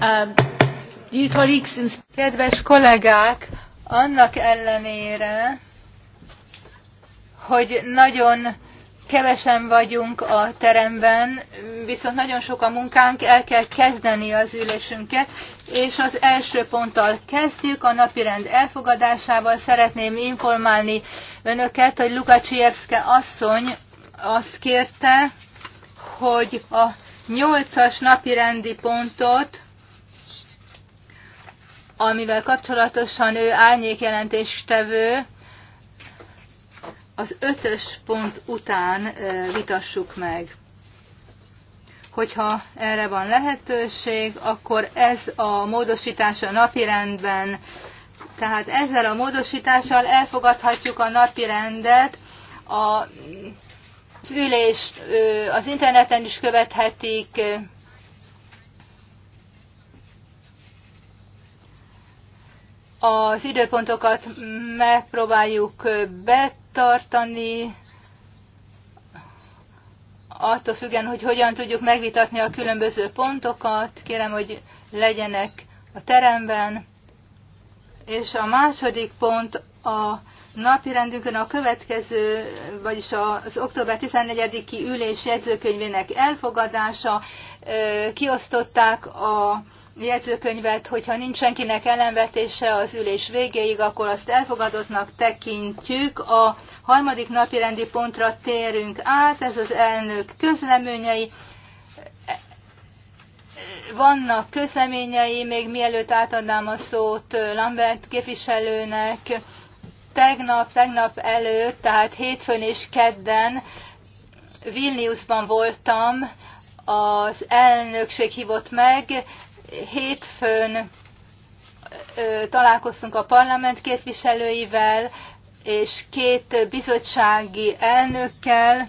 Um, Kedves kollégák, annak ellenére, hogy nagyon kevesen vagyunk a teremben, viszont nagyon sok a munkánk, el kell kezdeni az ülésünket, és az első ponttal kezdjük, a napirend elfogadásával szeretném informálni önöket, hogy Lukacsievszke asszony azt kérte, hogy a nyolcas napirendi pontot amivel kapcsolatosan ő árnyékjelentéstevő, az ötös pont után vitassuk meg. Hogyha erre van lehetőség, akkor ez a módosítás a napirendben, tehát ezzel a módosítással elfogadhatjuk a napirendet, a, az ülést az interneten is követhetik, Az időpontokat megpróbáljuk betartani, attól függen, hogy hogyan tudjuk megvitatni a különböző pontokat. Kérem, hogy legyenek a teremben. És a második pont a napi rendünkön a következő, vagyis az október 14-i ülés jegyzőkönyvének elfogadása. Kiosztották a jegyzőkönyvet, hogyha nincs senkinek ellenvetése az ülés végéig, akkor azt elfogadottnak tekintjük. A harmadik napi rendi pontra térünk át, ez az elnök közleményei. Vannak közleményei, még mielőtt átadnám a szót Lambert képviselőnek. Tegnap, tegnap előtt, tehát hétfőn és kedden Vilniusban voltam, az elnökség hívott meg, Hétfőn találkoztunk a parlament képviselőivel, és két bizottsági elnökkel,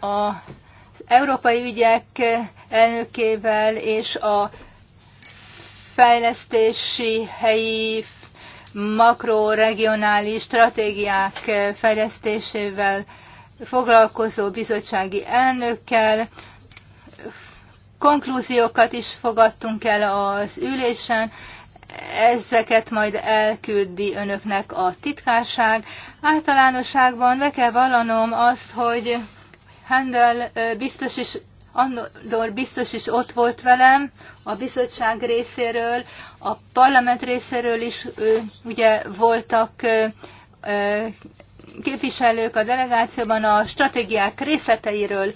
az európai ügyek elnökével és a fejlesztési helyi makroregionális stratégiák fejlesztésével foglalkozó bizottsági elnökkel, konklúziókat is fogadtunk el az ülésen, ezeket majd elküldi önöknek a titkárság. Általánosságban be kell vallanom azt, hogy Handel biztos is, Andor biztos is ott volt velem, a bizottság részéről, a parlament részéről is ugye voltak képviselők a delegációban, a stratégiák részleteiről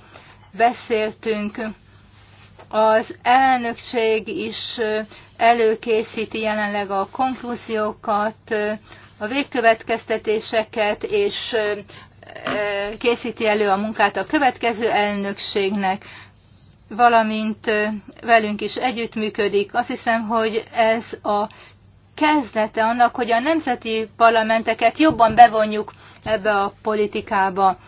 beszéltünk. Az elnökség is előkészíti jelenleg a konklúziókat, a végkövetkeztetéseket, és készíti elő a munkát a következő elnökségnek, valamint velünk is együttműködik. Azt hiszem, hogy ez a kezdete annak, hogy a nemzeti parlamenteket jobban bevonjuk ebbe a politikába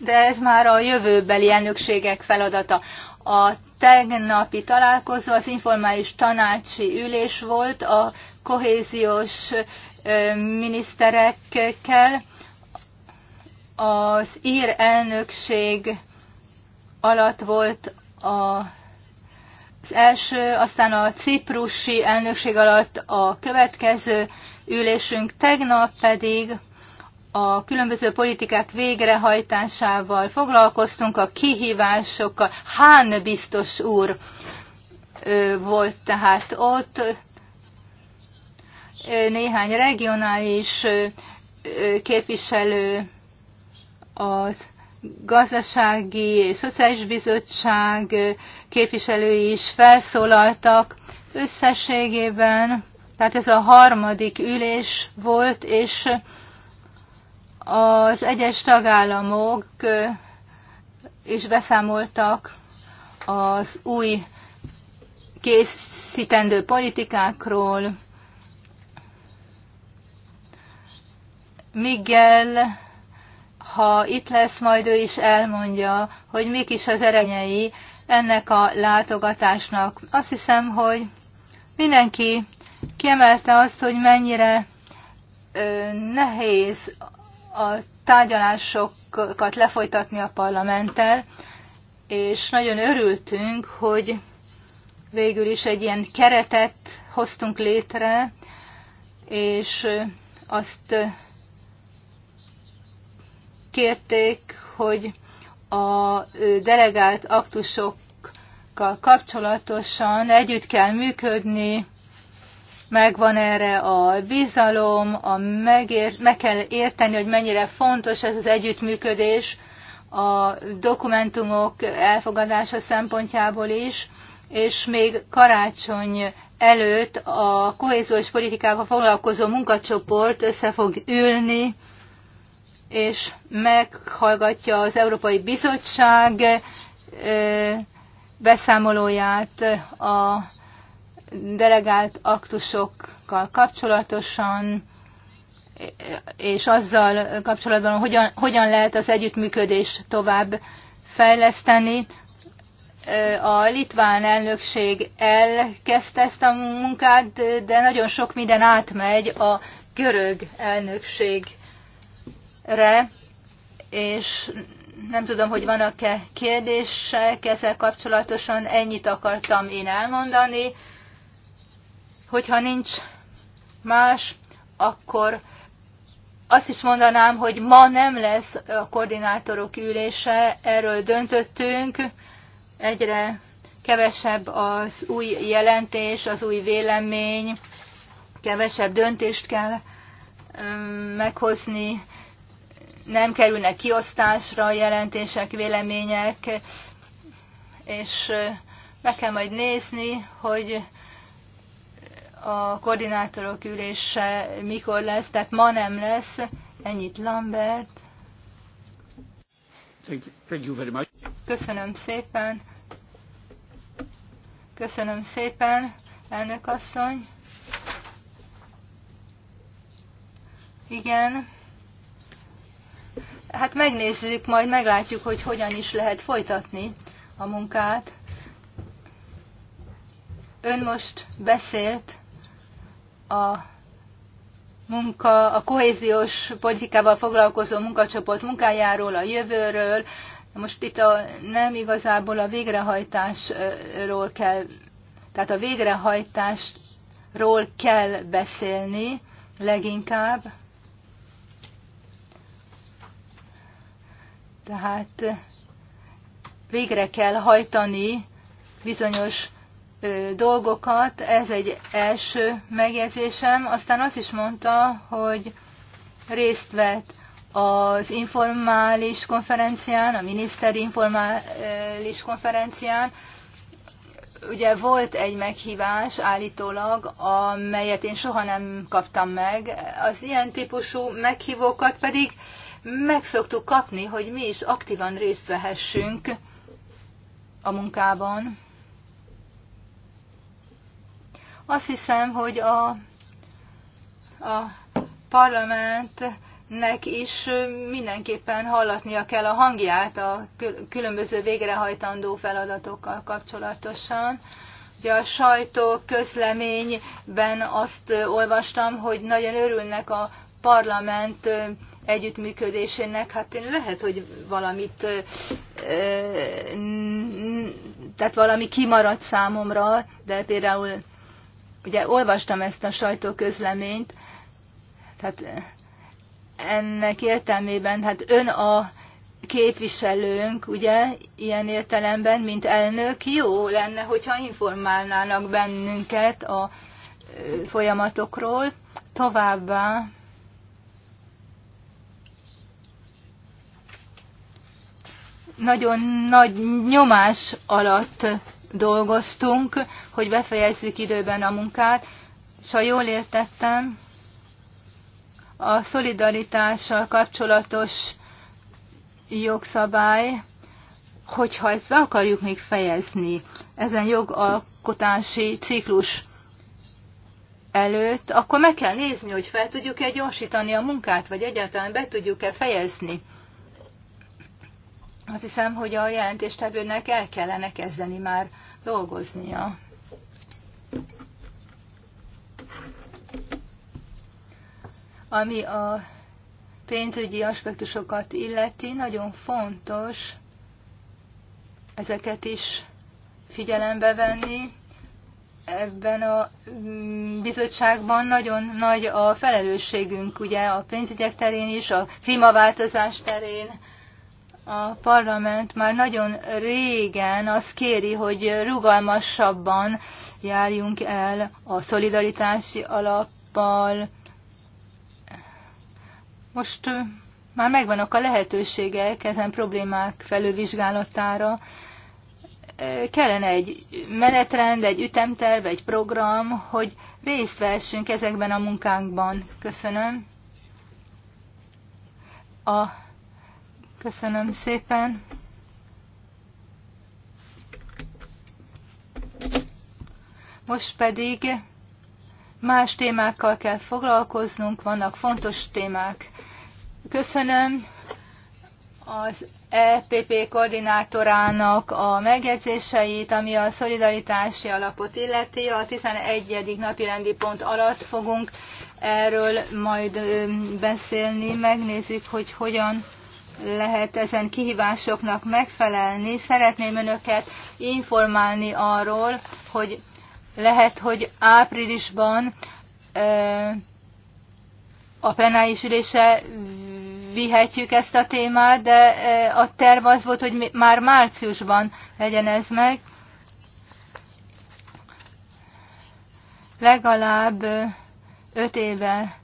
de ez már a jövőbeli elnökségek feladata. A tegnapi találkozó az informális tanácsi ülés volt a kohéziós miniszterekkel. Az ír elnökség alatt volt a az első, aztán a ciprusi elnökség alatt a következő ülésünk, tegnap pedig a különböző politikák végrehajtásával, foglalkoztunk a kihívásokkal. Hán biztos úr volt tehát ott, néhány regionális képviselő, az gazdasági és szociális bizottság képviselői is felszólaltak összességében, tehát ez a harmadik ülés volt, és az egyes tagállamok is beszámoltak az új készítendő politikákról. Miguel, ha itt lesz, majd ő is elmondja, hogy mik is az erenyei ennek a látogatásnak. Azt hiszem, hogy mindenki kiemelte azt, hogy mennyire nehéz a tárgyalásokat lefolytatni a parlamenttel, és nagyon örültünk, hogy végül is egy ilyen keretet hoztunk létre, és azt kérték, hogy a delegált aktusokkal kapcsolatosan együtt kell működni megvan erre a bizalom, a megért, meg kell érteni, hogy mennyire fontos ez az együttműködés a dokumentumok elfogadása szempontjából is, és még karácsony előtt a kohéziós politikával foglalkozó munkacsoport össze fog ülni, és meghallgatja az Európai Bizottság beszámolóját a delegált aktusokkal kapcsolatosan, és azzal kapcsolatban, hogyan, hogyan lehet az együttműködést tovább fejleszteni. A litván elnökség elkezdte ezt a munkát, de nagyon sok minden átmegy a görög elnökségre, és nem tudom, hogy vannak-e kérdések ezzel kapcsolatosan, ennyit akartam én elmondani. Hogyha nincs más, akkor azt is mondanám, hogy ma nem lesz a koordinátorok ülése, erről döntöttünk, egyre kevesebb az új jelentés, az új vélemény, kevesebb döntést kell meghozni, nem kerülnek kiosztásra a jelentések, vélemények, és meg kell majd nézni, hogy a koordinátorok ülése mikor lesz, tehát ma nem lesz. Ennyit Lambert. Thank you. Thank you very much. Köszönöm szépen. Köszönöm szépen, elnök asszony. Igen. Hát megnézzük, majd meglátjuk, hogy hogyan is lehet folytatni a munkát. Ön most beszélt a munka, a kohéziós politikával foglalkozó munkacsoport munkájáról, a jövőről. Most itt a, nem igazából a végrehajtásról kell, tehát a végrehajtásról kell beszélni leginkább. Tehát végre kell hajtani bizonyos dolgokat, ez egy első megjegyzésem. Aztán azt is mondta, hogy részt vett az informális konferencián, a miniszteri informális konferencián. Ugye volt egy meghívás állítólag, amelyet én soha nem kaptam meg. Az ilyen típusú meghívókat pedig meg szoktuk kapni, hogy mi is aktívan részt vehessünk a munkában. Azt hiszem, hogy a, a parlamentnek is mindenképpen hallatnia kell a hangját a különböző végrehajtandó feladatokkal kapcsolatosan. Ugye a sajtó közleményben azt olvastam, hogy nagyon örülnek a parlament együttműködésének, hát én lehet, hogy valamit, tehát valami kimaradt számomra, de például ugye olvastam ezt a sajtóközleményt, tehát ennek értelmében, hát ön a képviselőnk, ugye, ilyen értelemben, mint elnök, jó lenne, hogyha informálnának bennünket a folyamatokról. Továbbá nagyon nagy nyomás alatt dolgoztunk, hogy befejezzük időben a munkát, és ha jól értettem, a szolidaritással kapcsolatos jogszabály, hogyha ezt be akarjuk még fejezni ezen jogalkotási ciklus előtt, akkor meg kell nézni, hogy fel tudjuk-e gyorsítani a munkát, vagy egyáltalán be tudjuk-e fejezni. Azt hiszem, hogy a jelentéstevőnek el kellene kezdeni már dolgoznia. Ami a pénzügyi aspektusokat illeti, nagyon fontos ezeket is figyelembe venni. Ebben a bizottságban nagyon nagy a felelősségünk, ugye a pénzügyek terén is, a klímaváltozás terén a parlament már nagyon régen azt kéri, hogy rugalmasabban járjunk el a szolidaritási alappal. Most már megvannak a lehetőségek ezen problémák felülvizsgálatára. Kellene egy menetrend, egy ütemterv, egy program, hogy részt vessünk ezekben a munkánkban. Köszönöm. A Köszönöm szépen. Most pedig más témákkal kell foglalkoznunk, vannak fontos témák. Köszönöm az EPP koordinátorának a megjegyzéseit, ami a szolidaritási alapot illeti. A 11. napi rendi pont alatt fogunk erről majd beszélni, megnézzük, hogy hogyan lehet ezen kihívásoknak megfelelni. Szeretném önöket informálni arról, hogy lehet, hogy áprilisban a plenáris ülése vihetjük ezt a témát, de a terv az volt, hogy már márciusban legyen ez meg. Legalább öt éve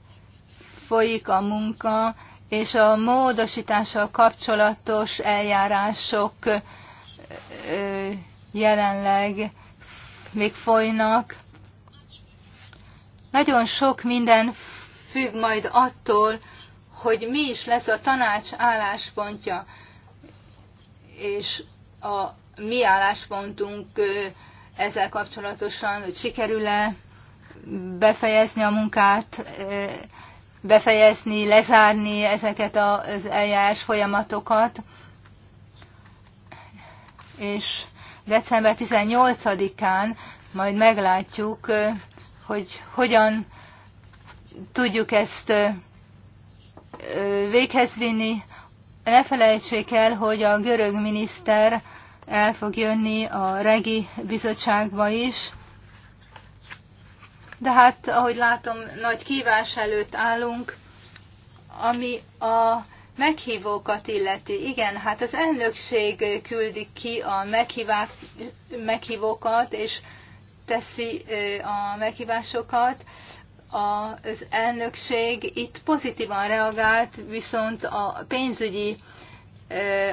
folyik a munka, és a módosítással kapcsolatos eljárások jelenleg még folynak. Nagyon sok minden függ majd attól, hogy mi is lesz a tanács álláspontja, és a mi álláspontunk ezzel kapcsolatosan, hogy sikerül-e befejezni a munkát befejezni, lezárni ezeket az eljárás folyamatokat. És december 18-án majd meglátjuk, hogy hogyan tudjuk ezt véghez vinni. Ne felejtsék el, hogy a görög miniszter el fog jönni a regi bizottságba is, de hát ahogy látom, nagy kívás előtt állunk, ami a meghívókat illeti. Igen, hát az elnökség küldi ki a meghívák, meghívókat, és teszi a meghívásokat. Az elnökség itt pozitívan reagált, viszont a pénzügyi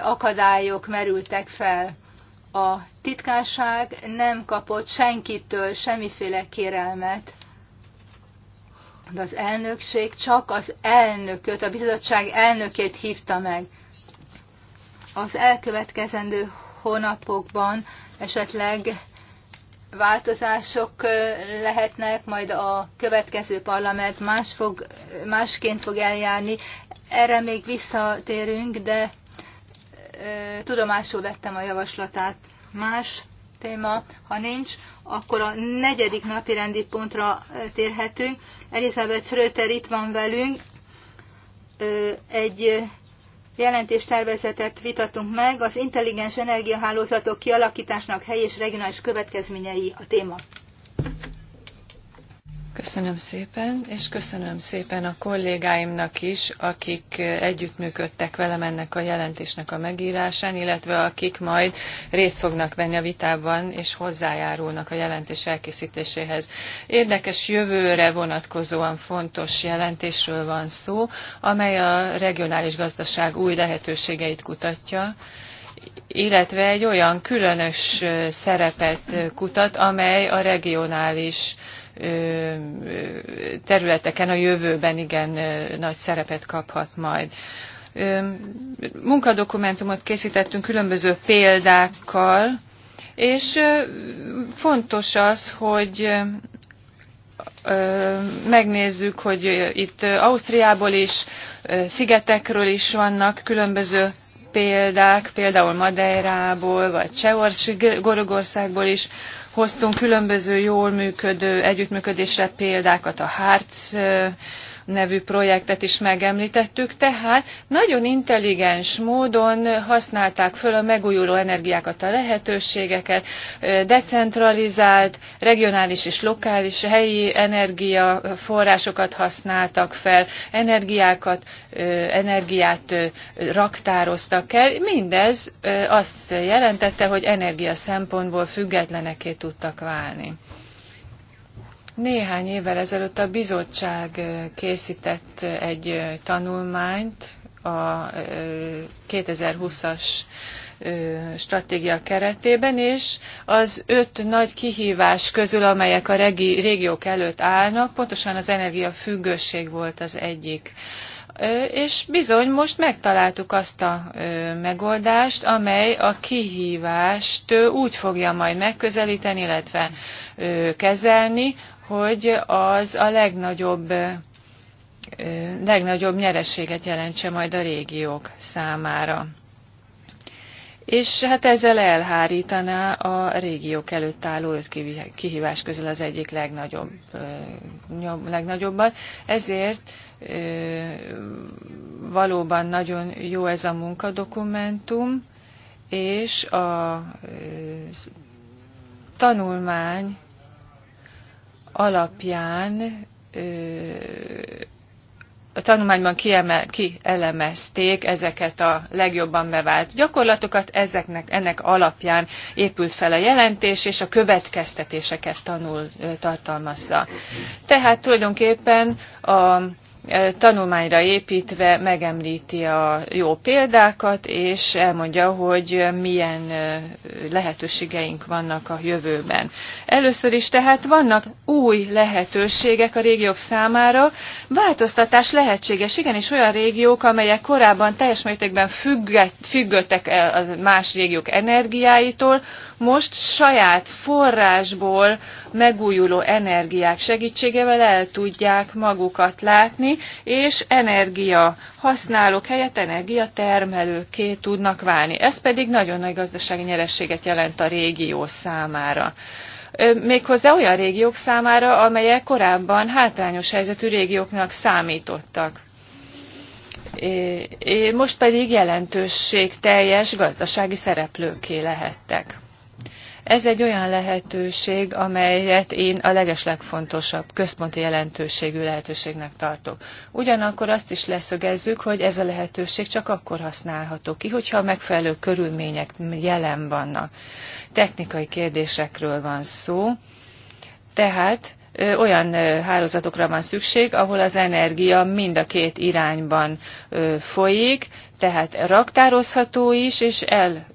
akadályok merültek fel. A titkárság nem kapott senkitől semmiféle kérelmet, de az elnökség csak az elnököt, a bizottság elnökét hívta meg. Az elkövetkezendő hónapokban esetleg változások lehetnek, majd a következő parlament más fog, másként fog eljárni. Erre még visszatérünk, de tudomásul vettem a javaslatát. Más téma, ha nincs, akkor a negyedik napi rendi pontra térhetünk. Elizabeth Schröter itt van velünk. Egy jelentéstervezetet vitatunk meg, az intelligens energiahálózatok kialakításnak hely és regionális következményei a téma. Köszönöm szépen, és köszönöm szépen a kollégáimnak is, akik együttműködtek velem ennek a jelentésnek a megírásán, illetve akik majd részt fognak venni a vitában, és hozzájárulnak a jelentés elkészítéséhez. Érdekes jövőre vonatkozóan fontos jelentésről van szó, amely a regionális gazdaság új lehetőségeit kutatja, illetve egy olyan különös szerepet kutat, amely a regionális területeken a jövőben igen nagy szerepet kaphat majd munkadokumentumot készítettünk különböző példákkal, és fontos az, hogy megnézzük, hogy itt Ausztriából is, szigetekről is vannak különböző példák, például Madeirából, vagy Csehország, Gorogországból is, hoztunk különböző jól működő együttműködésre példákat a hartz nevű projektet is megemlítettük, tehát nagyon intelligens módon használták föl a megújuló energiákat, a lehetőségeket, decentralizált, regionális és lokális helyi energiaforrásokat használtak fel, energiákat, energiát raktároztak el. Mindez azt jelentette, hogy energia szempontból függetleneké tudtak válni. Néhány évvel ezelőtt a bizottság készített egy tanulmányt a 2020-as stratégia keretében, és az öt nagy kihívás közül, amelyek a regi, régiók előtt állnak, pontosan az energiafüggőség volt az egyik. És bizony most megtaláltuk azt a megoldást, amely a kihívást úgy fogja majd megközelíteni, illetve kezelni, hogy az a legnagyobb legnagyobb nyereséget jelentse majd a régiók számára. És hát ezzel elhárítaná a régiók előtt álló öt kihívás közül az egyik legnagyobb, legnagyobbat. Ezért valóban nagyon jó ez a munkadokumentum, és a tanulmány alapján a tanulmányban kiemel, kielemezték ezeket a legjobban bevált gyakorlatokat, ezeknek, ennek alapján épült fel a jelentés, és a következtetéseket tanul, tartalmazza. Tehát tulajdonképpen a tanulmányra építve megemlíti a jó példákat, és elmondja, hogy milyen lehetőségeink vannak a jövőben. Először is tehát vannak új lehetőségek a régiók számára, változtatás lehetséges, igenis olyan régiók, amelyek korábban teljes mértékben függöttek el az más régiók energiáitól, most saját forrásból megújuló energiák segítségével el tudják magukat látni, és energia használók helyett energiatermelőké tudnak válni. Ez pedig nagyon nagy gazdasági nyerességet jelent a régió számára méghozzá olyan régiók számára, amelyek korábban hátrányos helyzetű régióknak számítottak. Most pedig jelentőség teljes gazdasági szereplőké lehettek. Ez egy olyan lehetőség, amelyet én a legeslegfontosabb központi jelentőségű lehetőségnek tartok. Ugyanakkor azt is leszögezzük, hogy ez a lehetőség csak akkor használható ki, hogyha a megfelelő körülmények jelen vannak. Technikai kérdésekről van szó, tehát olyan hálózatokra van szükség, ahol az energia mind a két irányban folyik, tehát raktározható is, és el,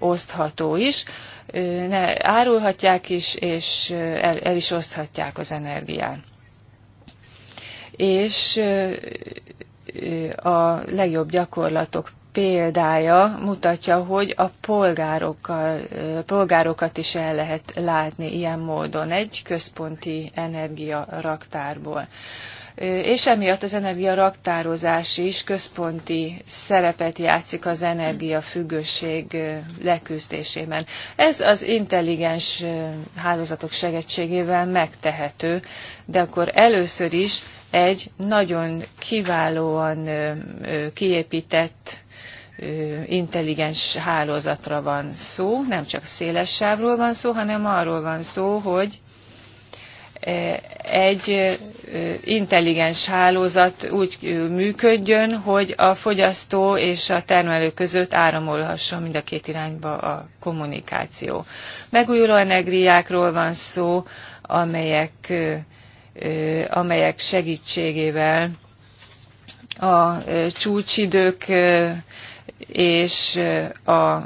elosztható is, ne, árulhatják is, és el, el is oszthatják az energiát. És a legjobb gyakorlatok példája mutatja, hogy a polgárokat is el lehet látni ilyen módon egy központi energiaraktárból és emiatt az energiaraktározás is központi szerepet játszik az energiafüggőség leküzdésében. Ez az intelligens hálózatok segítségével megtehető, de akkor először is egy nagyon kiválóan kiépített intelligens hálózatra van szó, nem csak széles sávról van szó, hanem arról van szó, hogy egy intelligens hálózat úgy működjön, hogy a fogyasztó és a termelő között áramolhasson mind a két irányba a kommunikáció. Megújuló energiákról van szó, amelyek, amelyek segítségével a csúcsidők és a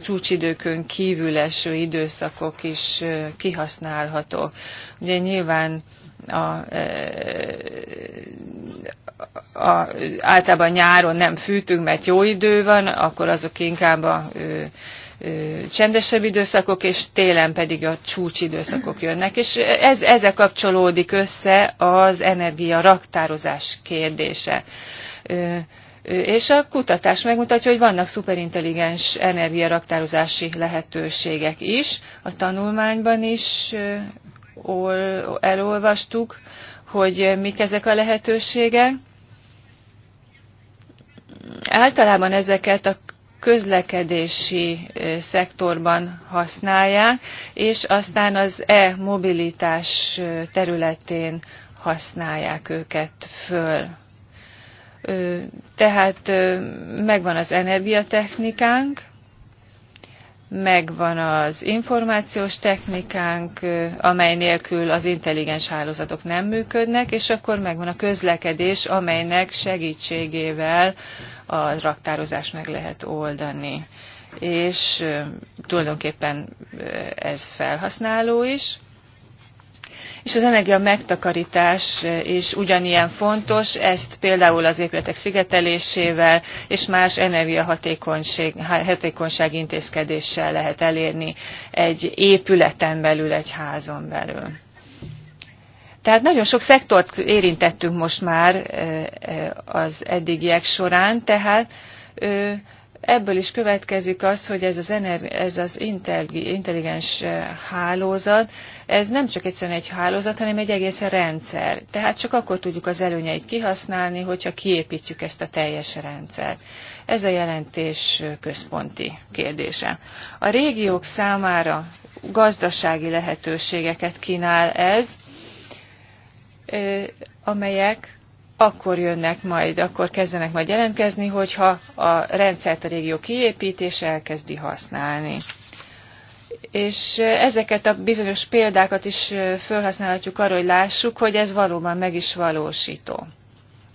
csúcsidőkön kívül eső időszakok is kihasználhatók. Ugye nyilván a, a, a, általában nyáron nem fűtünk, mert jó idő van, akkor azok inkább a ö, ö, csendesebb időszakok, és télen pedig a csúcsidőszakok jönnek. És ez, ezzel kapcsolódik össze az energia raktározás kérdése. Ö, és a kutatás megmutatja, hogy vannak szuperintelligens energiaraktározási lehetőségek is. A tanulmányban is elolvastuk, hogy mik ezek a lehetőségek. Általában ezeket a közlekedési szektorban használják, és aztán az e-mobilitás területén használják őket föl. Tehát megvan az energiatechnikánk, megvan az információs technikánk, amely nélkül az intelligens hálózatok nem működnek, és akkor megvan a közlekedés, amelynek segítségével a raktározást meg lehet oldani. És tulajdonképpen ez felhasználó is és az energia megtakarítás is ugyanilyen fontos, ezt például az épületek szigetelésével és más energiahatékonyság intézkedéssel lehet elérni egy épületen belül, egy házon belül. Tehát nagyon sok szektort érintettünk most már az eddigiek során, tehát ebből is következik az, hogy ez az, ez az intelligens hálózat ez nem csak egyszerűen egy hálózat, hanem egy egész rendszer. Tehát csak akkor tudjuk az előnyeit kihasználni, hogyha kiépítjük ezt a teljes rendszert. Ez a jelentés központi kérdése. A régiók számára gazdasági lehetőségeket kínál ez, amelyek akkor jönnek majd, akkor kezdenek majd jelentkezni, hogyha a rendszert a régió kiépítése elkezdi használni és ezeket a bizonyos példákat is felhasználhatjuk arra, hogy lássuk, hogy ez valóban meg is valósító.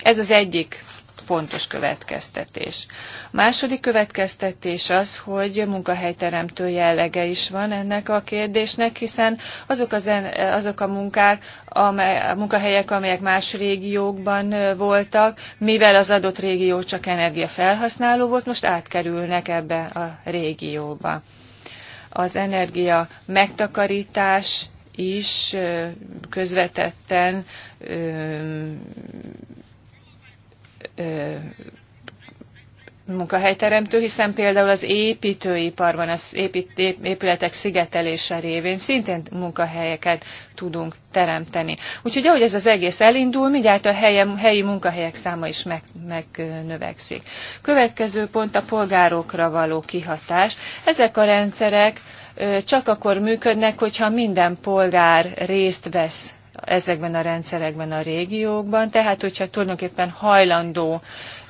Ez az egyik fontos következtetés. A második következtetés az, hogy munkahelyteremtő jellege is van ennek a kérdésnek, hiszen azok, az, en azok a munkák, amely, a munkahelyek, amelyek más régiókban voltak, mivel az adott régió csak energiafelhasználó volt, most átkerülnek ebbe a régióba az energia megtakarítás is közvetetten munkahelyteremtő, hiszen például az építőiparban, az épít, épületek szigetelése révén szintén munkahelyeket tudunk teremteni. Úgyhogy ahogy ez az egész elindul, mindjárt a helye, helyi munkahelyek száma is meg, megnövekszik. Következő pont a polgárokra való kihatás. Ezek a rendszerek csak akkor működnek, hogyha minden polgár részt vesz ezekben a rendszerekben a régiókban, tehát hogyha tulajdonképpen hajlandó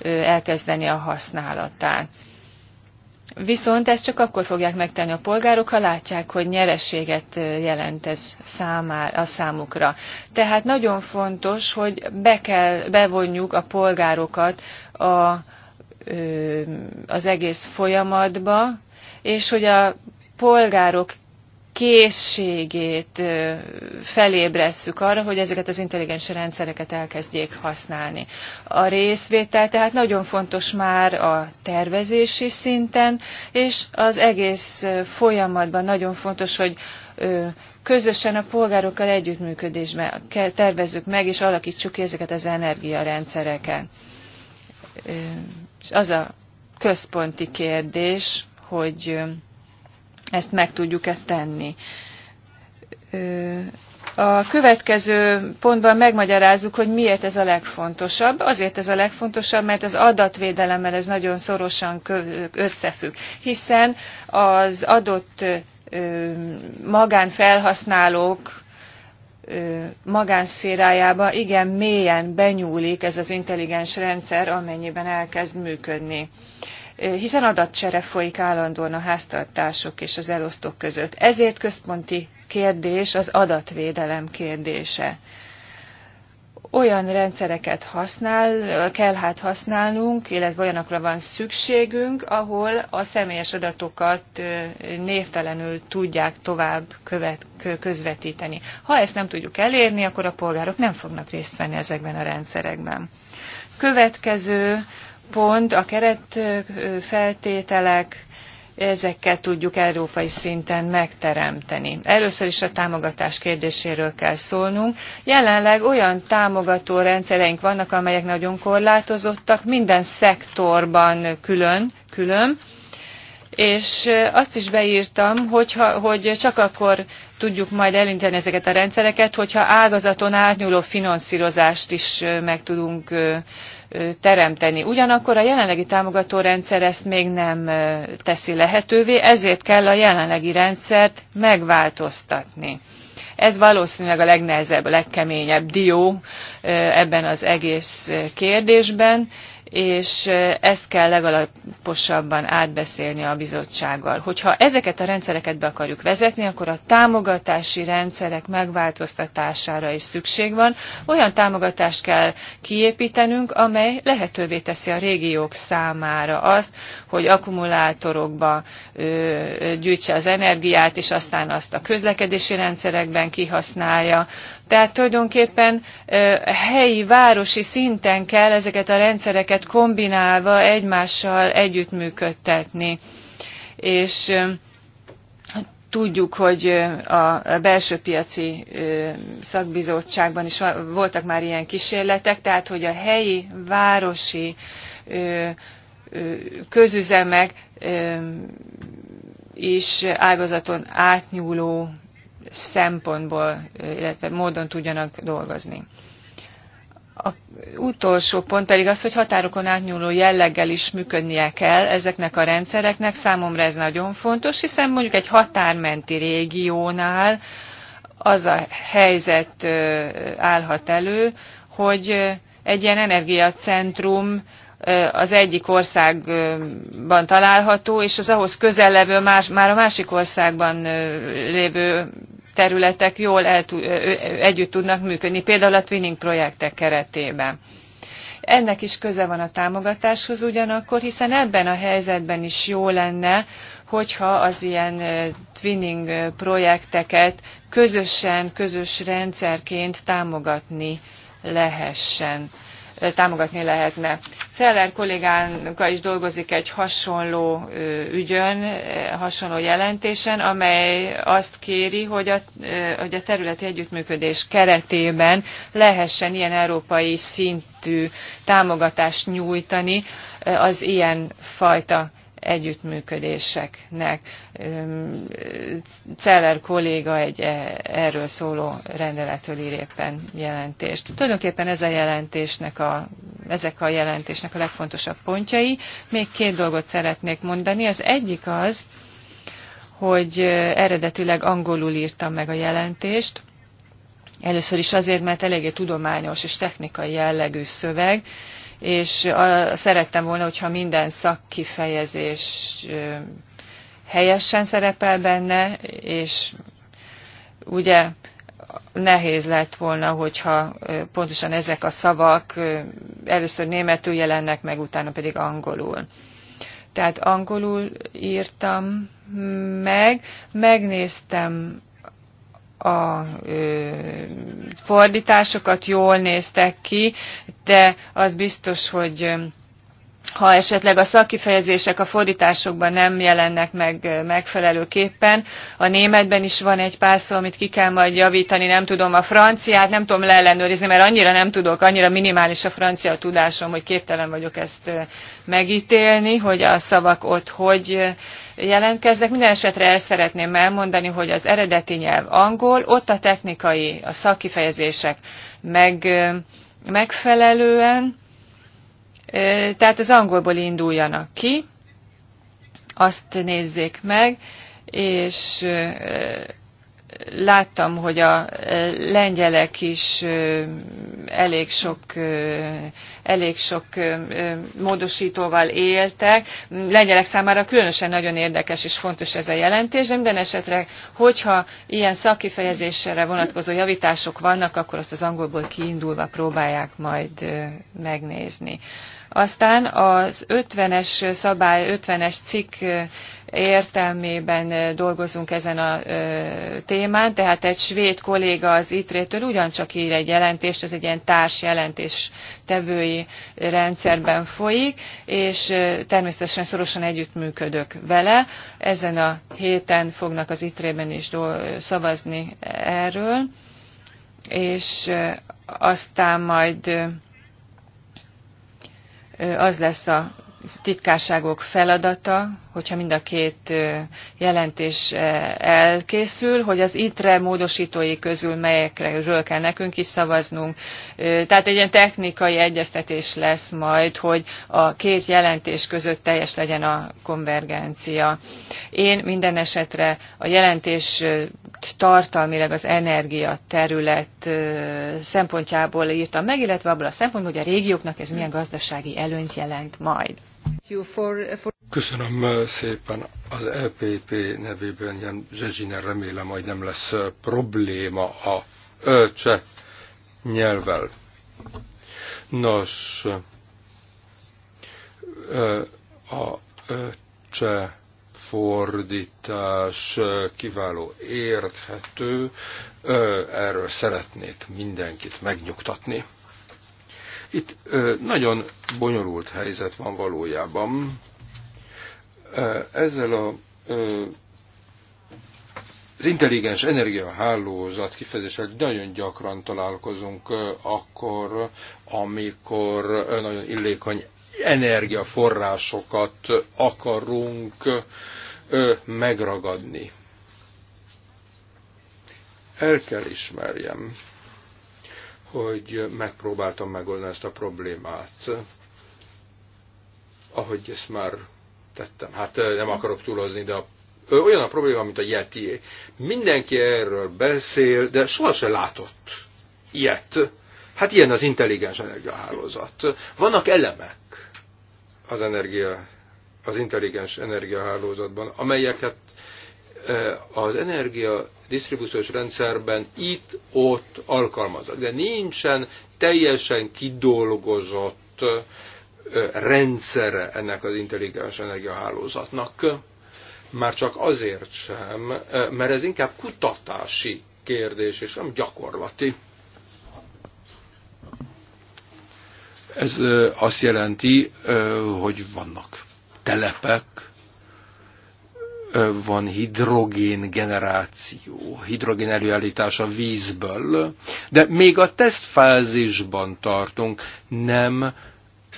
elkezdeni a használatát. Viszont ezt csak akkor fogják megtenni a polgárok, ha látják, hogy nyereséget jelent ez számára, a számukra. Tehát nagyon fontos, hogy be kell, bevonjuk a polgárokat a, az egész folyamatba, és hogy a polgárok készségét felébresszük arra, hogy ezeket az intelligens rendszereket elkezdjék használni. A részvétel tehát nagyon fontos már a tervezési szinten, és az egész folyamatban nagyon fontos, hogy közösen a polgárokkal együttműködésben tervezzük meg, és alakítsuk ki ezeket az energiarendszereket. És az a központi kérdés, hogy ezt meg tudjuk-e tenni. A következő pontban megmagyarázzuk, hogy miért ez a legfontosabb. Azért ez a legfontosabb, mert az adatvédelemmel ez nagyon szorosan összefügg, hiszen az adott magánfelhasználók magánszférájába igen mélyen benyúlik ez az intelligens rendszer, amennyiben elkezd működni hiszen adatcsere folyik állandóan a háztartások és az elosztók között. Ezért központi kérdés az adatvédelem kérdése. Olyan rendszereket használ, kell hát használnunk, illetve olyanokra van szükségünk, ahol a személyes adatokat névtelenül tudják tovább követ, közvetíteni. Ha ezt nem tudjuk elérni, akkor a polgárok nem fognak részt venni ezekben a rendszerekben. Következő pont, a keretfeltételek, ezeket tudjuk európai szinten megteremteni. Először is a támogatás kérdéséről kell szólnunk. Jelenleg olyan támogató rendszereink vannak, amelyek nagyon korlátozottak, minden szektorban külön, külön, és azt is beírtam, hogyha, hogy csak akkor tudjuk majd elinteni ezeket a rendszereket, hogyha ágazaton átnyúló finanszírozást is meg tudunk teremteni. Ugyanakkor a jelenlegi támogatórendszer ezt még nem teszi lehetővé, ezért kell a jelenlegi rendszert megváltoztatni. Ez valószínűleg a legnehezebb, a legkeményebb dió ebben az egész kérdésben és ezt kell legalaposabban átbeszélni a bizottsággal. Hogyha ezeket a rendszereket be akarjuk vezetni, akkor a támogatási rendszerek megváltoztatására is szükség van. Olyan támogatást kell kiépítenünk, amely lehetővé teszi a régiók számára azt, hogy akkumulátorokba gyűjtse az energiát, és aztán azt a közlekedési rendszerekben kihasználja, tehát tulajdonképpen helyi, városi szinten kell ezeket a rendszereket kombinálva egymással együttműködtetni. És tudjuk, hogy a belső piaci szakbizottságban is voltak már ilyen kísérletek, tehát hogy a helyi, városi közüzemek is ágazaton átnyúló szempontból, illetve módon tudjanak dolgozni. A utolsó pont pedig az, hogy határokon átnyúló jelleggel is működnie kell ezeknek a rendszereknek. Számomra ez nagyon fontos, hiszen mondjuk egy határmenti régiónál az a helyzet állhat elő, hogy egy ilyen energiacentrum az egyik országban található, és az ahhoz közel levő, más, már a másik országban lévő területek jól el, együtt tudnak működni, például a twinning projektek keretében. Ennek is köze van a támogatáshoz ugyanakkor, hiszen ebben a helyzetben is jó lenne, hogyha az ilyen twinning projekteket közösen, közös rendszerként támogatni lehessen támogatni lehetne. Szeller kollégánka is dolgozik egy hasonló ügyön, hasonló jelentésen, amely azt kéri, hogy a, hogy a területi együttműködés keretében lehessen ilyen európai szintű támogatást nyújtani az ilyen fajta együttműködéseknek. Celler kolléga egy e, erről szóló rendeletől ír éppen jelentést. Tulajdonképpen ez a jelentésnek a, ezek a jelentésnek a legfontosabb pontjai. Még két dolgot szeretnék mondani. Az egyik az, hogy eredetileg angolul írtam meg a jelentést. Először is azért, mert eléggé tudományos és technikai jellegű szöveg, és a, szerettem volna, hogyha minden szakkifejezés helyesen szerepel benne, és ugye nehéz lett volna, hogyha pontosan ezek a szavak először németül jelennek meg, utána pedig angolul. Tehát angolul írtam meg, megnéztem a fordításokat jól néztek ki, de az biztos, hogy ha esetleg a szakkifejezések a fordításokban nem jelennek meg megfelelőképpen. A németben is van egy pár szó, amit ki kell majd javítani, nem tudom a franciát, nem tudom leellenőrizni, mert annyira nem tudok, annyira minimális a francia tudásom, hogy képtelen vagyok ezt megítélni, hogy a szavak ott hogy jelentkeznek. Minden esetre el szeretném elmondani, hogy az eredeti nyelv angol, ott a technikai, a szakkifejezések meg, megfelelően, tehát az angolból induljanak ki, azt nézzék meg, és láttam, hogy a lengyelek is elég sok, elég sok módosítóval éltek. Lengyelek számára különösen nagyon érdekes és fontos ez a jelentés, de minden esetre, hogyha ilyen szakifejezésre vonatkozó javítások vannak, akkor azt az angolból kiindulva próbálják majd megnézni. Aztán az 50-es szabály, 50-es cikk értelmében dolgozunk ezen a témán, tehát egy svéd kolléga az itre től ugyancsak ír egy jelentést, ez egy ilyen társ jelentés tevői rendszerben folyik, és természetesen szorosan együttműködök vele. Ezen a héten fognak az itre ben is szavazni erről, és aztán majd az lesz a titkárságok feladata, hogyha mind a két jelentés elkészül, hogy az ITRE módosítói közül melyekről kell nekünk is szavaznunk. Tehát egy ilyen technikai egyeztetés lesz majd, hogy a két jelentés között teljes legyen a konvergencia. Én minden esetre a jelentés tartalmilag az energia terület szempontjából írtam meg, illetve abból a szempontból, hogy a régióknak ez milyen gazdasági előnyt jelent majd. Köszönöm szépen az EPP nevében, Jan Zsezsiner, remélem, hogy nem lesz probléma a cseh nyelvvel. Nos, a cseh fordítás kiváló érthető, erről szeretnék mindenkit megnyugtatni. Itt nagyon bonyolult helyzet van valójában. Ezzel a, az intelligens energiahálózat kifejezéssel nagyon gyakran találkozunk akkor, amikor nagyon illékony energiaforrásokat akarunk megragadni. El kell ismerjem, hogy megpróbáltam megoldani ezt a problémát, ahogy ezt már tettem. Hát nem akarok túlozni, de a, olyan a probléma, mint a yeti Mindenki erről beszél, de sohasem látott ilyet. Hát ilyen az intelligens energiahálózat. Vannak elemek az energia, az intelligens energiahálózatban, amelyeket az energia disztribúciós rendszerben itt-ott alkalmazott, de nincsen teljesen kidolgozott rendszere ennek az intelligens energiahálózatnak. Már csak azért sem, mert ez inkább kutatási kérdés, és nem gyakorlati. Ez azt jelenti, hogy vannak telepek, van hidrogén generáció, hidrogén előállítása vízből, de még a tesztfázisban tartunk, nem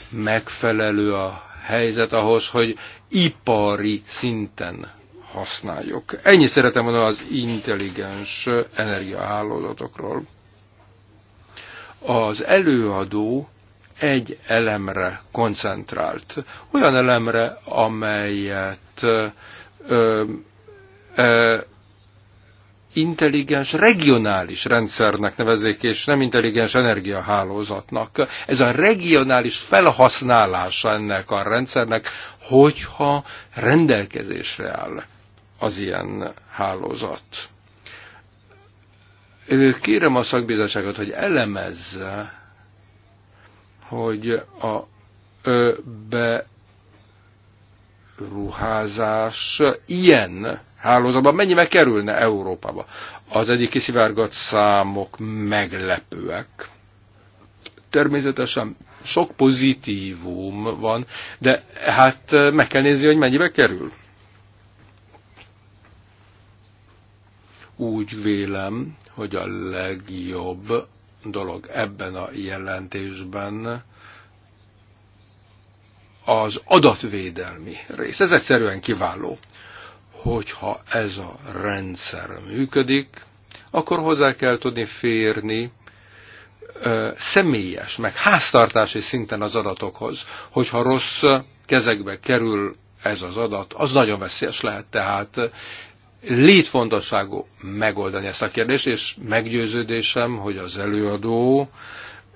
megfelelő a helyzet ahhoz, hogy ipari szinten használjuk. Ennyi szeretem volna az intelligens energiahálózatokról. Az előadó egy elemre koncentrált, olyan elemre, amelyet ö, ö, intelligens regionális rendszernek nevezik, és nem intelligens energiahálózatnak. Ez a regionális felhasználása ennek a rendszernek, hogyha rendelkezésre áll az ilyen hálózat. Kérem a szakbizottságot, hogy elemezze, hogy a be ruházás ilyen hálózatban mennyibe kerülne Európába? Az egyik kiszivárgott számok meglepőek. Természetesen sok pozitívum van, de hát meg kell nézni, hogy mennyibe kerül. Úgy vélem, hogy a legjobb dolog ebben a jelentésben az adatvédelmi rész. Ez egyszerűen kiváló. Hogyha ez a rendszer működik, akkor hozzá kell tudni férni ö, személyes, meg háztartási szinten az adatokhoz. Hogyha rossz kezekbe kerül ez az adat, az nagyon veszélyes lehet. Tehát létfontosságú megoldani ezt a kérdést, és meggyőződésem, hogy az előadó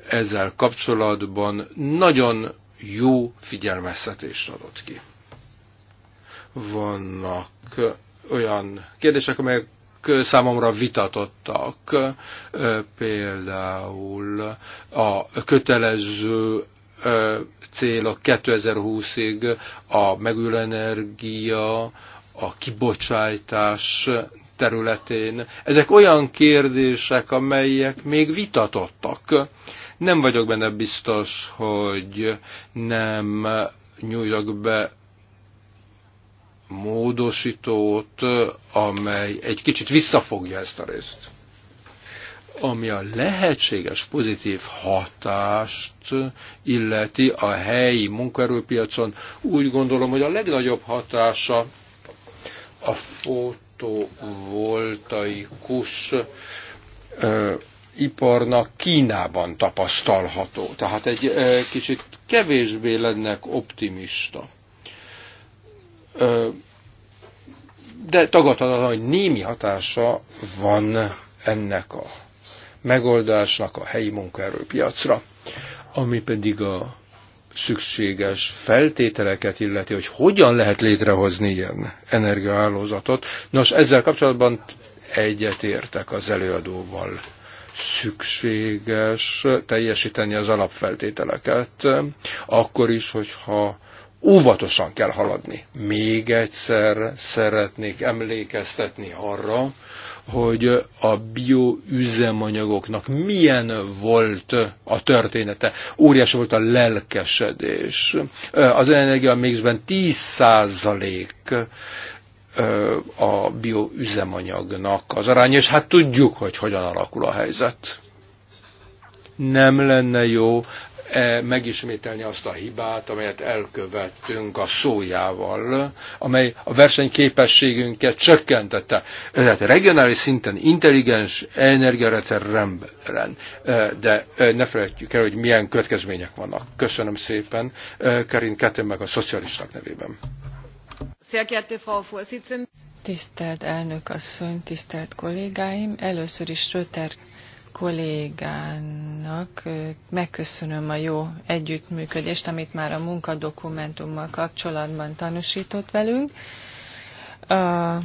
ezzel kapcsolatban nagyon jó figyelmeztetést adott ki. Vannak olyan kérdések, amelyek számomra vitatottak, például a kötelező célok 2020-ig a megülő energia, a kibocsátás területén. Ezek olyan kérdések, amelyek még vitatottak, nem vagyok benne biztos, hogy nem nyújtok be módosítót, amely egy kicsit visszafogja ezt a részt. Ami a lehetséges pozitív hatást illeti a helyi munkaerőpiacon, úgy gondolom, hogy a legnagyobb hatása a fotovoltaikus iparnak Kínában tapasztalható. Tehát egy kicsit kevésbé lennek optimista. De tagadhatatlan, hogy némi hatása van ennek a megoldásnak a helyi munkaerőpiacra, ami pedig a szükséges feltételeket illeti, hogy hogyan lehet létrehozni ilyen energiaállózatot. Nos, ezzel kapcsolatban egyetértek az előadóval szükséges teljesíteni az alapfeltételeket, akkor is, hogyha óvatosan kell haladni. Még egyszer szeretnék emlékeztetni arra, hogy a bioüzemanyagoknak milyen volt a története. Óriási volt a lelkesedés. Az energia mégisben 10% a bioüzemanyagnak az aránya, és hát tudjuk, hogy hogyan alakul a helyzet. Nem lenne jó e, megismételni azt a hibát, amelyet elkövettünk a szójával, amely a versenyképességünket csökkentette. Tehát regionális szinten intelligens energiarendszer rendben, e, de e, ne felejtjük el, hogy milyen következmények vannak. Köszönöm szépen Karin Ketem meg a szocialisták nevében. Tisztelt elnök asszony, tisztelt kollégáim! Először is Röter kollégának megköszönöm a jó együttműködést, amit már a munkadokumentummal kapcsolatban tanúsított velünk. A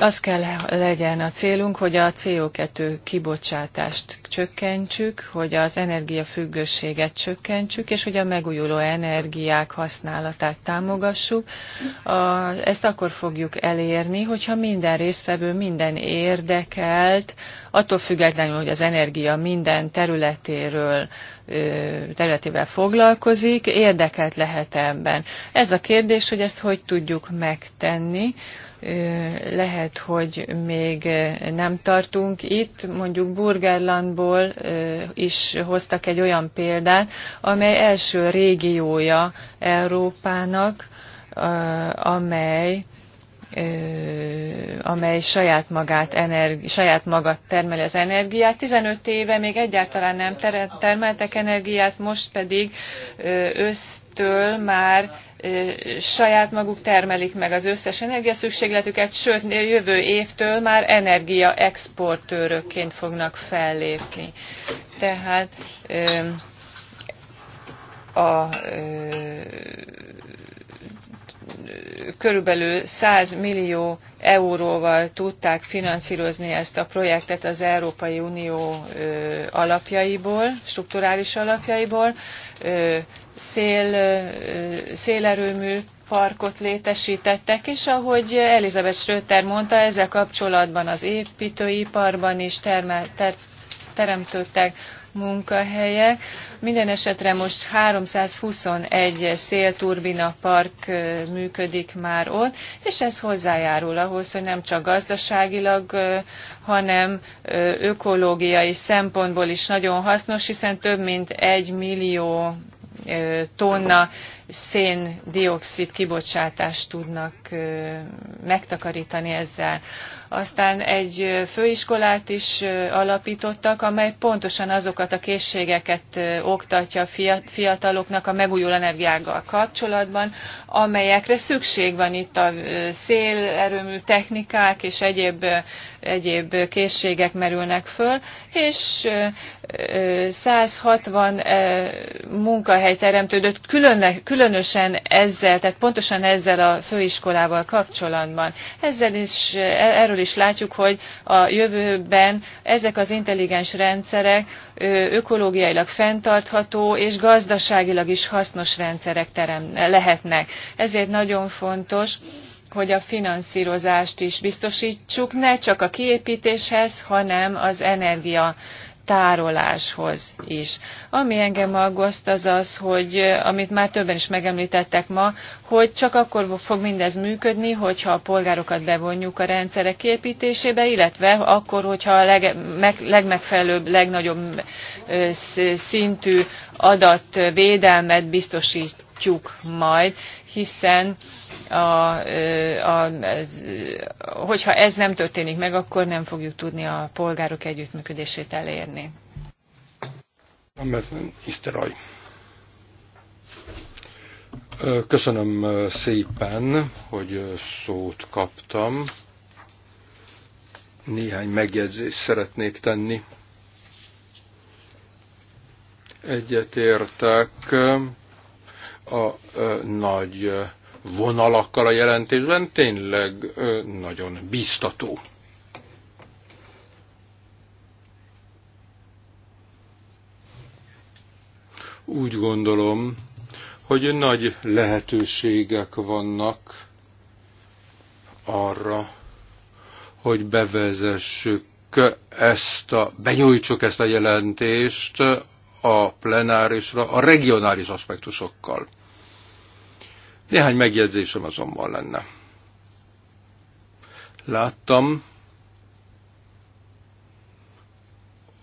az kell legyen a célunk, hogy a CO2 kibocsátást csökkentsük, hogy az energiafüggőséget csökkentsük, és hogy a megújuló energiák használatát támogassuk. A, ezt akkor fogjuk elérni, hogyha minden résztvevő, minden érdekelt, attól függetlenül, hogy az energia minden területéről területével foglalkozik, érdekelt lehet ebben. Ez a kérdés, hogy ezt hogy tudjuk megtenni lehet, hogy még nem tartunk itt. Mondjuk Burgerlandból is hoztak egy olyan példát, amely első régiója Európának, amely amely saját, magát energi, saját maga termeli az energiát. 15 éve még egyáltalán nem termeltek energiát, most pedig ősztől már saját maguk termelik meg az összes energiaszükségletüket, sőt, jövő évtől már energiaexportőrökként fognak fellépni. Tehát a körülbelül 100 millió euróval tudták finanszírozni ezt a projektet az Európai Unió alapjaiból, strukturális alapjaiból. Szél, szélerőmű parkot létesítettek, és ahogy Elizabeth Schröter mondta, ezzel kapcsolatban az építőiparban is termel, ter, teremtődtek munkahelyek. Minden esetre most 321 szélturbina park működik már ott, és ez hozzájárul ahhoz, hogy nem csak gazdaságilag, hanem ökológiai szempontból is nagyon hasznos, hiszen több mint egy millió tonna széndiokszid kibocsátást tudnak megtakarítani ezzel. Aztán egy főiskolát is alapítottak, amely pontosan azokat a készségeket oktatja a fiataloknak a megújuló energiággal kapcsolatban, amelyekre szükség van itt a szélerőmű technikák és egyéb egyéb készségek merülnek föl, és 160 munkahely teremtődött, különösen ezzel, tehát pontosan ezzel a főiskolával kapcsolatban. Ezzel is, e, erről is látjuk, hogy a jövőben ezek az intelligens rendszerek ökológiailag fenntartható és gazdaságilag is hasznos rendszerek terem, lehetnek. Ezért nagyon fontos, hogy a finanszírozást is biztosítsuk, ne csak a kiépítéshez, hanem az energia tároláshoz is. Ami engem aggaszt az az, hogy amit már többen is megemlítettek ma, hogy csak akkor fog mindez működni, hogyha a polgárokat bevonjuk a rendszerek képítésébe illetve akkor, hogyha a leg, meg, legmegfelelőbb, legnagyobb ö, szintű adatvédelmet biztosítjuk majd, hiszen a, a, ez, hogyha ez nem történik meg, akkor nem fogjuk tudni a polgárok együttműködését elérni. Köszönöm szépen, hogy szót kaptam. Néhány megjegyzést szeretnék tenni. Egyetértek a nagy vonalakkal a jelentésben tényleg nagyon biztató. Úgy gondolom, hogy nagy lehetőségek vannak arra, hogy bevezessük ezt a, benyújtsuk ezt a jelentést a plenárisra a regionális aspektusokkal. Néhány megjegyzésem azonban lenne. Láttam,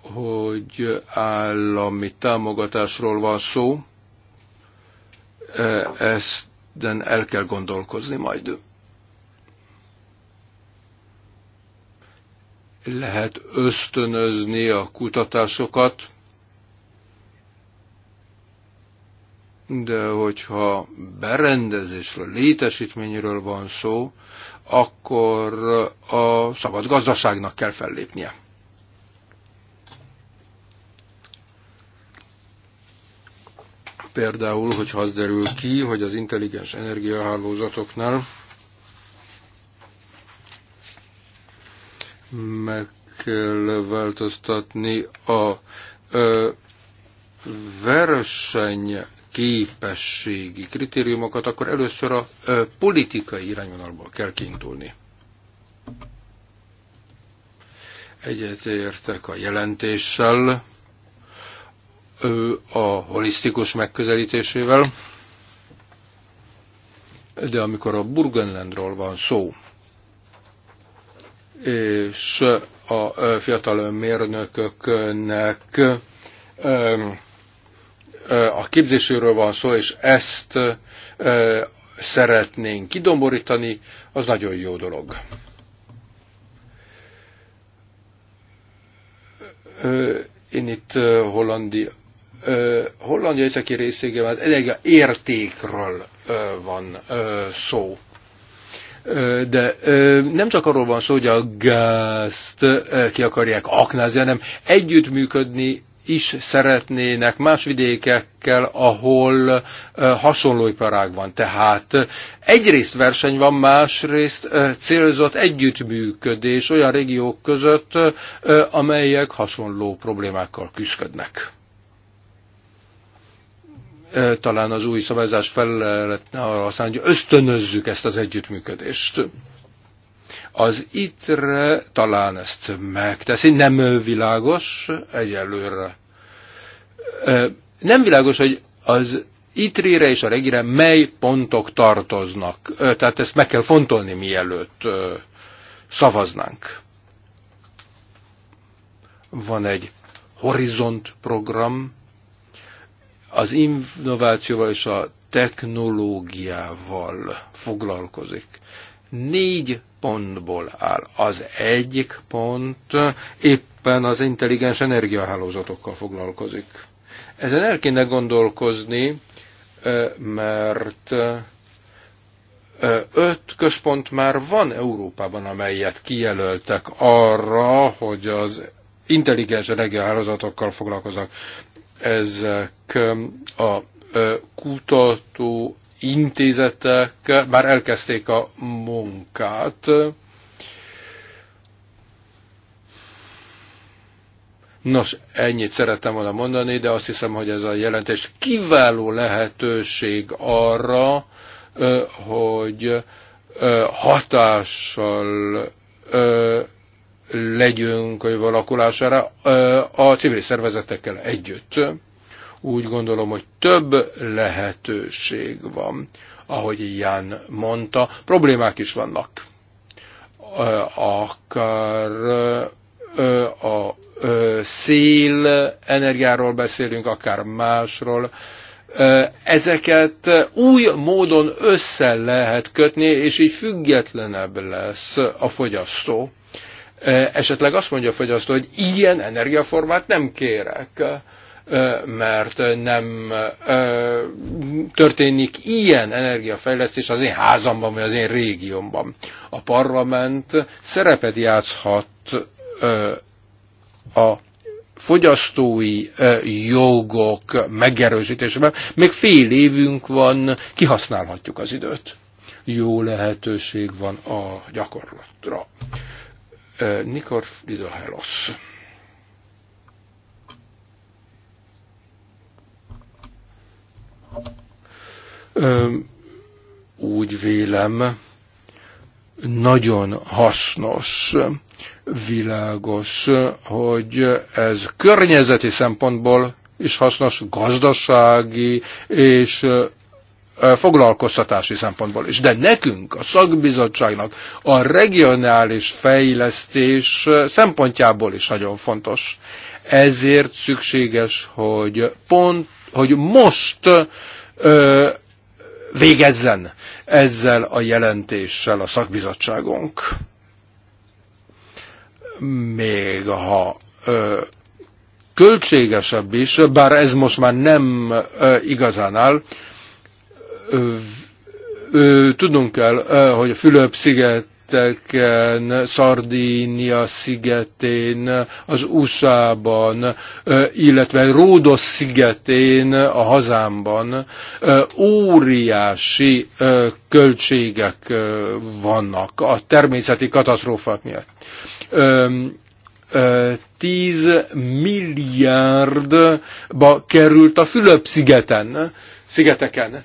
hogy állami támogatásról van szó, e, ezt de el kell gondolkozni majd. Lehet ösztönözni a kutatásokat, de hogyha berendezésről, létesítményről van szó, akkor a szabad gazdaságnak kell fellépnie. Például, hogyha az derül ki, hogy az intelligens energiahálózatoknál meg kell változtatni a ö, verseny képességi kritériumokat, akkor először a politikai irányvonalból kell kiindulni. Egyetértek a jelentéssel, a holisztikus megközelítésével, de amikor a Burgenlandról van szó, és a fiatal mérnököknek a képzésről van szó, és ezt szeretnénk kidomborítani, az nagyon jó dolog. Én itt Hollandia, Hollandia északi részében hát elég értékről van szó. De nem csak arról van szó, hogy a gázt ki akarják aknázni, hanem együttműködni is szeretnének más vidékekkel, ahol hasonló iparág van. Tehát egyrészt verseny van, másrészt célzott együttműködés olyan régiók között, amelyek hasonló problémákkal küzdködnek talán az új szabályzás fel lehetne arra hogy ösztönözzük ezt az együttműködést. Az ITRE talán ezt megteszi, nem világos egyelőre. Nem világos, hogy az itri és a regire mely pontok tartoznak. Tehát ezt meg kell fontolni, mielőtt szavaznánk. Van egy Horizont program, az innovációval és a technológiával foglalkozik négy pontból áll. Az egyik pont éppen az intelligens energiahálózatokkal foglalkozik. Ezen el kéne gondolkozni, mert öt központ már van Európában, amelyet kijelöltek arra, hogy az intelligens energiahálózatokkal foglalkoznak. Ezek a kutató intézetek már elkezdték a munkát. Nos, ennyit szerettem volna mondani, de azt hiszem, hogy ez a jelentés kiváló lehetőség arra, hogy hatással legyünk a jövő alakulására a civil szervezetekkel együtt. Úgy gondolom, hogy több lehetőség van. Ahogy Ján mondta, problémák is vannak. Akár a szél energiáról beszélünk, akár másról, ezeket új módon össze lehet kötni, és így függetlenebb lesz a fogyasztó. Esetleg azt mondja a fogyasztó, hogy ilyen energiaformát nem kérek mert nem történik ilyen energiafejlesztés az én házamban, vagy az én régiómban. A parlament szerepet játszhat a fogyasztói jogok megerősítésében. Még fél évünk van, kihasználhatjuk az időt. Jó lehetőség van a gyakorlatra. Nikor Fidohelosz. Úgy vélem, nagyon hasznos, világos, hogy ez környezeti szempontból is hasznos, gazdasági és foglalkoztatási szempontból is. De nekünk, a szakbizottságnak a regionális fejlesztés szempontjából is nagyon fontos. Ezért szükséges, hogy pont, hogy most ö, végezzen ezzel a jelentéssel a szakbizottságunk. Még ha ö, költségesebb is, bár ez most már nem ö, igazán áll, tudnunk kell, hogy a Fülöp-sziget szigeteken, Szardínia szigetén, az USA-ban, illetve Ródos szigetén, a hazámban óriási költségek vannak a természeti katasztrófák miatt. 10 milliárdba került a Fülöp-szigeten szigeteken.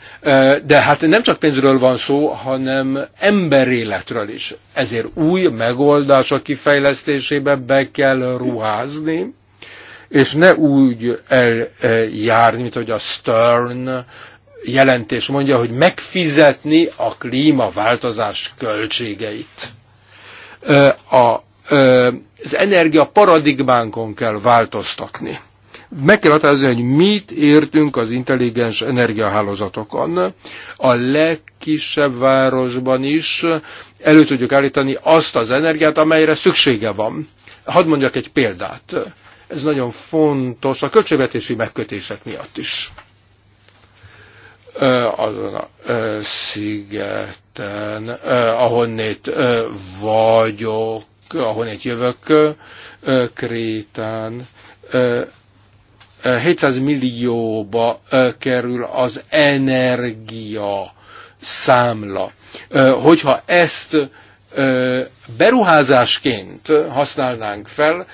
De hát nem csak pénzről van szó, hanem emberéletről is. Ezért új megoldások kifejlesztésébe be kell ruházni, és ne úgy eljárni, mint hogy a Stern jelentés mondja, hogy megfizetni a klímaváltozás költségeit. A, az energia paradigmánkon kell változtatni meg kell határozni, hogy mit értünk az intelligens energiahálózatokon. A legkisebb városban is elő tudjuk állítani azt az energiát, amelyre szüksége van. Hadd mondjak egy példát. Ez nagyon fontos a költségvetési megkötések miatt is azon a szigeten, ahonnét vagyok, ahonnét jövök, Krétán 700 millióba kerül az energia számla. Hogyha ezt beruházásként használnánk fel,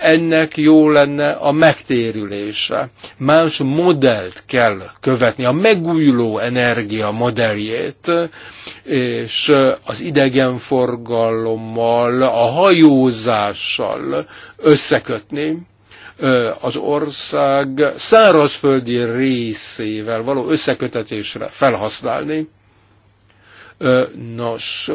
ennek jó lenne a megtérülése. Más modellt kell követni, a megújuló energia modelljét, és az idegenforgalommal, a hajózással összekötni, az ország szárazföldi részével való összekötetésre felhasználni. Nos,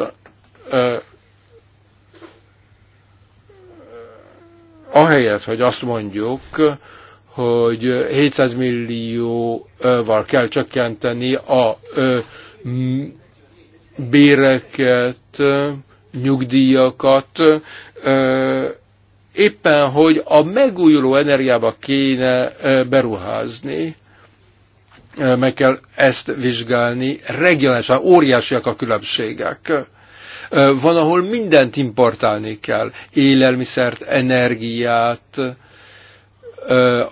ahelyett, hogy azt mondjuk, hogy 700 millióval kell csökkenteni a béreket, nyugdíjakat, éppen, hogy a megújuló energiába kéne beruházni, meg kell ezt vizsgálni, regionálisan óriásiak a különbségek. Van, ahol mindent importálni kell, élelmiszert, energiát,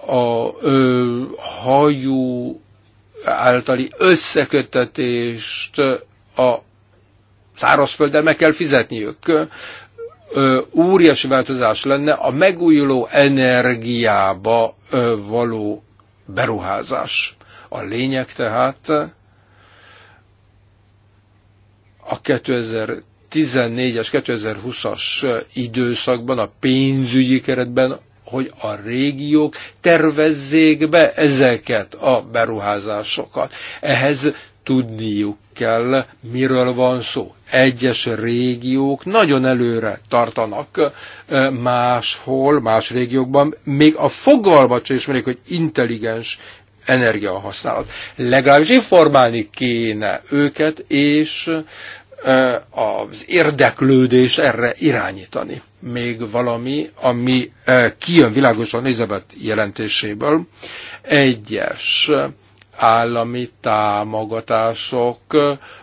a hajó általi összekötetést a szárazfölddel meg kell fizetniük óriási változás lenne a megújuló energiába való beruházás. A lényeg tehát a 2014-es, 2020-as időszakban, a pénzügyi keretben, hogy a régiók tervezzék be ezeket a beruházásokat. Ehhez tudniuk kell, miről van szó egyes régiók nagyon előre tartanak máshol, más régiókban, még a fogalmat sem ismerik, hogy intelligens energiahasználat. Legalábbis informálni kéne őket, és az érdeklődést erre irányítani. Még valami, ami kijön világosan Elizabeth jelentéséből, egyes állami támogatások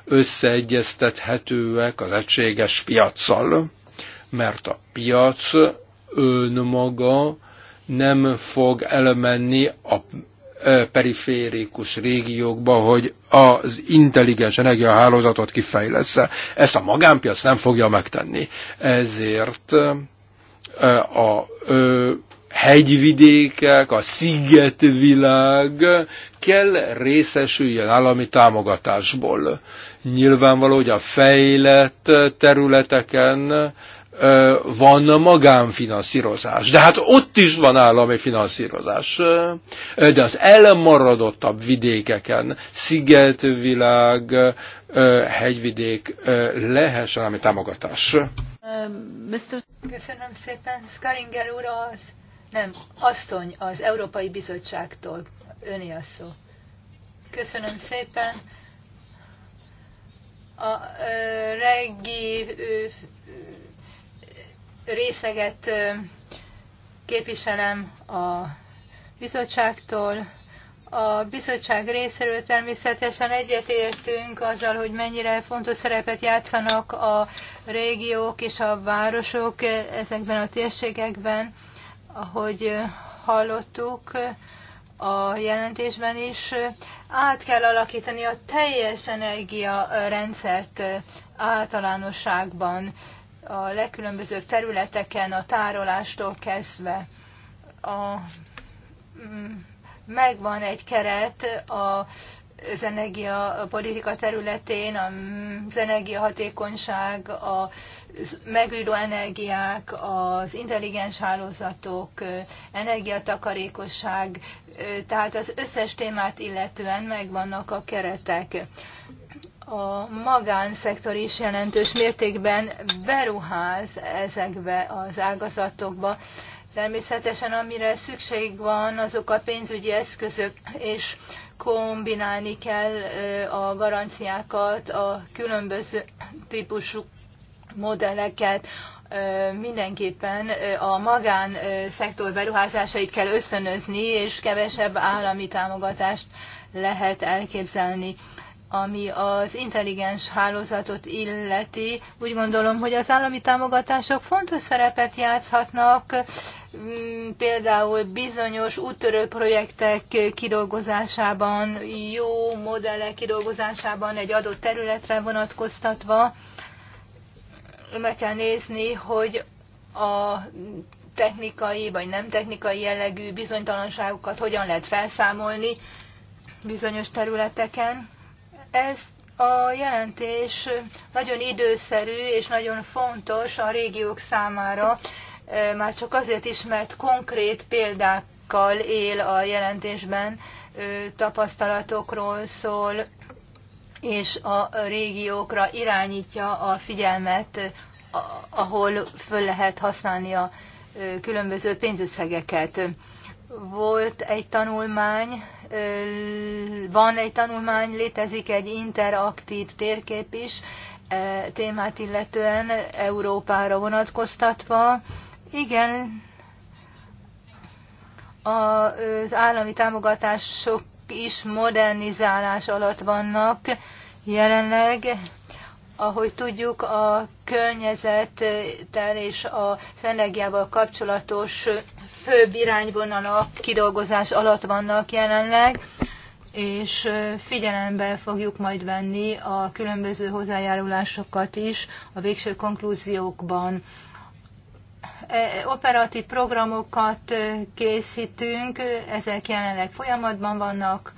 összeegyeztethetőek az egységes piaccal, mert a piac önmaga nem fog elmenni a periférikus régiókba, hogy az intelligens energiahálózatot kifejlesz. Ezt a magánpiac nem fogja megtenni. Ezért a hegyvidékek, a szigetvilág kell részesüljön állami támogatásból. Nyilvánvaló, hogy a fejlett területeken van magánfinanszírozás. De hát ott is van állami finanszírozás. De az elmaradottabb vidékeken, szigetvilág, hegyvidék lehessen állami támogatás. Köszönöm szépen. Skaringer úr az nem, asszony az Európai Bizottságtól. Öné a szó. Köszönöm szépen. A regi részeget képviselem a bizottságtól. A bizottság részéről természetesen egyetértünk azzal, hogy mennyire fontos szerepet játszanak a régiók és a városok ezekben a térségekben ahogy hallottuk a jelentésben is, át kell alakítani a teljes energiarendszert általánosságban, a legkülönbözőbb területeken, a tárolástól kezdve. A, mm, megvan egy keret a az energiapolitika területén, mm, az energiahatékonyság, a megújuló energiák, az intelligens hálózatok, energiatakarékosság, tehát az összes témát illetően megvannak a keretek. A magánszektor is jelentős mértékben beruház ezekbe az ágazatokba. Természetesen amire szükség van, azok a pénzügyi eszközök, és kombinálni kell a garanciákat a különböző típusú modelleket, mindenképpen a magán szektor beruházásait kell ösztönözni, és kevesebb állami támogatást lehet elképzelni. Ami az intelligens hálózatot illeti, úgy gondolom, hogy az állami támogatások fontos szerepet játszhatnak, mm, például bizonyos úttörő projektek kidolgozásában, jó modellek kidolgozásában egy adott területre vonatkoztatva, meg kell nézni, hogy a technikai vagy nem technikai jellegű bizonytalanságokat hogyan lehet felszámolni bizonyos területeken. Ez a jelentés nagyon időszerű és nagyon fontos a régiók számára, e, már csak azért is, mert konkrét példákkal él a jelentésben, e, tapasztalatokról szól, és a régiókra irányítja a figyelmet, ahol föl lehet használni a különböző pénzösszegeket. Volt egy tanulmány, van egy tanulmány, létezik egy interaktív térkép is, e, témát illetően Európára vonatkoztatva. Igen, az állami támogatások is modernizálás alatt vannak jelenleg. Ahogy tudjuk, a környezettel és a energiával kapcsolatos főbb irányvonalak kidolgozás alatt vannak jelenleg, és figyelembe fogjuk majd venni a különböző hozzájárulásokat is a végső konklúziókban. E, operatív programokat e, készítünk, ezek jelenleg folyamatban vannak,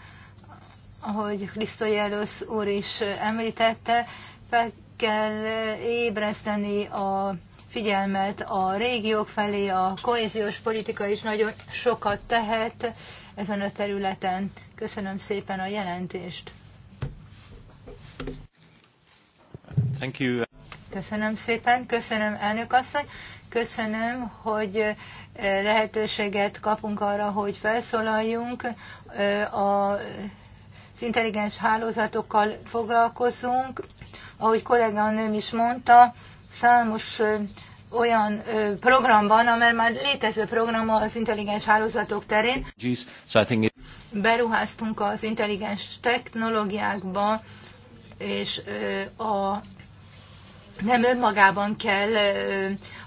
ahogy Krisztó Jelösz úr is említette, fel kell ébreszteni a figyelmet a régiók felé, a kohéziós politika is nagyon sokat tehet ezen a területen. Köszönöm szépen a jelentést. Thank you. Köszönöm szépen, köszönöm elnök asszony. Köszönöm, hogy lehetőséget kapunk arra, hogy felszólaljunk. Az intelligens hálózatokkal foglalkozunk. Ahogy kolléganőm is mondta, számos olyan program van, amely már létező program az intelligens hálózatok terén. Beruháztunk az intelligens technológiákba, és a nem önmagában kell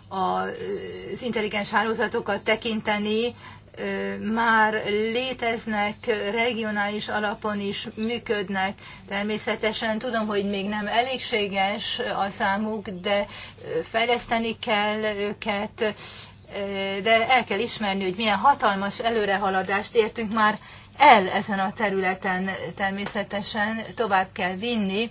az intelligens hálózatokat tekinteni, már léteznek, regionális alapon is működnek. Természetesen tudom, hogy még nem elégséges a számuk, de fejleszteni kell őket, de el kell ismerni, hogy milyen hatalmas előrehaladást értünk már el ezen a területen természetesen, tovább kell vinni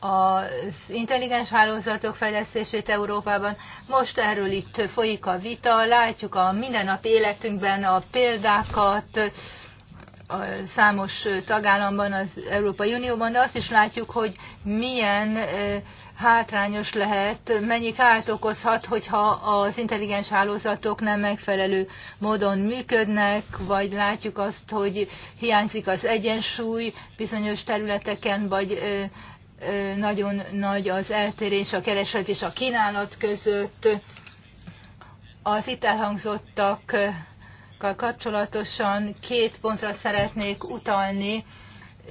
az intelligens hálózatok fejlesztését Európában. Most erről itt folyik a vita, látjuk a mindennapi életünkben a példákat, a számos tagállamban, az Európai Unióban, de azt is látjuk, hogy milyen hátrányos lehet, mennyi kárt okozhat, hogyha az intelligens hálózatok nem megfelelő módon működnek, vagy látjuk azt, hogy hiányzik az egyensúly bizonyos területeken, vagy nagyon nagy az eltérés a kereslet és a kínálat között. Az itt elhangzottakkal kapcsolatosan két pontra szeretnék utalni.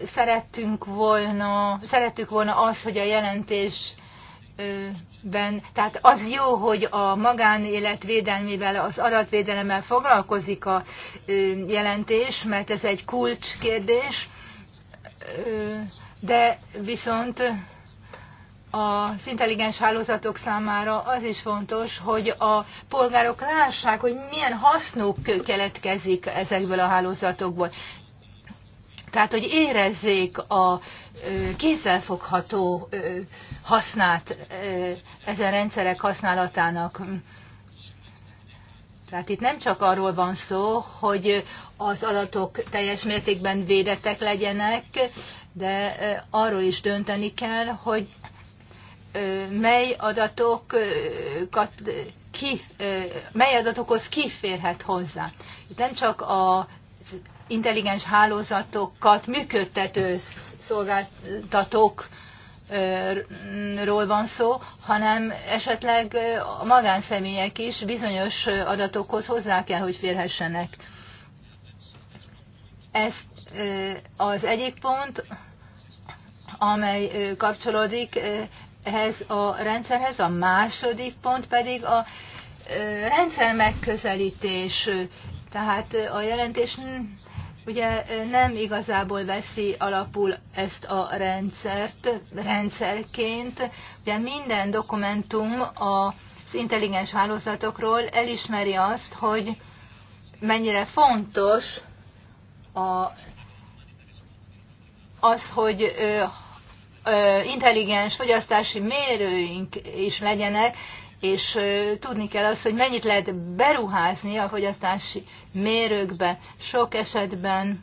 Szerettünk volna, szerettük volna az, hogy a jelentés ben, tehát az jó, hogy a magánélet védelmével, az adatvédelemmel foglalkozik a jelentés, mert ez egy kulcskérdés de viszont az intelligens hálózatok számára az is fontos, hogy a polgárok lássák, hogy milyen hasznuk keletkezik ezekből a hálózatokból. Tehát, hogy érezzék a kézzelfogható hasznát ezen rendszerek használatának. Tehát itt nem csak arról van szó, hogy az adatok teljes mértékben védettek legyenek, de arról is dönteni kell, hogy mely adatokat ki, mely adatokhoz férhet hozzá. Itt nem csak a intelligens hálózatokat működtető szolgáltatókról van szó, hanem esetleg a magánszemélyek is bizonyos adatokhoz hozzá kell, hogy férhessenek. Ez az egyik pont, amely kapcsolódik ehhez a rendszerhez. A második pont pedig a rendszer megközelítés. Tehát a jelentés ugye nem igazából veszi alapul ezt a rendszert rendszerként. Ugye minden dokumentum az intelligens hálózatokról elismeri azt, hogy mennyire fontos a, az, hogy intelligens fogyasztási mérőink is legyenek, és tudni kell azt, hogy mennyit lehet beruházni a fogyasztási mérőkbe. Sok esetben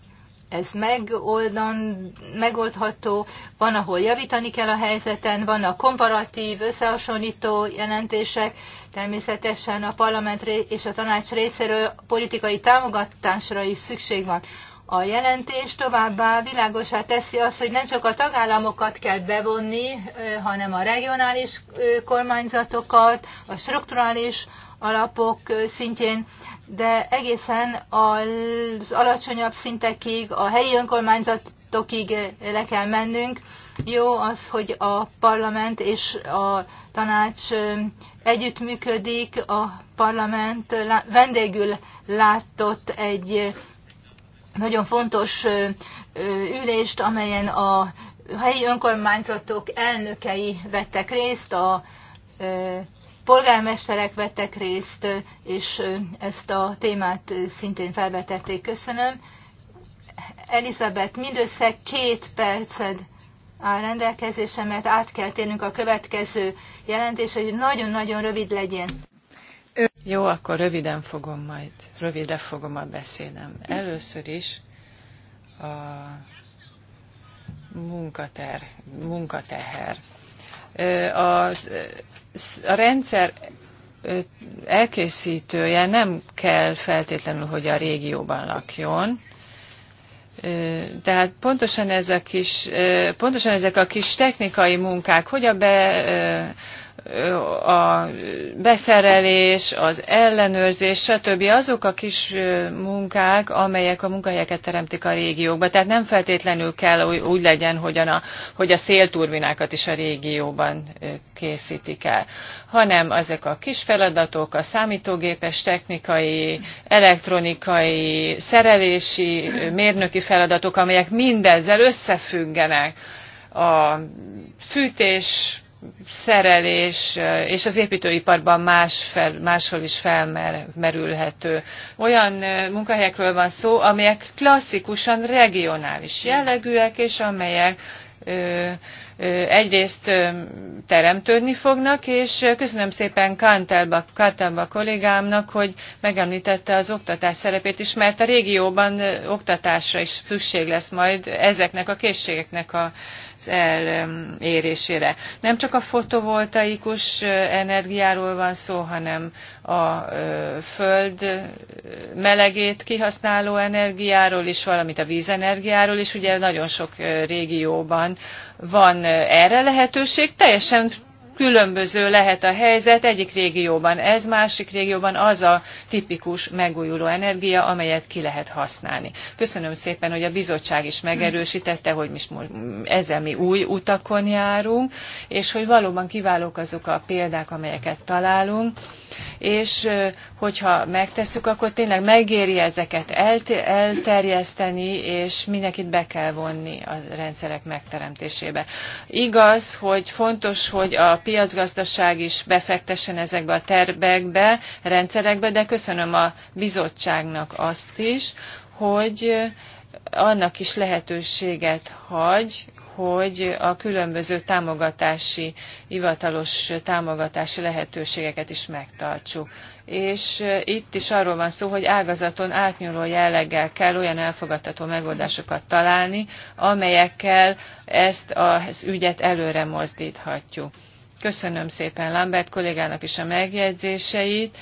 ez megoldan, megoldható, van, ahol javítani kell a helyzeten, vannak komparatív, összehasonlító jelentések, természetesen a parlament és a tanács részéről politikai támogatásra is szükség van. A jelentés továbbá világosá teszi azt, hogy nem csak a tagállamokat kell bevonni, hanem a regionális kormányzatokat, a strukturális alapok szintjén, de egészen az alacsonyabb szintekig, a helyi önkormányzatokig le kell mennünk. Jó az, hogy a parlament és a tanács együttműködik, a parlament vendégül látott egy nagyon fontos ülést, amelyen a helyi önkormányzatok elnökei vettek részt, a polgármesterek vettek részt, és ezt a témát szintén felvetették. Köszönöm. Elizabeth, mindössze két perced áll rendelkezésre, mert át kell térnünk a következő jelentés, hogy nagyon-nagyon rövid legyen. Jó, akkor röviden fogom majd, rövidre fogom a beszédem. Először is a munkater, munkateher. A, a rendszer elkészítője nem kell feltétlenül, hogy a régióban lakjon, tehát pontosan ezek, is, pontosan ezek a kis technikai munkák, hogy a be, a beszerelés, az ellenőrzés, stb. azok a kis munkák, amelyek a munkahelyeket teremtik a régiókba. Tehát nem feltétlenül kell úgy legyen, hogy a, hogy a szélturbinákat is a régióban készítik el, hanem ezek a kis feladatok, a számítógépes technikai, elektronikai, szerelési, mérnöki feladatok, amelyek mindezzel összefüggenek. A fűtés szerelés és az építőiparban más fel, máshol is felmerülhető. Olyan munkahelyekről van szó, amelyek klasszikusan regionális jellegűek, és amelyek ö, egyrészt teremtődni fognak, és köszönöm szépen Kantelba, Kantelba kollégámnak, hogy megemlítette az oktatás szerepét is, mert a régióban oktatásra is szükség lesz majd ezeknek a készségeknek a elérésére. Nem csak a fotovoltaikus energiáról van szó, hanem a föld melegét kihasználó energiáról is, valamint a vízenergiáról is. Ugye nagyon sok régióban van erre lehetőség, teljesen különböző lehet a helyzet, egyik régióban ez, másik régióban az a tipikus megújuló energia, amelyet ki lehet használni. Köszönöm szépen, hogy a bizottság is megerősítette, hogy mi ezzel mi új utakon járunk, és hogy valóban kiválók azok a példák, amelyeket találunk és hogyha megtesszük, akkor tényleg megéri ezeket elterjeszteni, és mindenkit be kell vonni a rendszerek megteremtésébe. Igaz, hogy fontos, hogy a piacgazdaság is befektessen ezekbe a terbekbe, rendszerekbe, de köszönöm a bizottságnak azt is, hogy annak is lehetőséget hagy, hogy a különböző támogatási, hivatalos támogatási lehetőségeket is megtartsuk. És itt is arról van szó, hogy ágazaton átnyúló jelleggel kell olyan elfogadható megoldásokat találni, amelyekkel ezt az ügyet előre mozdíthatjuk. Köszönöm szépen Lambert kollégának is a megjegyzéseit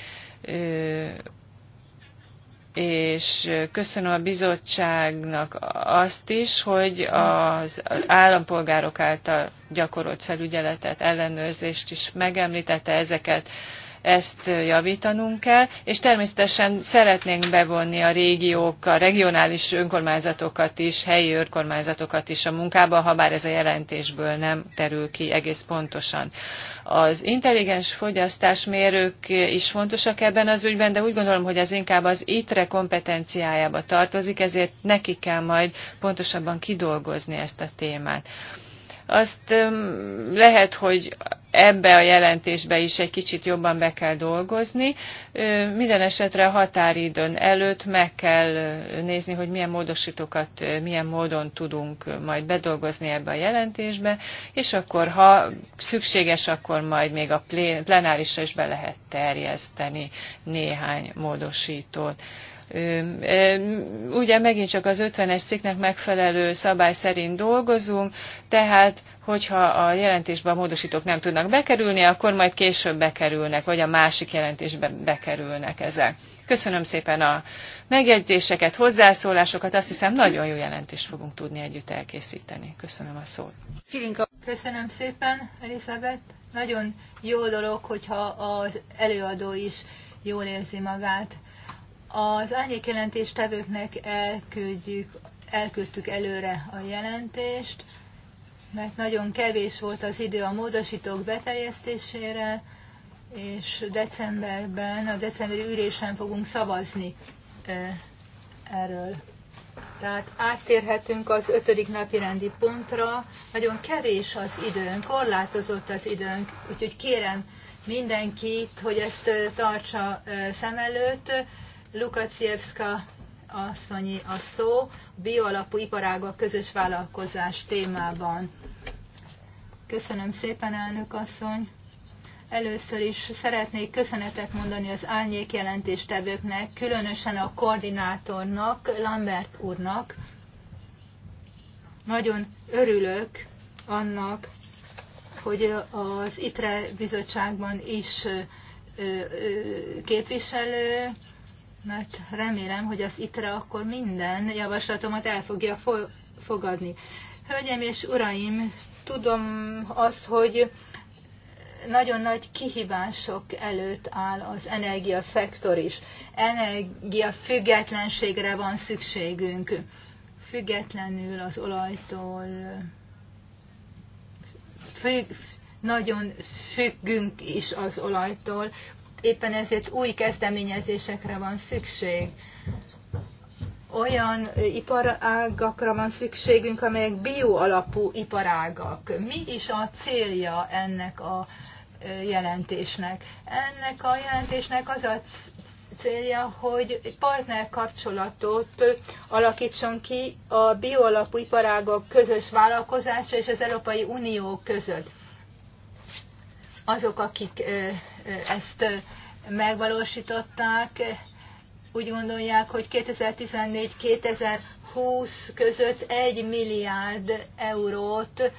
és köszönöm a bizottságnak azt is, hogy az állampolgárok által gyakorolt felügyeletet, ellenőrzést is megemlítette ezeket ezt javítanunk kell, és természetesen szeretnénk bevonni a régiók, a regionális önkormányzatokat is, helyi önkormányzatokat is a munkába, ha bár ez a jelentésből nem terül ki egész pontosan. Az intelligens fogyasztásmérők is fontosak ebben az ügyben, de úgy gondolom, hogy ez inkább az ITRE kompetenciájába tartozik, ezért neki kell majd pontosabban kidolgozni ezt a témát azt lehet, hogy ebbe a jelentésbe is egy kicsit jobban be kell dolgozni. Minden esetre a határidőn előtt meg kell nézni, hogy milyen módosítókat milyen módon tudunk majd bedolgozni ebbe a jelentésbe, és akkor ha szükséges, akkor majd még a plenárisra is be lehet terjeszteni néhány módosítót. Ugye megint csak az 50-es cikknek megfelelő szabály szerint dolgozunk, tehát hogyha a jelentésben a módosítók nem tudnak bekerülni, akkor majd később bekerülnek, vagy a másik jelentésben bekerülnek ezek. Köszönöm szépen a megjegyzéseket, hozzászólásokat, azt hiszem nagyon jó jelentést fogunk tudni együtt elkészíteni. Köszönöm a szót. Köszönöm szépen, Elizabeth. Nagyon jó dolog, hogyha az előadó is jól érzi magát. Az árnyékjelentéstevőknek elküldjük, elküldtük előre a jelentést, mert nagyon kevés volt az idő a módosítók beteljesztésére, és decemberben, a decemberi ülésen fogunk szavazni erről. Tehát áttérhetünk az ötödik napi rendi pontra. Nagyon kevés az időnk, korlátozott az időnk, úgyhogy kérem mindenkit, hogy ezt tartsa szem előtt. Lukacsevska asszonyi a szó bioalapú iparágok közös vállalkozás témában. Köszönöm szépen, elnök asszony! Először is szeretnék köszönetet mondani az árnyék jelentéstevőknek, különösen a koordinátornak, Lambert úrnak. Nagyon örülök annak, hogy az ITRE bizottságban is képviselő mert remélem, hogy az ITRE akkor minden javaslatomat el fogja fogadni. Hölgyeim és uraim, tudom az, hogy nagyon nagy kihívások előtt áll az energiaszektor is. Energia függetlenségre van szükségünk, függetlenül az olajtól, függ, nagyon függünk is az olajtól, éppen ezért új kezdeményezésekre van szükség. Olyan iparágakra van szükségünk, amelyek bioalapú iparágak. Mi is a célja ennek a jelentésnek? Ennek a jelentésnek az a célja, hogy partnerkapcsolatot alakítson ki a bioalapú iparágok közös vállalkozása és az Európai Unió között. Azok, akik ezt megvalósították. Úgy gondolják, hogy 2014-2020 között 1 milliárd eurót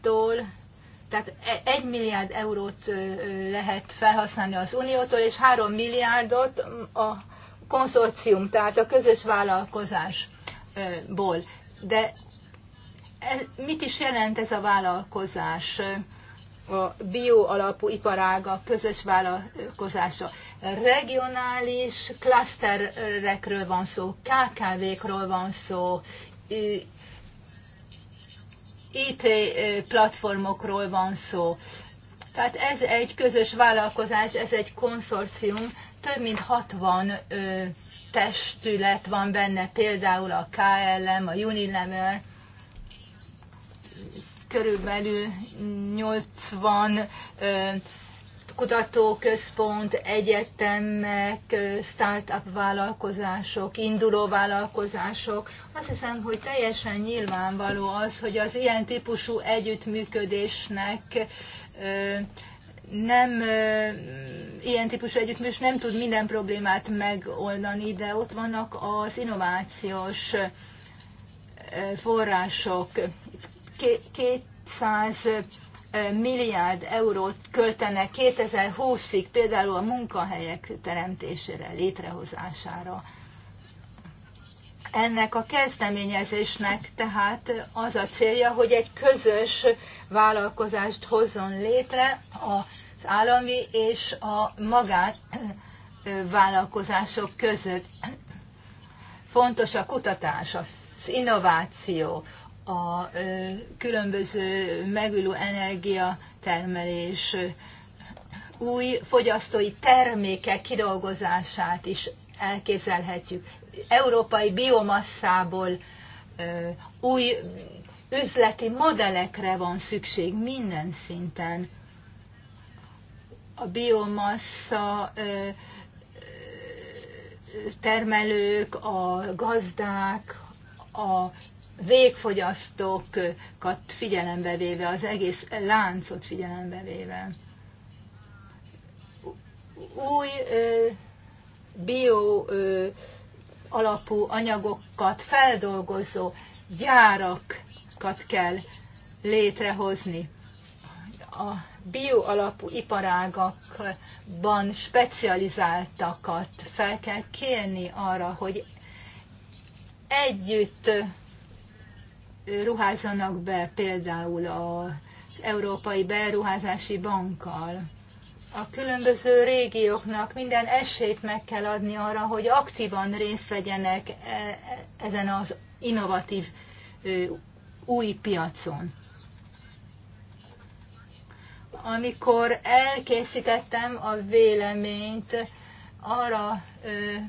tól tehát 1 e, milliárd eurót lehet felhasználni az Uniótól, és 3 milliárdot a konszorcium, tehát a közös vállalkozásból. De mit is jelent ez a vállalkozás? a bio alapú iparága, közös vállalkozása. Regionális klaszterekről van szó, KKV-król van szó, IT platformokról van szó. Tehát ez egy közös vállalkozás, ez egy konszorcium, több mint 60 testület van benne, például a KLM, a Unilever, körülbelül 80 kutatóközpont, egyetemek, startup vállalkozások, induló vállalkozások. Azt hiszem, hogy teljesen nyilvánvaló az, hogy az ilyen típusú együttműködésnek nem ilyen típusú együttműködés nem tud minden problémát megoldani, de ott vannak az innovációs források. Itt 200 milliárd eurót költenek 2020-ig például a munkahelyek teremtésére, létrehozására. Ennek a kezdeményezésnek tehát az a célja, hogy egy közös vállalkozást hozzon létre az állami és a magán vállalkozások között. Fontos a kutatás, az innováció, a különböző megülő energiatermelés, új fogyasztói termékek kidolgozását is elképzelhetjük. Európai biomasszából új üzleti modellekre van szükség minden szinten. A biomassa termelők, a gazdák, a végfogyasztókat figyelembe véve, az egész láncot figyelembe véve. Új bio alapú anyagokat feldolgozó gyárakat kell létrehozni. A bio alapú iparágakban specializáltakat fel kell kérni arra, hogy együtt ruházzanak be például az Európai Beruházási Bankkal. A különböző régióknak minden esélyt meg kell adni arra, hogy aktívan részt vegyenek e, ezen az innovatív új piacon. Amikor elkészítettem a véleményt, arra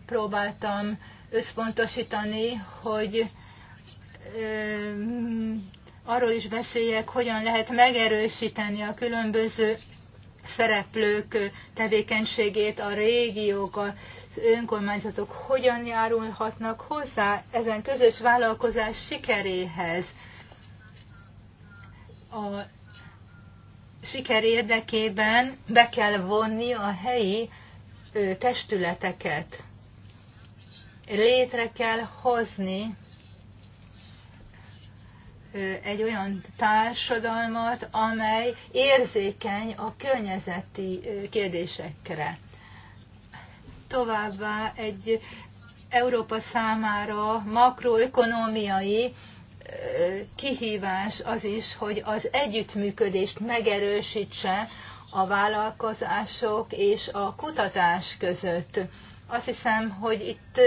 próbáltam összpontosítani, hogy arról is beszéljek, hogyan lehet megerősíteni a különböző szereplők tevékenységét, a régiók, az önkormányzatok hogyan járulhatnak hozzá ezen közös vállalkozás sikeréhez. A siker érdekében be kell vonni a helyi testületeket. Létre kell hozni egy olyan társadalmat, amely érzékeny a környezeti kérdésekre. Továbbá egy Európa számára makroökonomiai kihívás az is, hogy az együttműködést megerősítse a vállalkozások és a kutatás között. Azt hiszem, hogy itt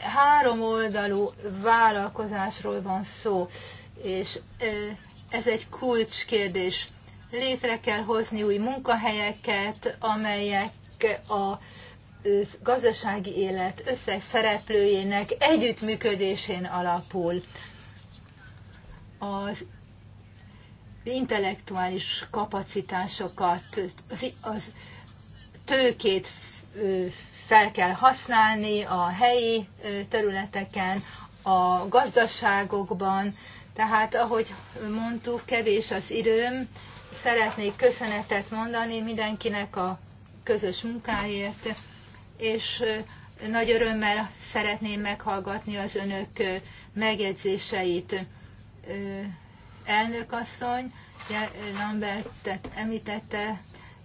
három oldalú vállalkozásról van szó és ez egy kulcskérdés. Létre kell hozni új munkahelyeket, amelyek a gazdasági élet összes szereplőjének együttműködésén alapul. Az intellektuális kapacitásokat, az, az tőkét fel kell használni a helyi területeken, a gazdaságokban, tehát, ahogy mondtuk, kevés az időm. Szeretnék köszönetet mondani mindenkinek a közös munkáért, és nagy örömmel szeretném meghallgatni az önök megjegyzéseit. Elnök asszony, Lambertet említette,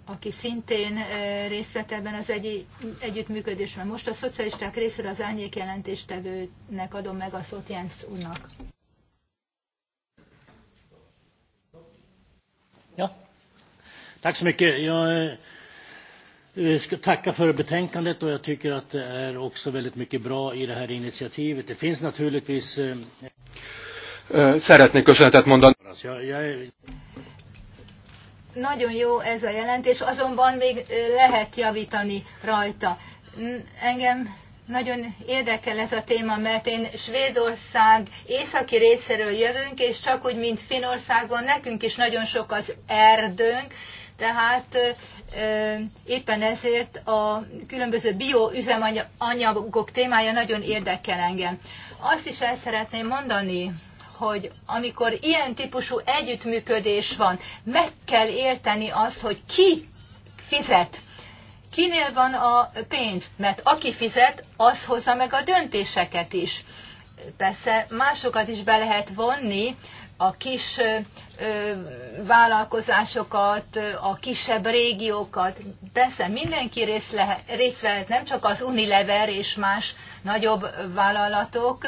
aki szintén részt vett ebben az egy, együttműködésben. Most a szocialisták részéről az árnyék jelentéstevőnek adom meg a szót Jens úrnak. Tack så mycket. Jag eh, eh, ska tacka för betänkandet och jag tycker att det är också väldigt mycket bra i det här initiativet. Det finns naturligtvis... Eh, szeretnék köszönetet mondani. Nagyon jó ez a jelentés, azonban még lehet javítani rajta. Engem nagyon érdekel ez a téma, mert én Svédország északi részéről jövünk, és csak úgy, mint Finországban, nekünk is nagyon sok az erdőnk, tehát éppen ezért a különböző bioüzemanyagok témája nagyon érdekel engem. Azt is el szeretném mondani, hogy amikor ilyen típusú együttműködés van, meg kell érteni azt, hogy ki fizet Kinél van a pénz? Mert aki fizet, az hozza meg a döntéseket is. Persze másokat is be lehet vonni, a kis vállalkozásokat, a kisebb régiókat. Persze mindenki rész lehet, részt vehet, nem csak az Unilever és más nagyobb vállalatok,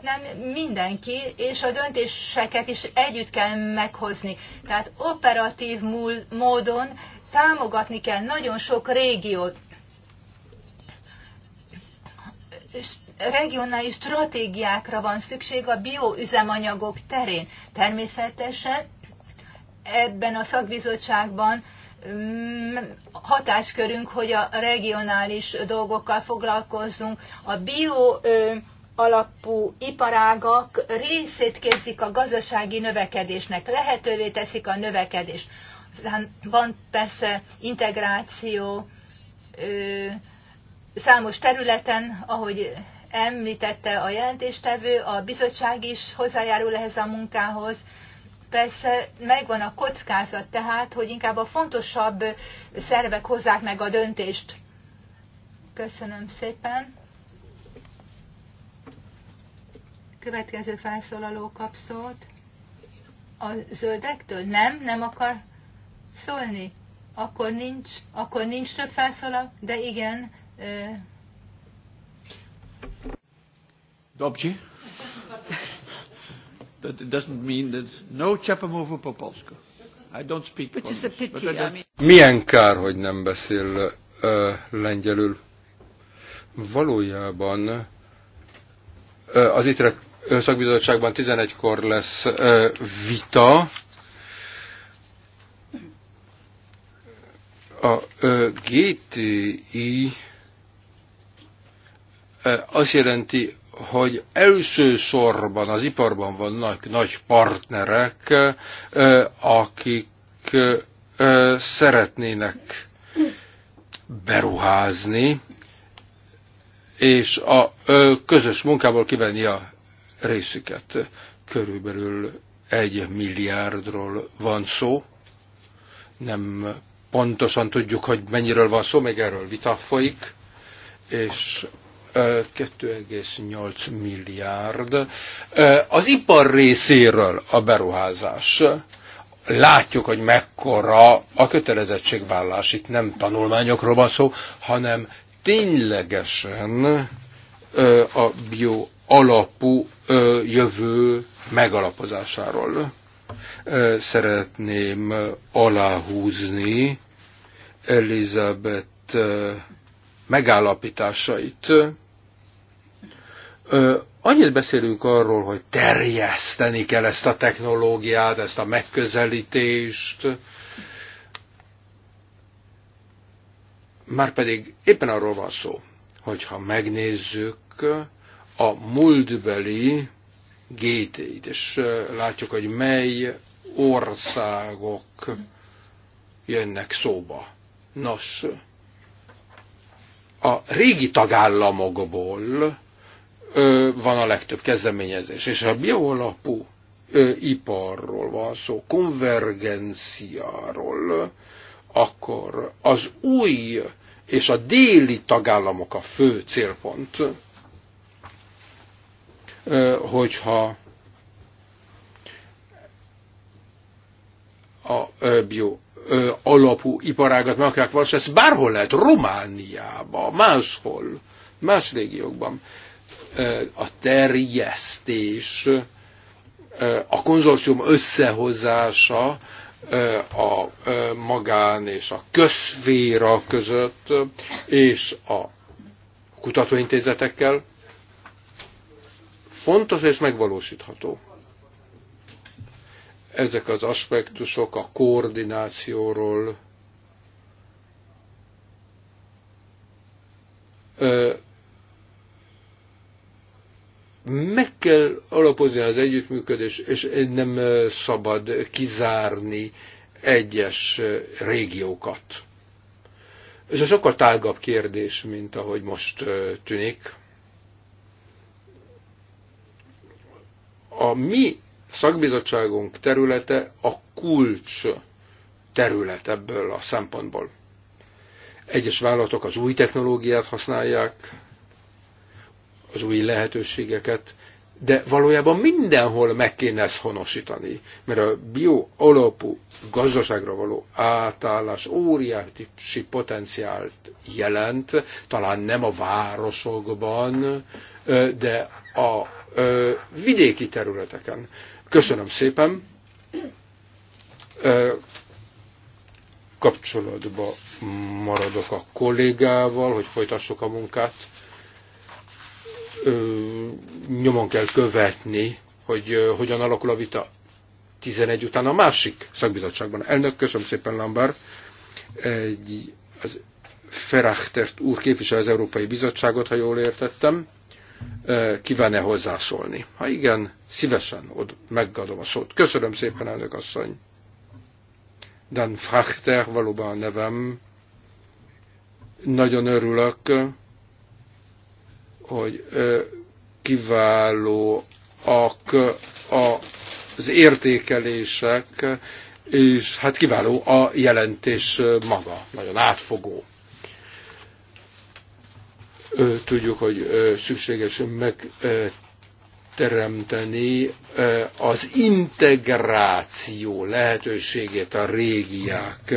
nem mindenki, és a döntéseket is együtt kell meghozni. Tehát operatív módon támogatni kell nagyon sok régiót, regionális stratégiákra van szükség a bioüzemanyagok terén. Természetesen ebben a szakbizottságban mm, hatáskörünk, hogy a regionális dolgokkal foglalkozzunk. A bio alapú iparágak részét képzik a gazdasági növekedésnek, lehetővé teszik a növekedést. Aztán van persze integráció számos területen, ahogy említette a jelentéstevő, a bizottság is hozzájárul ehhez a munkához. Persze megvan a kockázat tehát, hogy inkább a fontosabb szervek hozzák meg a döntést. Köszönöm szépen. Következő felszólaló kapszót. A zöldektől? Nem, nem akar szólni? Akkor nincs, akkor nincs több felszóla, de igen. Dobcsi? But it doesn't mean that no Chapamova Popolska. I don't speak Which is a pity, I mean... Milyen kár, hogy nem beszél uh, lengyelül. Valójában uh, az itt szakbizottságban 11-kor lesz uh, vita, A GTI azt jelenti, hogy elsősorban az iparban vannak nagy partnerek, akik szeretnének beruházni, és a közös munkából kivenni a részüket. Körülbelül egy milliárdról van szó, nem pontosan tudjuk, hogy mennyiről van szó, meg erről vita folyik, és 2,8 milliárd. Az ipar részéről a beruházás. Látjuk, hogy mekkora a kötelezettségvállás. Itt nem tanulmányokról van szó, hanem ténylegesen a bio alapú jövő megalapozásáról szeretném aláhúzni Elizabeth megállapításait. Annyit beszélünk arról, hogy terjeszteni kell ezt a technológiát, ezt a megközelítést, pedig éppen arról van szó, hogyha megnézzük a múltbeli gétjeit, és látjuk, hogy mely országok jönnek szóba. Nos, a régi tagállamokból ö, van a legtöbb kezdeményezés, és a bioalapú ö, iparról van szó, konvergenciáról, akkor az új és a déli tagállamok a fő célpont, hogyha a bio alapú iparágat meg akarják valósítani, ezt bárhol lehet, Romániába, máshol, más régiókban. A terjesztés, a konzorcium összehozása a magán és a közféra között, és a kutatóintézetekkel, fontos és megvalósítható. Ezek az aspektusok a koordinációról, meg kell alapozni az együttműködés, és nem szabad kizárni egyes régiókat. Ez a sokkal tágabb kérdés, mint ahogy most tűnik. A mi szakbizottságunk területe a kulcs terület ebből a szempontból. Egyes vállalatok az új technológiát használják, az új lehetőségeket, de valójában mindenhol meg kéne ezt honosítani, mert a bio alapú gazdaságra való átállás óriási potenciált jelent, talán nem a városokban, de a ö, vidéki területeken. Köszönöm szépen. Ö, kapcsolatba maradok a kollégával, hogy folytassuk a munkát. Ö, nyomon kell követni, hogy ö, hogyan alakul a vita 11 után a másik szakbizottságban. Elnök, köszönöm szépen, Lambert. Egy, az Ferachtert úr képvisel az Európai Bizottságot, ha jól értettem kíván-e hozzászólni. Ha igen, szívesen ott megadom a szót. Köszönöm szépen, elnök asszony. Dan Frachter, valóban a nevem. Nagyon örülök, hogy kiválóak az értékelések, és hát kiváló a jelentés maga, nagyon átfogó tudjuk, hogy szükséges megteremteni az integráció lehetőségét a régiák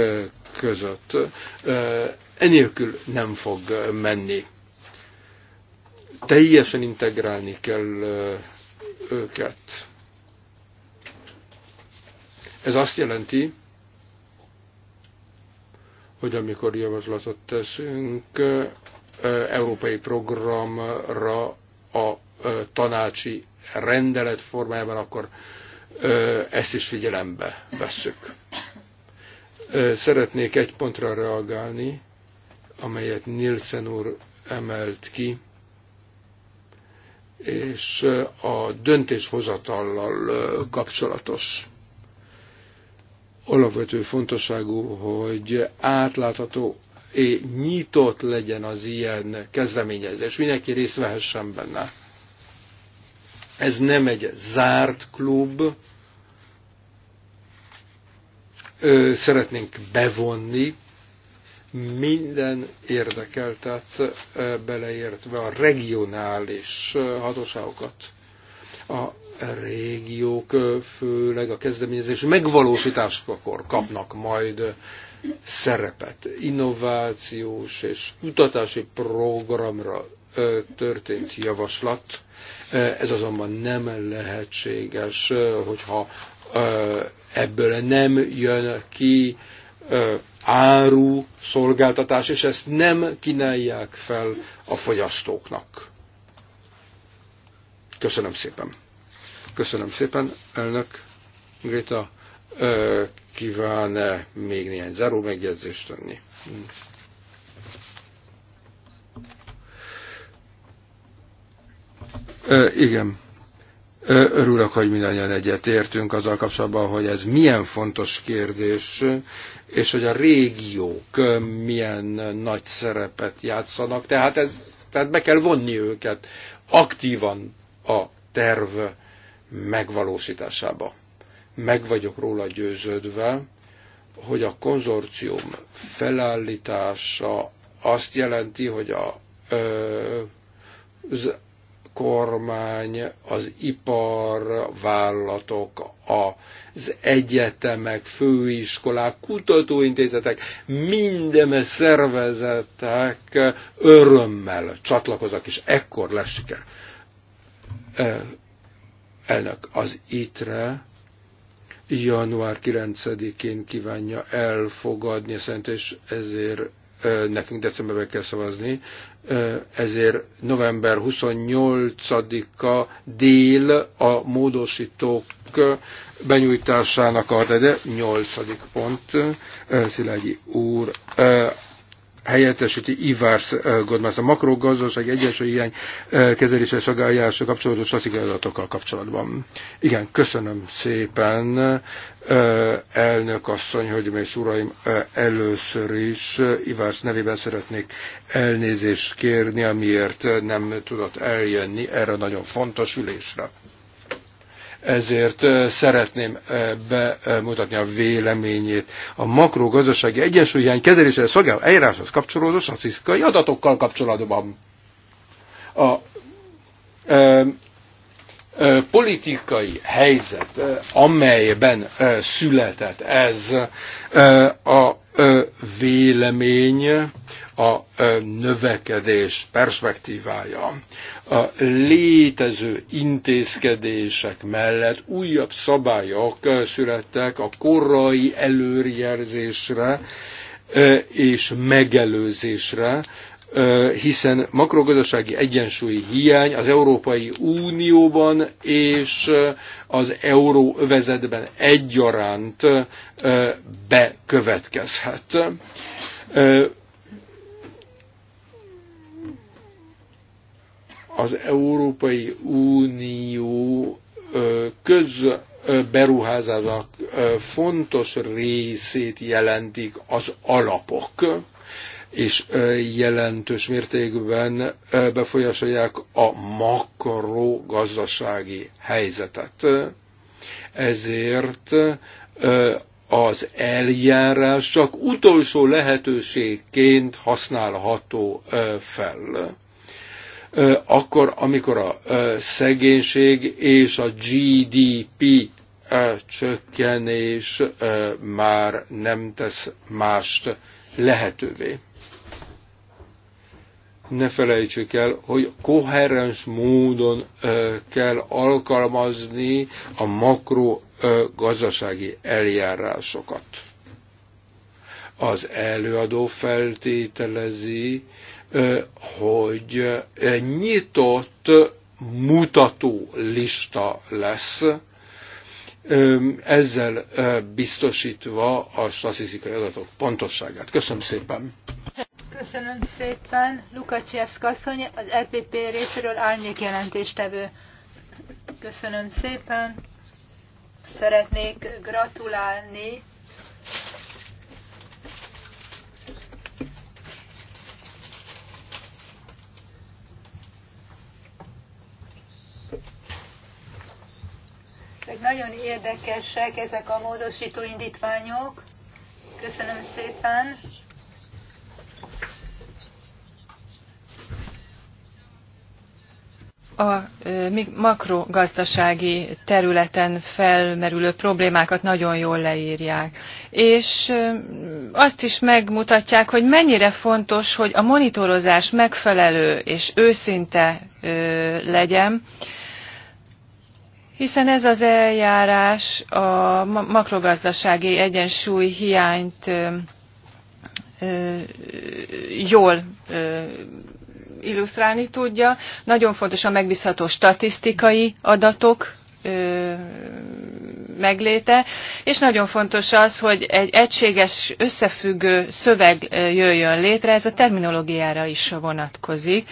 között. Enélkül nem fog menni. Teljesen integrálni kell őket. Ez azt jelenti, hogy amikor javaslatot teszünk, európai programra a tanácsi rendelet formájában, akkor ezt is figyelembe vesszük. Szeretnék egy pontra reagálni, amelyet Nielsen úr emelt ki, és a döntéshozatallal kapcsolatos alapvető fontosságú, hogy átlátható nyitott legyen az ilyen kezdeményezés, mindenki részt vehessen benne. Ez nem egy zárt klub, szeretnénk bevonni minden érdekeltet beleértve a regionális hatóságokat. A régiók főleg a kezdeményezés megvalósításakor kapnak majd szerepet. Innovációs és kutatási programra történt javaslat. Ez azonban nem lehetséges, hogyha ebből nem jön ki áru, szolgáltatás, és ezt nem kínálják fel a fogyasztóknak. Köszönöm szépen. Köszönöm szépen, elnök Greta kíván-e még néhány záró megjegyzést tenni? Ö, igen. Ö, örülök, hogy mindannyian egyet értünk azzal kapcsolatban, hogy ez milyen fontos kérdés, és hogy a régiók milyen nagy szerepet játszanak. Tehát, ez, tehát be kell vonni őket aktívan a terv megvalósításába. Meg vagyok róla győződve, hogy a konzorcium felállítása azt jelenti, hogy a ö, az kormány, az ipar, a vállalatok, az egyetemek, főiskolák, kutatóintézetek, minden szervezetek örömmel csatlakoznak, és ekkor lesz siker. Elnök, az ITRE január 9-én kívánja elfogadni a és ezért nekünk decemberben kell szavazni, ezért november 28-a dél a módosítók benyújtásának a de 8. pont Szilágyi úr helyettesíti Ivars eh, Godmász a makrogazdaság egyensúly ilyen eh, kezelése szagályása kapcsolatos stratégiai adatokkal kapcsolatban. Igen, köszönöm szépen, eh, elnök asszony, hölgyeim és uraim, először is Ivars nevében szeretnék elnézést kérni, amiért nem tudott eljönni erre a nagyon fontos ülésre ezért szeretném bemutatni a véleményét. A makrogazdasági egyensúlyhiány kezelésére szolgáló eljáráshoz kapcsolódó statisztikai adatokkal kapcsolatban. A ö, ö, politikai helyzet, amelyben ö, született ez, ö, a vélemény a növekedés perspektívája. A létező intézkedések mellett újabb szabályok születtek a korai előrjelzésre és megelőzésre, hiszen makrogazdasági egyensúlyi hiány az Európai Unióban és az euróvezetben egyaránt bekövetkezhet. Az Európai Unió köz beruházásának fontos részét jelentik az alapok és jelentős mértékben befolyásolják a makrogazdasági helyzetet. Ezért az eljárás csak utolsó lehetőségként használható fel akkor, amikor a szegénység és a GDP csökkenés már nem tesz mást lehetővé ne felejtsük el, hogy koherens módon kell alkalmazni a makrogazdasági eljárásokat. Az előadó feltételezi, hogy nyitott mutató lista lesz, ezzel biztosítva a statisztikai adatok pontosságát. Köszönöm szépen! Köszönöm szépen. Lukacsevszka asszony, az EPP részéről árnyék jelentéstevő. Köszönöm szépen. Szeretnék gratulálni nagyon érdekesek, ezek a módosító indítványok. Köszönöm szépen. a makrogazdasági területen felmerülő problémákat nagyon jól leírják. És azt is megmutatják, hogy mennyire fontos, hogy a monitorozás megfelelő és őszinte legyen, hiszen ez az eljárás a makrogazdasági egyensúly hiányt jól illusztrálni tudja. Nagyon fontos a megbízható statisztikai adatok megléte, és nagyon fontos az, hogy egy egységes, összefüggő szöveg jöjjön létre, ez a terminológiára is vonatkozik,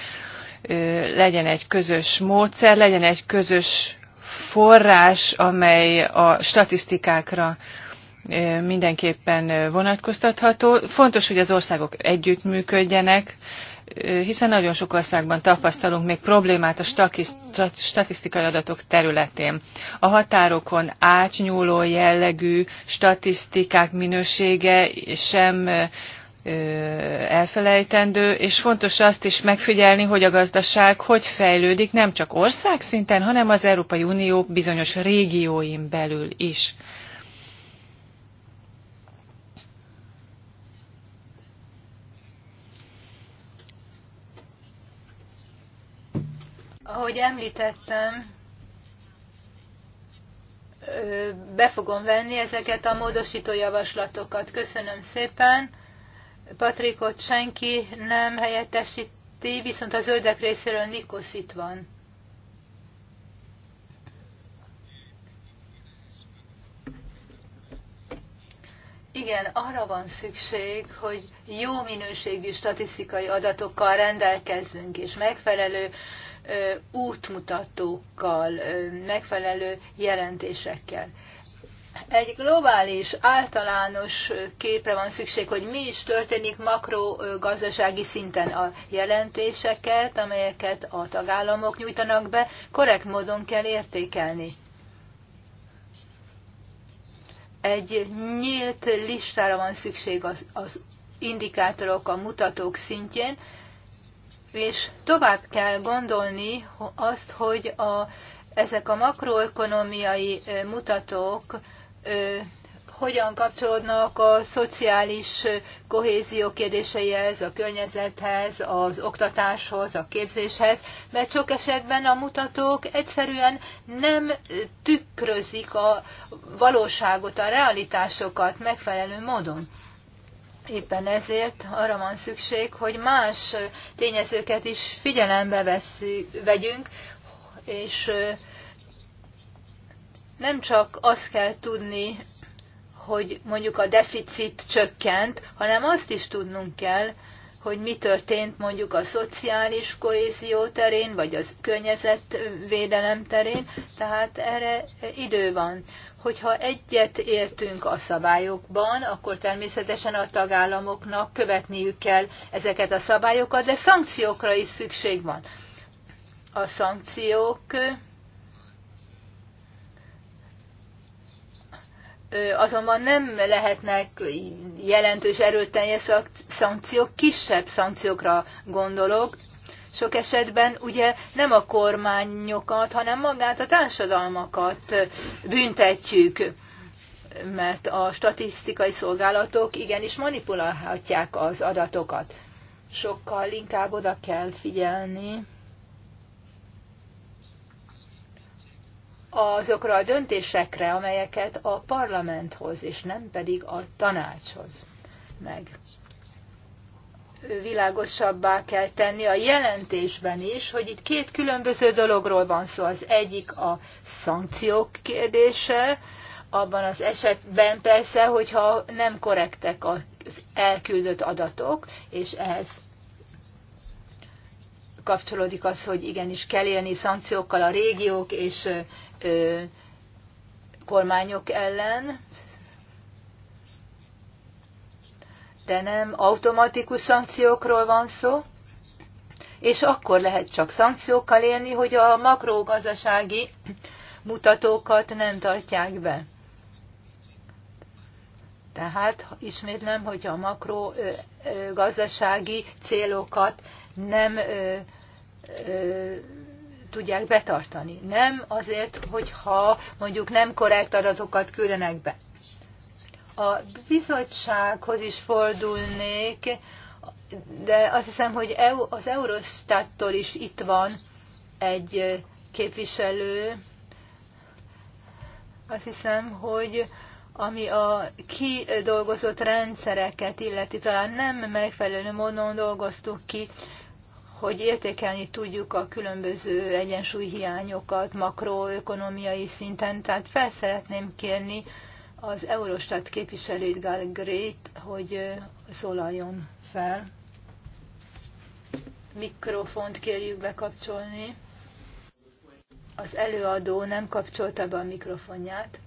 legyen egy közös módszer, legyen egy közös forrás, amely a statisztikákra mindenképpen vonatkoztatható. Fontos, hogy az országok együttműködjenek, hiszen nagyon sok országban tapasztalunk még problémát a statisztikai adatok területén. A határokon átnyúló jellegű statisztikák minősége sem elfelejtendő, és fontos azt is megfigyelni, hogy a gazdaság hogy fejlődik nem csak országszinten, hanem az Európai Unió bizonyos régióin belül is. Ahogy említettem, be fogom venni ezeket a módosító javaslatokat. Köszönöm szépen. Patrikot senki nem helyettesíti, viszont a zöldek részéről Nikos itt van. Igen, arra van szükség, hogy jó minőségű statisztikai adatokkal rendelkezzünk, és megfelelő útmutatókkal, megfelelő jelentésekkel. Egy globális, általános képre van szükség, hogy mi is történik makrogazdasági szinten a jelentéseket, amelyeket a tagállamok nyújtanak be, korrekt módon kell értékelni egy nyílt listára van szükség az, az indikátorok, a mutatók szintjén, és tovább kell gondolni azt, hogy a, ezek a makroekonomiai mutatók ö, hogyan kapcsolódnak a szociális kohézió kérdéseihez, a környezethez, az oktatáshoz, a képzéshez, mert sok esetben a mutatók egyszerűen nem tükrözik a valóságot, a realitásokat megfelelő módon. Éppen ezért arra van szükség, hogy más tényezőket is figyelembe veszünk, vegyünk, és nem csak azt kell tudni, hogy mondjuk a deficit csökkent, hanem azt is tudnunk kell, hogy mi történt mondjuk a szociális kohézió terén, vagy az környezetvédelem terén, tehát erre idő van. Hogyha egyet értünk a szabályokban, akkor természetesen a tagállamoknak követniük kell ezeket a szabályokat, de szankciókra is szükség van. A szankciók azonban nem lehetnek jelentős erőteljes szankciók, kisebb szankciókra gondolok, sok esetben ugye nem a kormányokat, hanem magát a társadalmakat büntetjük, mert a statisztikai szolgálatok igenis manipulálhatják az adatokat. Sokkal inkább oda kell figyelni azokra a döntésekre, amelyeket a parlament hoz, és nem pedig a tanácshoz meg világosabbá kell tenni a jelentésben is, hogy itt két különböző dologról van szó. Az egyik a szankciók kérdése, abban az esetben persze, hogyha nem korrektek az elküldött adatok, és ehhez kapcsolódik az, hogy igenis kell élni szankciókkal a régiók és ö, kormányok ellen, de nem automatikus szankciókról van szó, és akkor lehet csak szankciókkal élni, hogy a makrogazdasági mutatókat nem tartják be. Tehát ismétlem, hogy a makrogazdasági célokat nem ö, ö, tudják betartani. Nem azért, hogyha mondjuk nem korrekt adatokat küldenek be. A bizottsághoz is fordulnék, de azt hiszem, hogy e az Eurostattól is itt van egy képviselő. Azt hiszem, hogy ami a kidolgozott rendszereket illeti, talán nem megfelelő módon dolgoztuk ki, hogy értékelni tudjuk a különböző egyensúlyhiányokat makroökonomiai szinten. Tehát fel szeretném kérni az Eurostat képviselőt, Gal Grét, hogy szólaljon fel. Mikrofont kérjük bekapcsolni. Az előadó nem kapcsolta be a mikrofonját.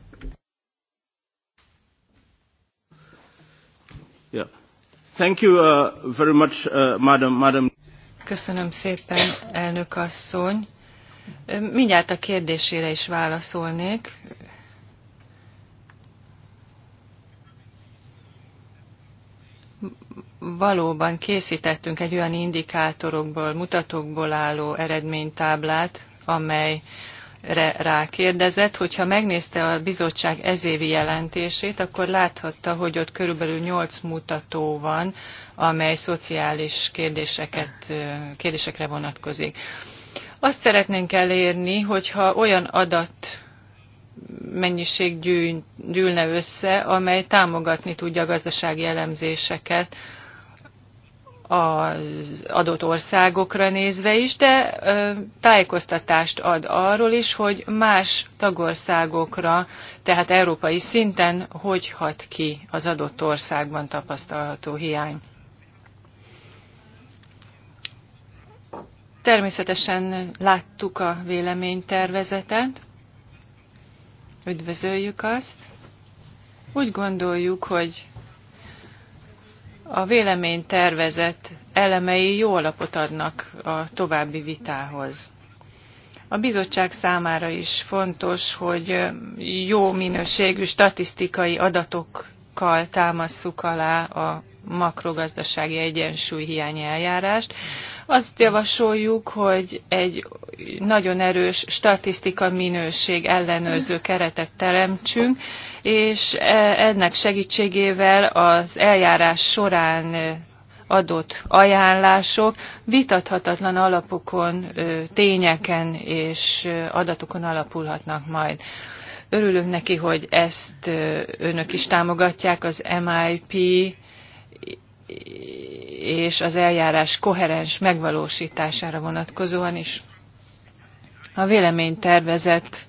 Yeah. Thank you uh, very much, uh, madam, madam. Köszönöm szépen, elnök asszony. Mindjárt a kérdésére is válaszolnék valóban készítettünk egy olyan indikátorokból, mutatókból álló eredménytáblát, amely rákérdezett, hogyha megnézte a bizottság ezévi jelentését, akkor láthatta, hogy ott körülbelül 8 mutató van, amely szociális kérdéseket, kérdésekre vonatkozik. Azt szeretnénk elérni, hogyha olyan adat mennyiség gyűlne össze, amely támogatni tudja a gazdasági elemzéseket, az adott országokra nézve is, de tájékoztatást ad arról is, hogy más tagországokra, tehát európai szinten hogy hat ki az adott országban tapasztalható hiány. Természetesen láttuk a véleménytervezetet, üdvözöljük azt. Úgy gondoljuk, hogy a véleménytervezet elemei jó alapot adnak a további vitához. A bizottság számára is fontos, hogy jó minőségű statisztikai adatokkal támasszuk alá a makrogazdasági egyensúly hiány eljárást. Azt javasoljuk, hogy egy nagyon erős statisztika minőség ellenőrző keretet teremtsünk, és e, ennek segítségével az eljárás során e, adott ajánlások vitathatatlan alapokon, tényeken és adatokon alapulhatnak majd. Örülünk neki, hogy ezt önök is támogatják, az MIP és az eljárás koherens megvalósítására vonatkozóan is. A véleménytervezet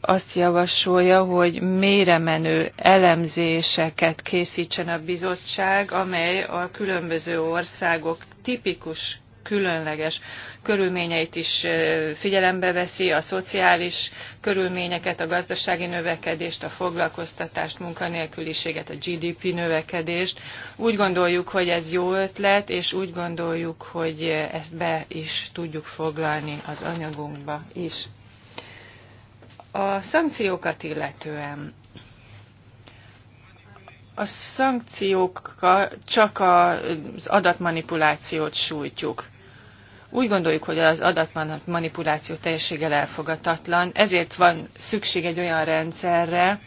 azt javasolja, hogy méremenő elemzéseket készítsen a bizottság, amely a különböző országok tipikus különleges körülményeit is figyelembe veszi, a szociális körülményeket, a gazdasági növekedést, a foglalkoztatást, munkanélküliséget, a GDP növekedést. Úgy gondoljuk, hogy ez jó ötlet, és úgy gondoljuk, hogy ezt be is tudjuk foglalni az anyagunkba is. A szankciókat illetően a szankciókkal csak az adatmanipulációt sújtjuk. Úgy gondoljuk, hogy az adatmanipuláció teljességgel elfogadhatatlan, ezért van szükség egy olyan rendszerre,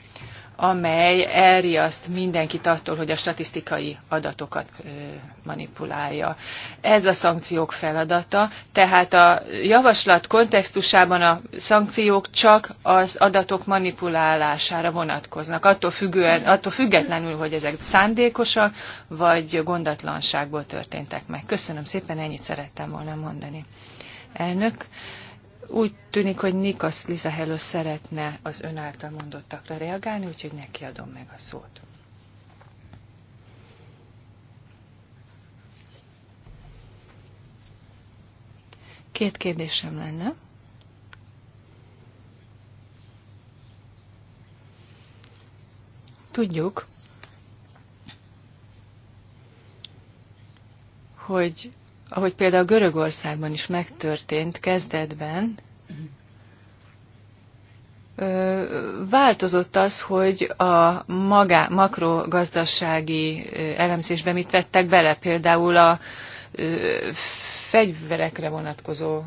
amely elriaszt mindenkit attól, hogy a statisztikai adatokat manipulálja. Ez a szankciók feladata, tehát a javaslat kontextusában a szankciók csak az adatok manipulálására vonatkoznak, attól, függően, attól függetlenül, hogy ezek szándékosak vagy gondatlanságból történtek meg. Köszönöm szépen, ennyit szerettem volna mondani. Elnök. Úgy tűnik, hogy Nikas Liza Hello szeretne az ön által mondottakra reagálni, úgyhogy neki adom meg a szót. Két kérdésem lenne. Tudjuk, hogy ahogy például Görögországban is megtörtént kezdetben, változott az, hogy a magá, makrogazdasági elemzésbe mit vettek bele, például a fegyverekre vonatkozó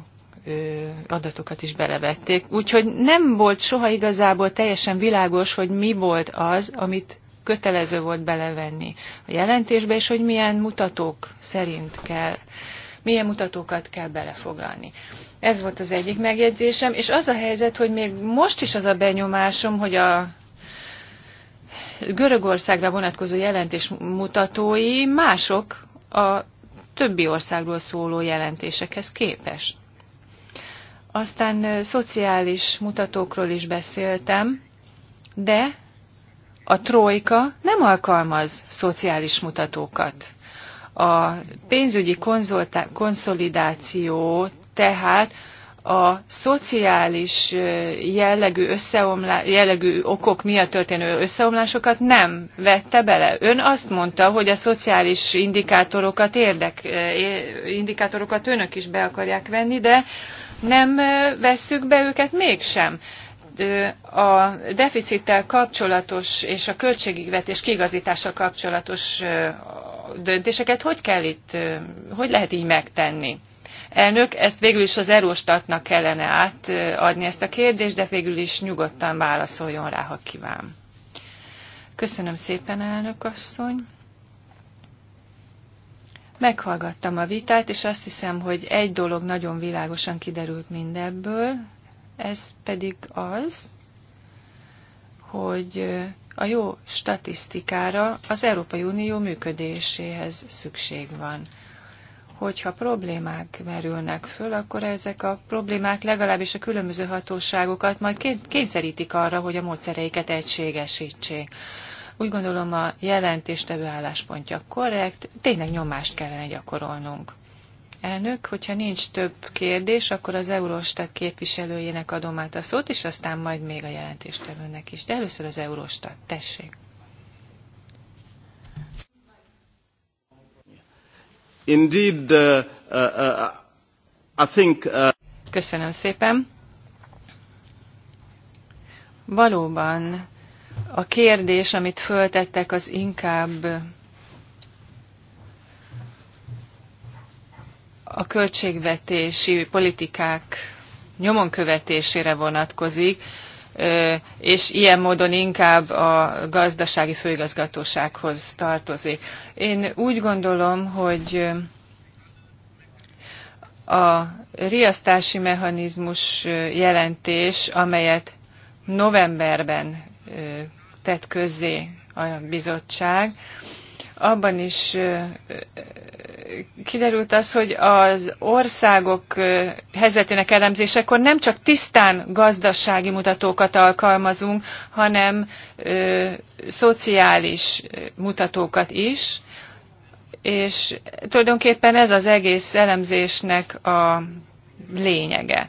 adatokat is belevették. Úgyhogy nem volt soha igazából teljesen világos, hogy mi volt az, amit kötelező volt belevenni a jelentésbe, és hogy milyen mutatók szerint kell milyen mutatókat kell belefoglalni. Ez volt az egyik megjegyzésem, és az a helyzet, hogy még most is az a benyomásom, hogy a Görögországra vonatkozó jelentés mutatói mások a többi országról szóló jelentésekhez képest. Aztán szociális mutatókról is beszéltem, de a trojka nem alkalmaz szociális mutatókat. A pénzügyi konszolidáció tehát a szociális jellegű, jellegű okok miatt történő összeomlásokat nem vette bele. Ön azt mondta, hogy a szociális indikátorokat, érdek, indikátorokat önök is be akarják venni, de nem vesszük be őket mégsem. A deficittel kapcsolatos és a költségigvetés kigazítása kapcsolatos döntéseket hogy kell itt, hogy lehet így megtenni? Elnök, ezt végül is az Erostatnak kellene átadni ezt a kérdést, de végül is nyugodtan válaszoljon rá, ha kíván. Köszönöm szépen, elnök asszony. Meghallgattam a vitát, és azt hiszem, hogy egy dolog nagyon világosan kiderült mindebből, ez pedig az, hogy a jó statisztikára az Európai Unió működéséhez szükség van. Hogyha problémák merülnek föl, akkor ezek a problémák legalábbis a különböző hatóságokat majd kényszerítik arra, hogy a módszereiket egységesítsék. Úgy gondolom a jelentéstevő álláspontja korrekt, tényleg nyomást kellene gyakorolnunk. Elnök, hogyha nincs több kérdés, akkor az Eurostat képviselőjének adom át a szót, és aztán majd még a jelentéstevőnek is. De először az Eurostat, tessék. Indeed, uh, uh, uh I think, uh... Köszönöm szépen. Valóban a kérdés, amit föltettek, az inkább a költségvetési politikák nyomon követésére vonatkozik, és ilyen módon inkább a gazdasági főigazgatósághoz tartozik. Én úgy gondolom, hogy a riasztási mechanizmus jelentés, amelyet novemberben tett közzé a bizottság, abban is kiderült az, hogy az országok helyzetének elemzésekor nem csak tisztán gazdasági mutatókat alkalmazunk, hanem ö, szociális mutatókat is, és tulajdonképpen ez az egész elemzésnek a lényege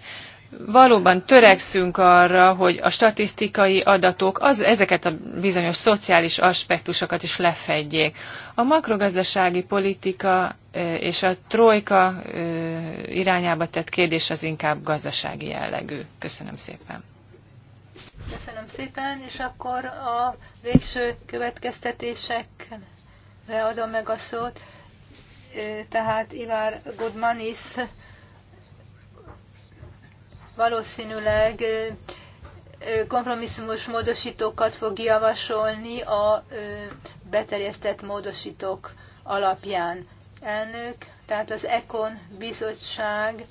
valóban törekszünk arra, hogy a statisztikai adatok az, ezeket a bizonyos szociális aspektusokat is lefedjék. A makrogazdasági politika és a trojka irányába tett kérdés az inkább gazdasági jellegű. Köszönöm szépen. Köszönöm szépen, és akkor a végső következtetésekre adom meg a szót. Tehát Ivar Godmanis valószínűleg kompromisszumos módosítókat fog javasolni a beterjesztett módosítók alapján. Elnök, tehát az ECON bizottság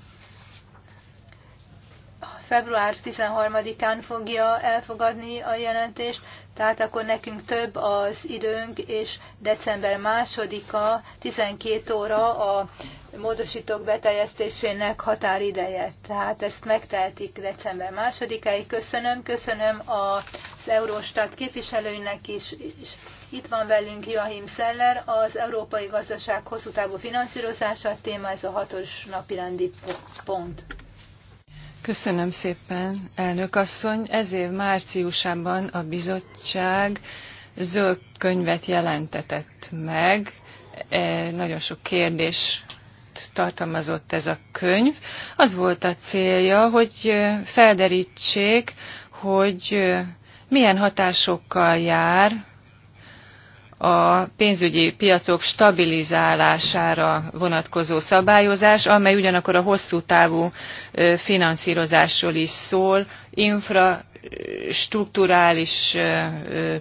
február 13-án fogja elfogadni a jelentést, tehát akkor nekünk több az időnk, és december 2-a 12 óra a módosítók beteljesztésének határideje. Tehát ezt megtehetik december másodikáig. Köszönöm, köszönöm az Eurostat képviselőinek is, és itt van velünk Joachim Seller, az Európai Gazdaság hosszú távú finanszírozása téma, ez a hatos napirendi pont. Köszönöm szépen, elnök asszony. Ez év márciusában a bizottság zöld könyvet jelentetett meg. E, nagyon sok kérdés tartalmazott ez a könyv. Az volt a célja, hogy felderítsék, hogy milyen hatásokkal jár a pénzügyi piacok stabilizálására vonatkozó szabályozás, amely ugyanakkor a hosszú távú finanszírozásról is szól, infrastruktúrális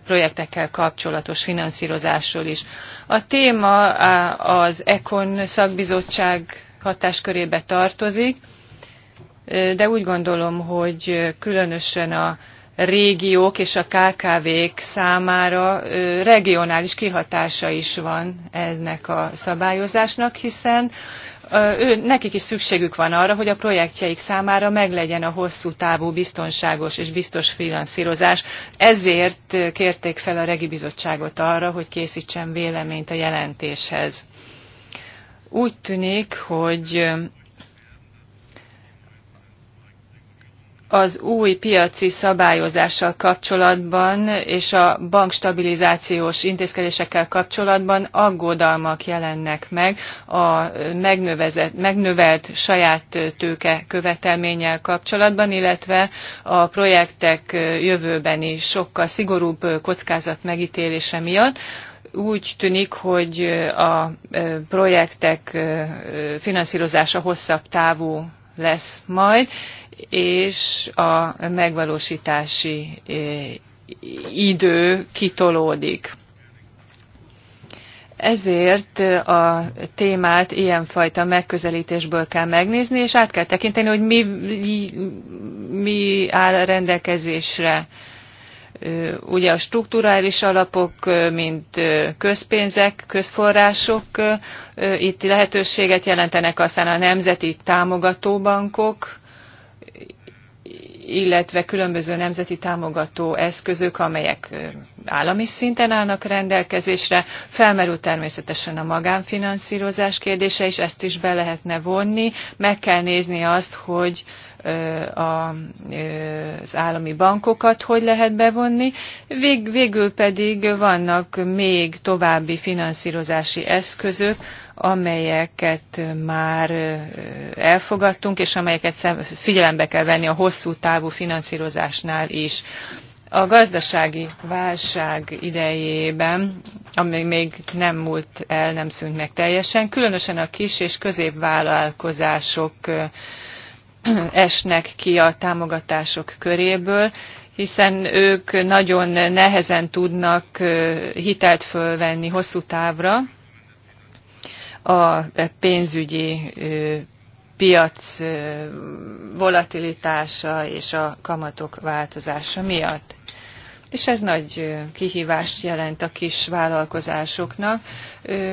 projektekkel kapcsolatos finanszírozásról is. A téma az ECON szakbizottság hatáskörébe tartozik, de úgy gondolom, hogy különösen a régiók és a KKV-k számára regionális kihatása is van ennek a szabályozásnak, hiszen ő, nekik is szükségük van arra, hogy a projektjeik számára meglegyen a hosszú távú biztonságos és biztos finanszírozás. Ezért kérték fel a Regi Bizottságot arra, hogy készítsen véleményt a jelentéshez. Úgy tűnik, hogy az új piaci szabályozással kapcsolatban és a bankstabilizációs intézkedésekkel kapcsolatban aggodalmak jelennek meg a megnövelt saját tőke követelménnyel kapcsolatban, illetve a projektek jövőben is sokkal szigorúbb kockázat megítélése miatt úgy tűnik, hogy a projektek finanszírozása hosszabb távú lesz majd, és a megvalósítási e, idő kitolódik. Ezért a témát ilyenfajta megközelítésből kell megnézni, és át kell tekinteni, hogy mi, mi áll a rendelkezésre. E, ugye a strukturális alapok, e, mint közpénzek, közforrások itt lehetőséget jelentenek, aztán a nemzeti támogatóbankok, illetve különböző nemzeti támogató eszközök, amelyek állami szinten állnak rendelkezésre. Felmerül természetesen a magánfinanszírozás kérdése, és ezt is be lehetne vonni. Meg kell nézni azt, hogy az állami bankokat hogy lehet bevonni. Vég, végül pedig vannak még további finanszírozási eszközök, amelyeket már elfogadtunk, és amelyeket figyelembe kell venni a hosszú távú finanszírozásnál is. A gazdasági válság idejében, ami még nem múlt el, nem szűnt meg teljesen, különösen a kis és középvállalkozások esnek ki a támogatások köréből, hiszen ők nagyon nehezen tudnak hitelt fölvenni hosszú távra, a pénzügyi piac volatilitása és a kamatok változása miatt. És ez nagy kihívást jelent a kis vállalkozásoknak.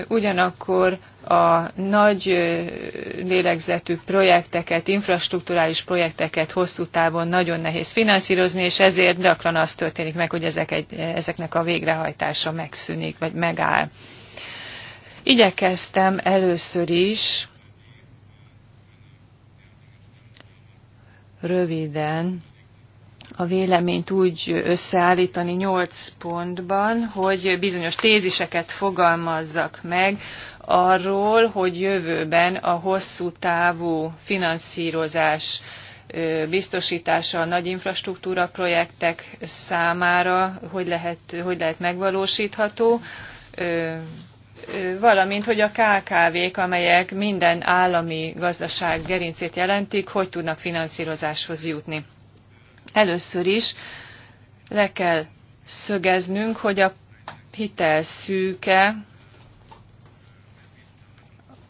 Ugyanakkor a nagy lélegzetű projekteket, infrastruktúrális projekteket hosszú távon nagyon nehéz finanszírozni, és ezért gyakran az történik meg, hogy ezek egy, ezeknek a végrehajtása megszűnik, vagy megáll. Igyekeztem először is röviden a véleményt úgy összeállítani nyolc pontban, hogy bizonyos téziseket fogalmazzak meg arról, hogy jövőben a hosszú távú finanszírozás biztosítása a nagy infrastruktúra projektek számára hogy lehet, hogy lehet megvalósítható valamint hogy a KKV-k, amelyek minden állami gazdaság gerincét jelentik, hogy tudnak finanszírozáshoz jutni. Először is le kell szögeznünk, hogy a hitelszűke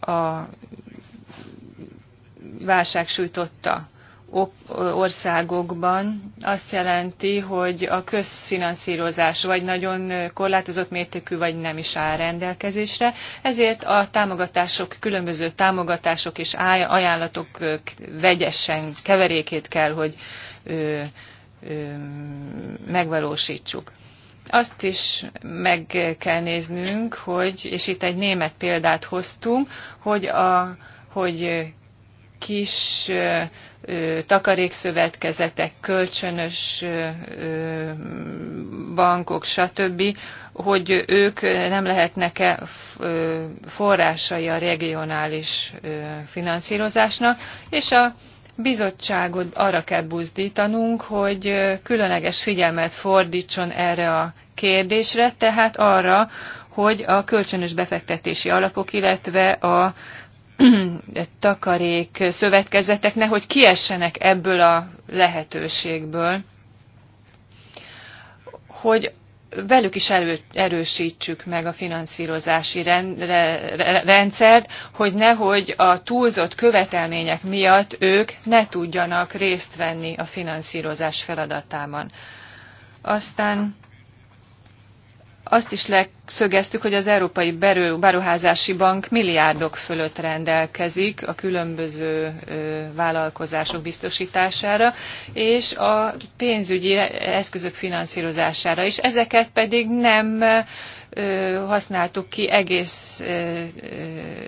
a válság sújtotta országokban azt jelenti, hogy a közfinanszírozás vagy nagyon korlátozott mértékű, vagy nem is áll rendelkezésre. Ezért a támogatások, különböző támogatások és ajánlatok vegyesen keverékét kell, hogy ö, ö, megvalósítsuk. Azt is meg kell néznünk, hogy, és itt egy német példát hoztunk, hogy, a, hogy kis takarékszövetkezetek, kölcsönös bankok, stb., hogy ők nem lehetnek-e forrásai a regionális finanszírozásnak, és a bizottságot arra kell buzdítanunk, hogy különleges figyelmet fordítson erre a kérdésre, tehát arra, hogy a kölcsönös befektetési alapok, illetve a takarék szövetkezetek nehogy kiessenek ebből a lehetőségből, hogy velük is elő, erősítsük meg a finanszírozási rend, rendszert, hogy nehogy a túlzott követelmények miatt ők ne tudjanak részt venni a finanszírozás feladatában. Aztán azt is leszögeztük, hogy az Európai Beruházási Bank milliárdok fölött rendelkezik a különböző vállalkozások biztosítására, és a pénzügyi eszközök finanszírozására is. Ezeket pedig nem használtuk ki egész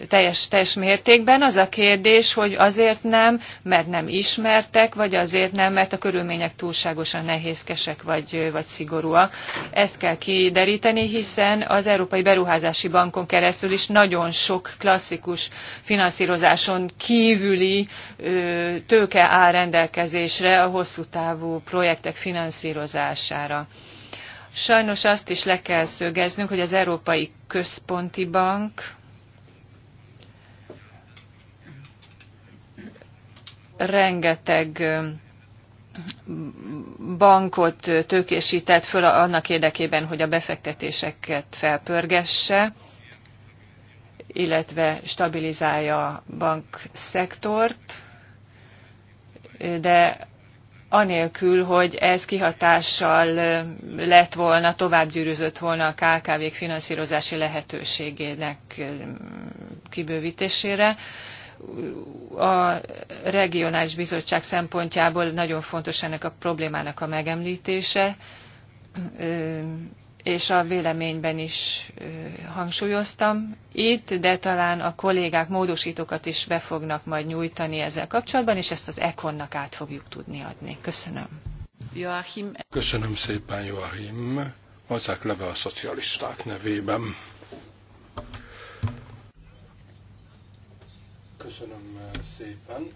teljes, teljes mértékben. Az a kérdés, hogy azért nem, mert nem ismertek, vagy azért nem, mert a körülmények túlságosan nehézkesek vagy, vagy szigorúak. Ezt kell kideríteni, hiszen az Európai Beruházási Bankon keresztül is nagyon sok klasszikus finanszírozáson kívüli tőke áll rendelkezésre a hosszú távú projektek finanszírozására. Sajnos azt is le kell szögeznünk, hogy az Európai Központi Bank rengeteg bankot tőkésített föl annak érdekében, hogy a befektetéseket felpörgesse, illetve stabilizálja a bankszektort, de anélkül, hogy ez kihatással lett volna, tovább gyűrűzött volna a KKV-k finanszírozási lehetőségének kibővítésére. A regionális bizottság szempontjából nagyon fontos ennek a problémának a megemlítése és a véleményben is hangsúlyoztam itt, de talán a kollégák módosítókat is be fognak majd nyújtani ezzel kapcsolatban, és ezt az ekonnak át fogjuk tudni adni. Köszönöm. Joachim. Köszönöm szépen, Joachim. Hozzák leve a szocialisták nevében. Köszönöm szépen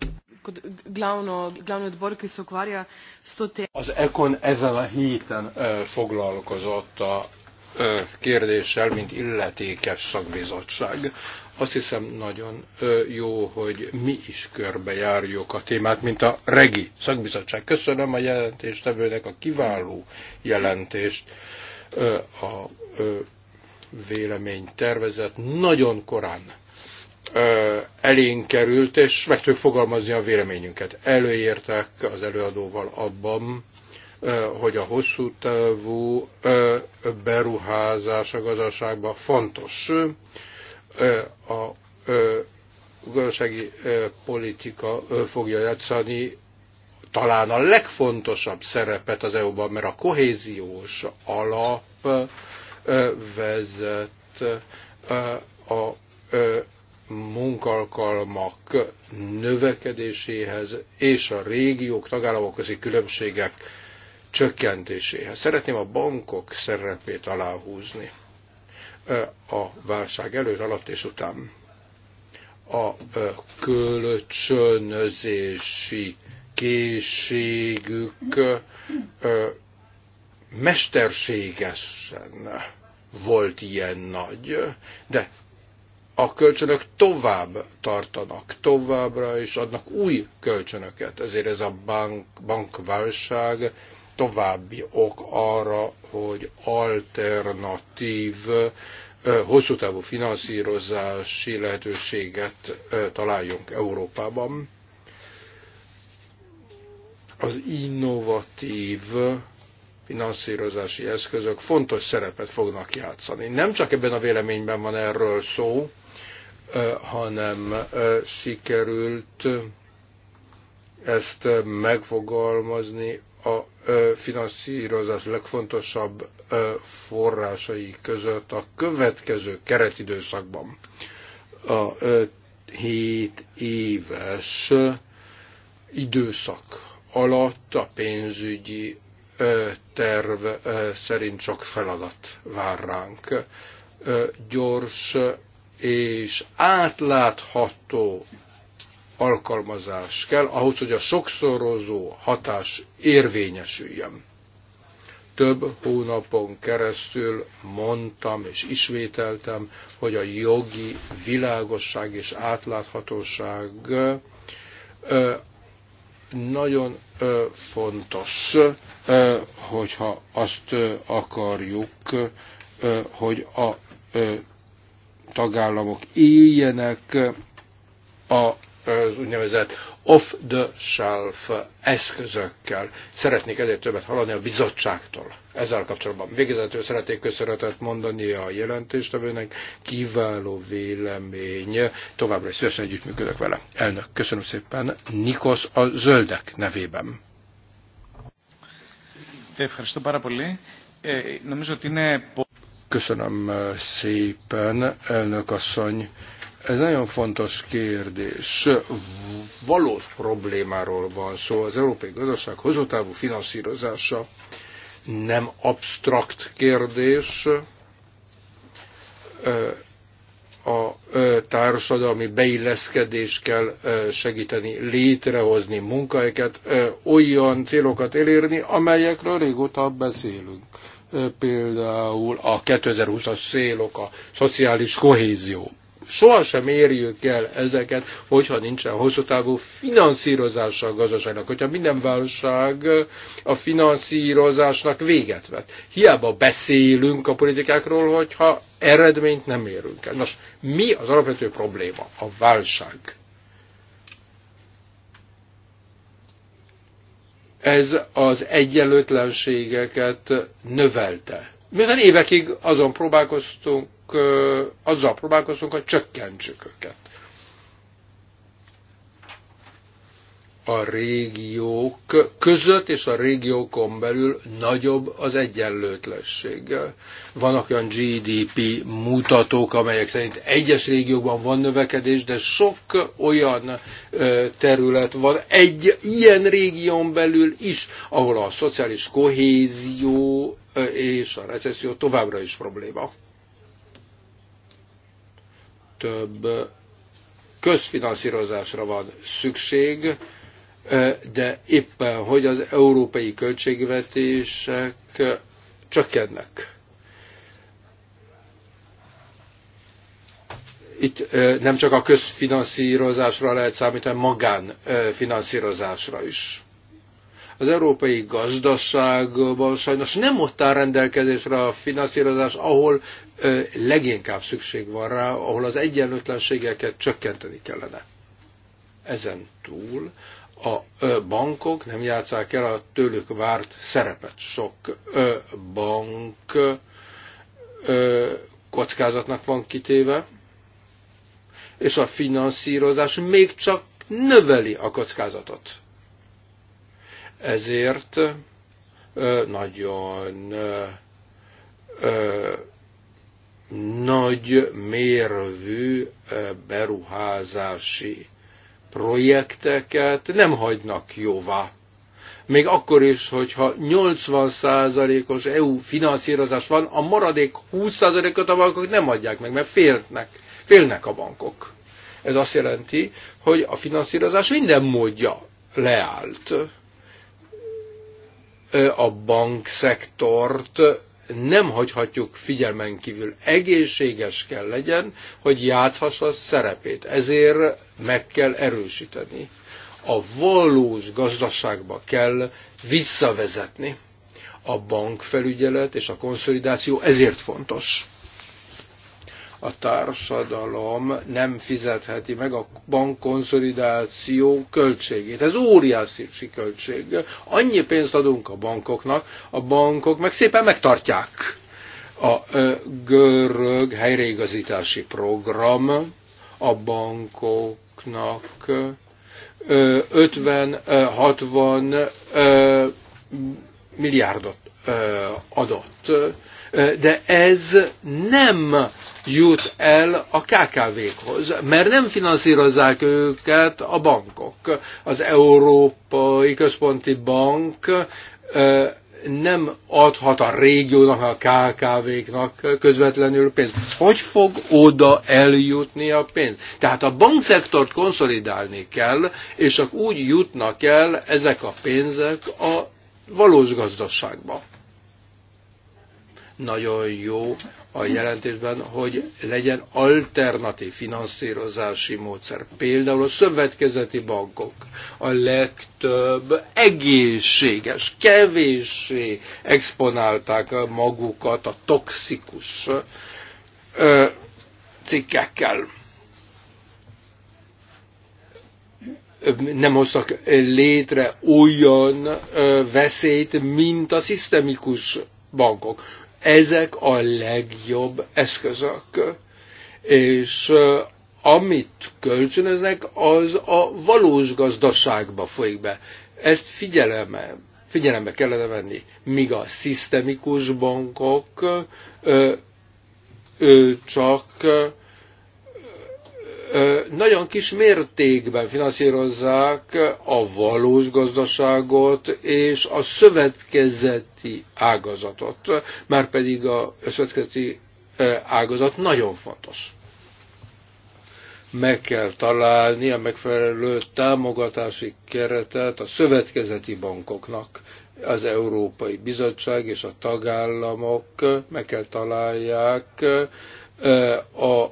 kot glavno, glavni odbor, ki se ukvarja s to Az ECON ezen a héten foglalkozott a kérdéssel, mint illetékes szakbizottság. Azt hiszem nagyon jó, hogy mi is körbejárjuk a témát, mint a REGI szakbizottság. Köszönöm a jelentéstevőnek a kiváló jelentést. a véleménytervezet vélemény tervezett nagyon korán elénk került, és meg tudjuk fogalmazni a véleményünket. Előértek az előadóval abban, hogy a hosszú távú beruházás a gazdaságban fontos. A gazdasági politika fogja játszani talán a legfontosabb szerepet az EU-ban, mert a kohéziós alap vezet a munkalkalmak növekedéséhez és a régiók, tagállamok közi különbségek csökkentéséhez. Szeretném a bankok szerepét aláhúzni a válság előtt, alatt és után. A kölcsönözési készségük mesterségesen volt ilyen nagy, de a kölcsönök tovább tartanak, továbbra is adnak új kölcsönöket. Ezért ez a bank, bankválság további ok arra, hogy alternatív, hosszú távú finanszírozási lehetőséget találjunk Európában. Az innovatív finanszírozási eszközök fontos szerepet fognak játszani. Nem csak ebben a véleményben van erről szó, hanem sikerült ezt megfogalmazni a finanszírozás legfontosabb forrásai között a következő keretidőszakban. A 7 éves időszak alatt a pénzügyi terv szerint sok feladat vár ránk. Gyors és átlátható alkalmazás kell ahhoz, hogy a sokszorozó hatás érvényesüljön. Több hónapon keresztül mondtam és ismételtem, hogy a jogi világosság és átláthatóság nagyon fontos, hogyha azt akarjuk, hogy a tagállamok éljenek a az úgynevezett off-the-shelf eszközökkel. Szeretnék ezért többet hallani a bizottságtól. Ezzel kapcsolatban végezetül szeretnék köszönetet mondani a jelentéstevőnek. Kiváló vélemény. Továbbra is szívesen együttműködök vele. Elnök, köszönöm szépen. Nikos a zöldek nevében. Ευχαριστώ πάρα πολύ. Ε, νομίζω ότι είναι Köszönöm szépen, elnök asszony. Ez nagyon fontos kérdés. Valós problémáról van szó. Az európai gazdaság hozótávú finanszírozása nem absztrakt kérdés. A társadalmi beilleszkedés kell segíteni, létrehozni munkahelyeket, olyan célokat elérni, amelyekről régóta beszélünk például a 2020-as célok, a szociális kohézió. Sohasem érjük el ezeket, hogyha nincsen hosszú távú finanszírozása a gazdaságnak, hogyha minden válság a finanszírozásnak véget vet. Hiába beszélünk a politikákról, hogyha eredményt nem érünk el. Nos, mi az alapvető probléma? A válság. ez az egyenlőtlenségeket növelte. Miután évekig azon próbálkoztunk, azzal próbálkoztunk, hogy csökkentsük őket. a régiók között és a régiókon belül nagyobb az egyenlőtlenség. Vannak olyan GDP mutatók, amelyek szerint egyes régiókban van növekedés, de sok olyan terület van egy ilyen régión belül is, ahol a szociális kohézió és a recesszió továbbra is probléma. Több közfinanszírozásra van szükség, de éppen hogy az európai költségvetések csökkennek. Itt nem csak a közfinanszírozásra lehet számítani, magánfinanszírozásra is. Az európai gazdaságban sajnos nem ott áll rendelkezésre a finanszírozás, ahol leginkább szükség van rá, ahol az egyenlőtlenségeket csökkenteni kellene. Ezen túl a bankok nem játszák el a tőlük várt szerepet. Sok bank kockázatnak van kitéve, és a finanszírozás még csak növeli a kockázatot. Ezért nagyon nagy mérvű beruházási projekteket nem hagynak jóvá. Még akkor is, hogyha 80%-os EU finanszírozás van, a maradék 20%-ot a bankok nem adják meg, mert félnek, félnek a bankok. Ez azt jelenti, hogy a finanszírozás minden módja leállt. A bankszektort nem hagyhatjuk figyelmen kívül. Egészséges kell legyen, hogy játszhassa a szerepét. Ezért meg kell erősíteni. A valós gazdaságba kell visszavezetni. A bankfelügyelet és a konszolidáció ezért fontos a társadalom nem fizetheti meg a bankkonszolidáció költségét. Ez óriási költség. Annyi pénzt adunk a bankoknak, a bankok meg szépen megtartják. A görög helyreigazítási program a bankoknak 50-60 milliárdot adott de ez nem jut el a KKV-khoz, mert nem finanszírozzák őket a bankok. Az Európai Központi Bank nem adhat a régiónak, a KKV-knak közvetlenül pénzt. Hogy fog oda eljutni a pénz? Tehát a bankszektort konszolidálni kell, és csak úgy jutnak el ezek a pénzek a valós gazdaságba. Nagyon jó a jelentésben, hogy legyen alternatív finanszírozási módszer. Például a szövetkezeti bankok a legtöbb egészséges, kevéssé exponálták magukat a toxikus ö, cikkekkel. nem hoztak létre olyan veszélyt, mint a szisztemikus bankok ezek a legjobb eszközök. És amit kölcsönöznek, az a valós gazdaságba folyik be. Ezt figyelembe, figyelembe kellene venni, míg a szisztemikus bankok ö, ö, csak nagyon kis mértékben finanszírozzák a valós gazdaságot és a szövetkezeti ágazatot, már pedig a szövetkezeti ágazat nagyon fontos. Meg kell találni a megfelelő támogatási keretet a szövetkezeti bankoknak. Az Európai Bizottság és a tagállamok meg kell találják a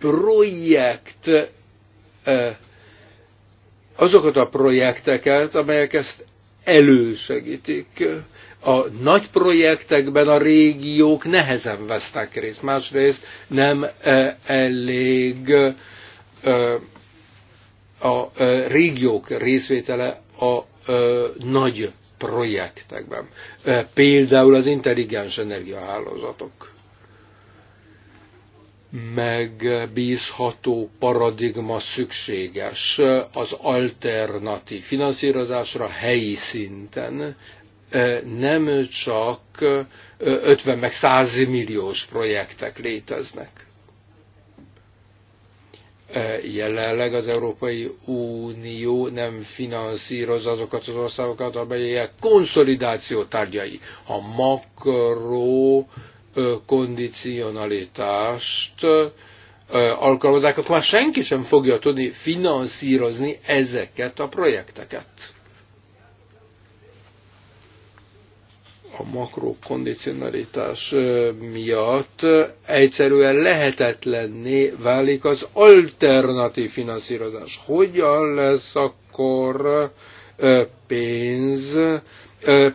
projekt, azokat a projekteket, amelyek ezt elősegítik. A nagy projektekben a régiók nehezen vesznek részt. Másrészt nem elég a régiók részvétele a nagy projektekben. Például az intelligens energiahálózatok megbízható paradigma szükséges az alternatív finanszírozásra helyi szinten, nem csak 50 meg 100 milliós projektek léteznek. Jelenleg az Európai Unió nem finanszíroz azokat az országokat, amelyek konszolidáció tárgyai. A makro kondicionalitást alkalmazzák, akkor már senki sem fogja tudni finanszírozni ezeket a projekteket. a makrokondicionalitás miatt egyszerűen lehetetlenné válik az alternatív finanszírozás. Hogyan lesz akkor pénz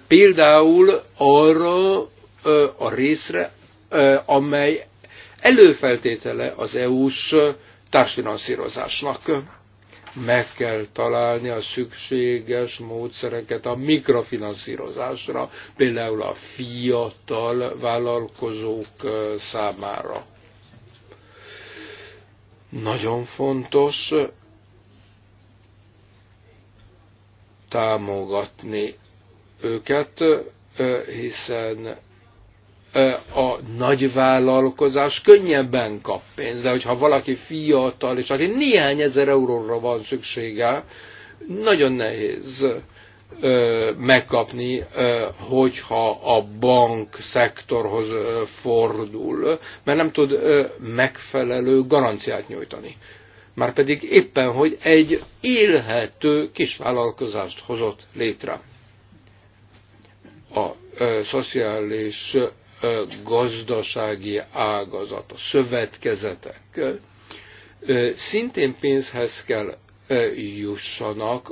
például arra, a részre, amely előfeltétele az EU-s társfinanszírozásnak. Meg kell találni a szükséges módszereket a mikrofinanszírozásra, például a fiatal vállalkozók számára. Nagyon fontos támogatni őket, hiszen a nagyvállalkozás könnyebben kap pénzt, de hogyha valaki fiatal, és aki néhány ezer euróra van szüksége, nagyon nehéz megkapni, hogyha a bank szektorhoz fordul, mert nem tud megfelelő garanciát nyújtani. Márpedig éppen, hogy egy élhető kisvállalkozást hozott létre. A szociális gazdasági ágazat, a szövetkezetek szintén pénzhez kell jussanak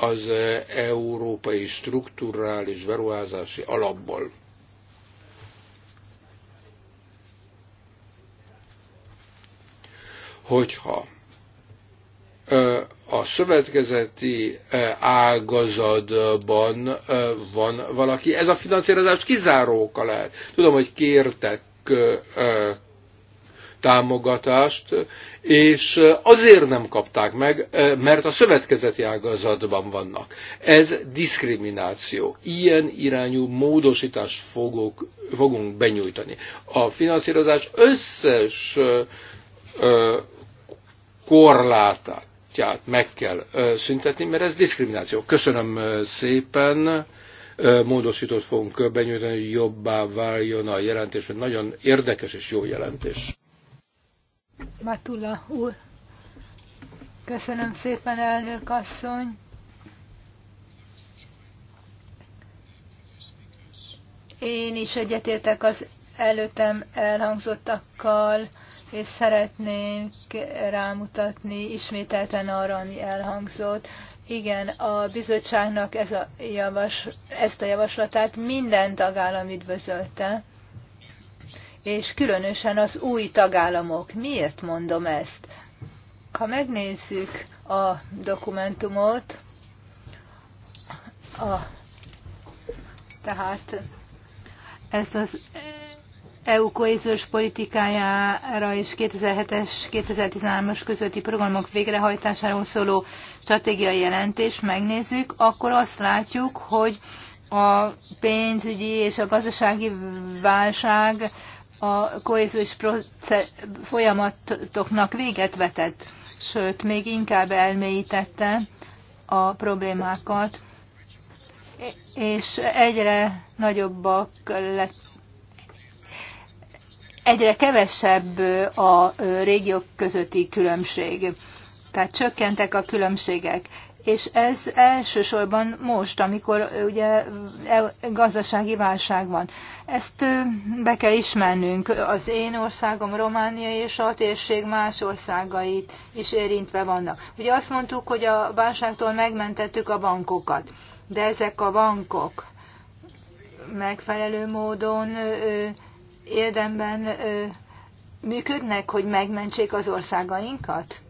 az európai strukturális beruházási alapból. Hogyha a szövetkezeti ágazatban van valaki. Ez a finanszírozás kizáróka lehet. Tudom, hogy kértek támogatást, és azért nem kapták meg, mert a szövetkezeti ágazatban vannak. Ez diszkrimináció. Ilyen irányú módosítást fogok, fogunk benyújtani. A finanszírozás összes korlátát kártyát meg kell szüntetni, mert ez diszkrimináció. Köszönöm szépen, módosítót fogunk benyújtani, hogy jobbá váljon a jelentés, mert nagyon érdekes és jó jelentés. Matula úr, köszönöm szépen, elnök asszony. Én is egyetértek az előttem elhangzottakkal, és szeretnénk rámutatni ismételten arra, ami elhangzott. Igen, a bizottságnak ez a javas, ezt a javaslatát minden tagállam üdvözölte, és különösen az új tagállamok. Miért mondom ezt? Ha megnézzük a dokumentumot, a, tehát ez az EU kohéziós politikájára és 2007-es, 2013-as közötti programok végrehajtásáról szóló stratégiai jelentést megnézzük, akkor azt látjuk, hogy a pénzügyi és a gazdasági válság a kohéziós folyamatoknak véget vetett, sőt, még inkább elmélyítette a problémákat, és egyre nagyobbak lett egyre kevesebb a régiók közötti különbség. Tehát csökkentek a különbségek. És ez elsősorban most, amikor ugye e, gazdasági válság van. Ezt be kell ismernünk. Az én országom Románia és a térség más országait is érintve vannak. Ugye azt mondtuk, hogy a válságtól megmentettük a bankokat, de ezek a bankok megfelelő módon érdemben működnek, hogy megmentsék az országainkat?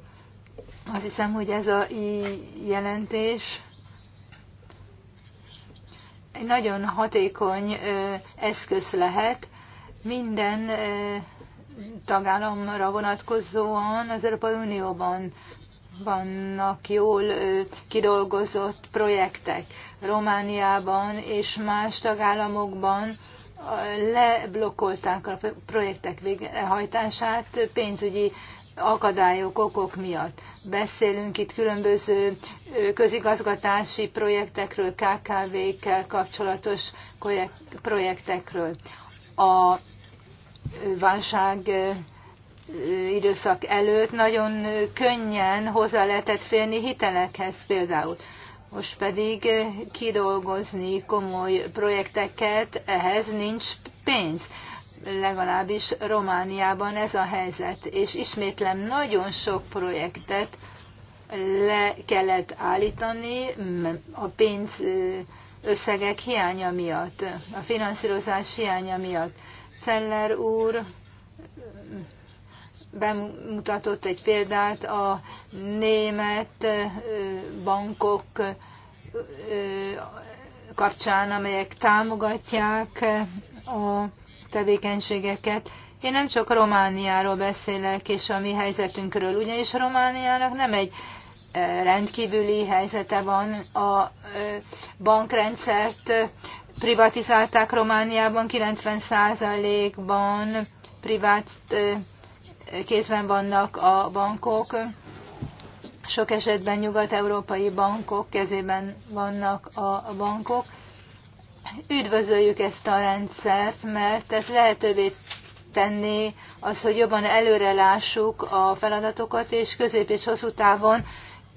Azt hiszem, hogy ez a jelentés egy nagyon hatékony eszköz lehet minden tagállamra vonatkozóan az Európai Unióban vannak jól kidolgozott projektek. Romániában és más tagállamokban leblokkolták a projektek végrehajtását pénzügyi akadályok, okok miatt. Beszélünk itt különböző közigazgatási projektekről, KKV-kkel kapcsolatos projektekről. A válság időszak előtt nagyon könnyen hozzá lehetett férni hitelekhez például most pedig eh, kidolgozni komoly projekteket, ehhez nincs pénz. Legalábbis Romániában ez a helyzet. És ismétlem, nagyon sok projektet le kellett állítani a pénz eh, összegek hiánya miatt, a finanszírozás hiánya miatt. Celler úr bemutatott egy példát a német bankok kapcsán, amelyek támogatják a tevékenységeket. Én nem csak Romániáról beszélek, és a mi helyzetünkről, ugyanis Romániának nem egy rendkívüli helyzete van. A bankrendszert privatizálták Romániában 90%-ban privát kézben vannak a bankok, sok esetben nyugat-európai bankok kezében vannak a bankok. Üdvözöljük ezt a rendszert, mert ez lehetővé tenni az, hogy jobban előre lássuk a feladatokat, és közép és hosszú távon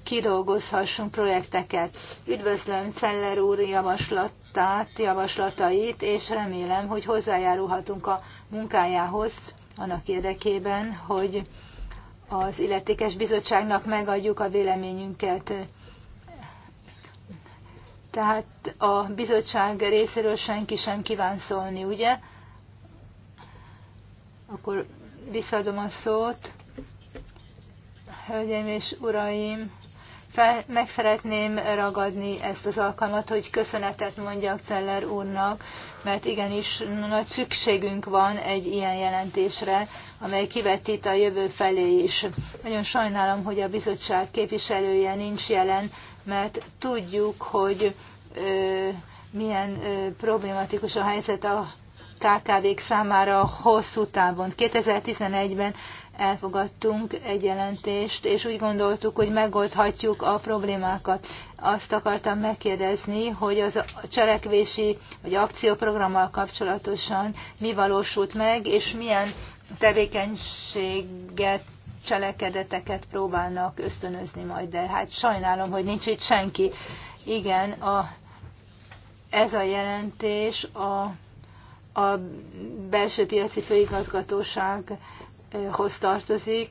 kidolgozhassunk projekteket. Üdvözlöm Celler úr javaslatát, javaslatait, és remélem, hogy hozzájárulhatunk a munkájához, annak érdekében, hogy az illetékes bizottságnak megadjuk a véleményünket. Tehát a bizottság részéről senki sem kíván szólni, ugye? Akkor visszaadom a szót. Hölgyeim és uraim! Fel, meg szeretném ragadni ezt az alkalmat, hogy köszönetet mondjak Celler úrnak, mert igenis nagy szükségünk van egy ilyen jelentésre, amely kivetít a jövő felé is. Nagyon sajnálom, hogy a bizottság képviselője nincs jelen, mert tudjuk, hogy ö, milyen ö, problématikus a helyzet a KKV-k számára hosszú távon. 2011-ben elfogadtunk egy jelentést, és úgy gondoltuk, hogy megoldhatjuk a problémákat. Azt akartam megkérdezni, hogy az a cselekvési vagy akcióprogrammal kapcsolatosan mi valósult meg, és milyen tevékenységet cselekedeteket próbálnak ösztönözni majd, de hát sajnálom, hogy nincs itt senki. Igen, a, ez a jelentés a, a belső piaci főigazgatóság hoz tartozik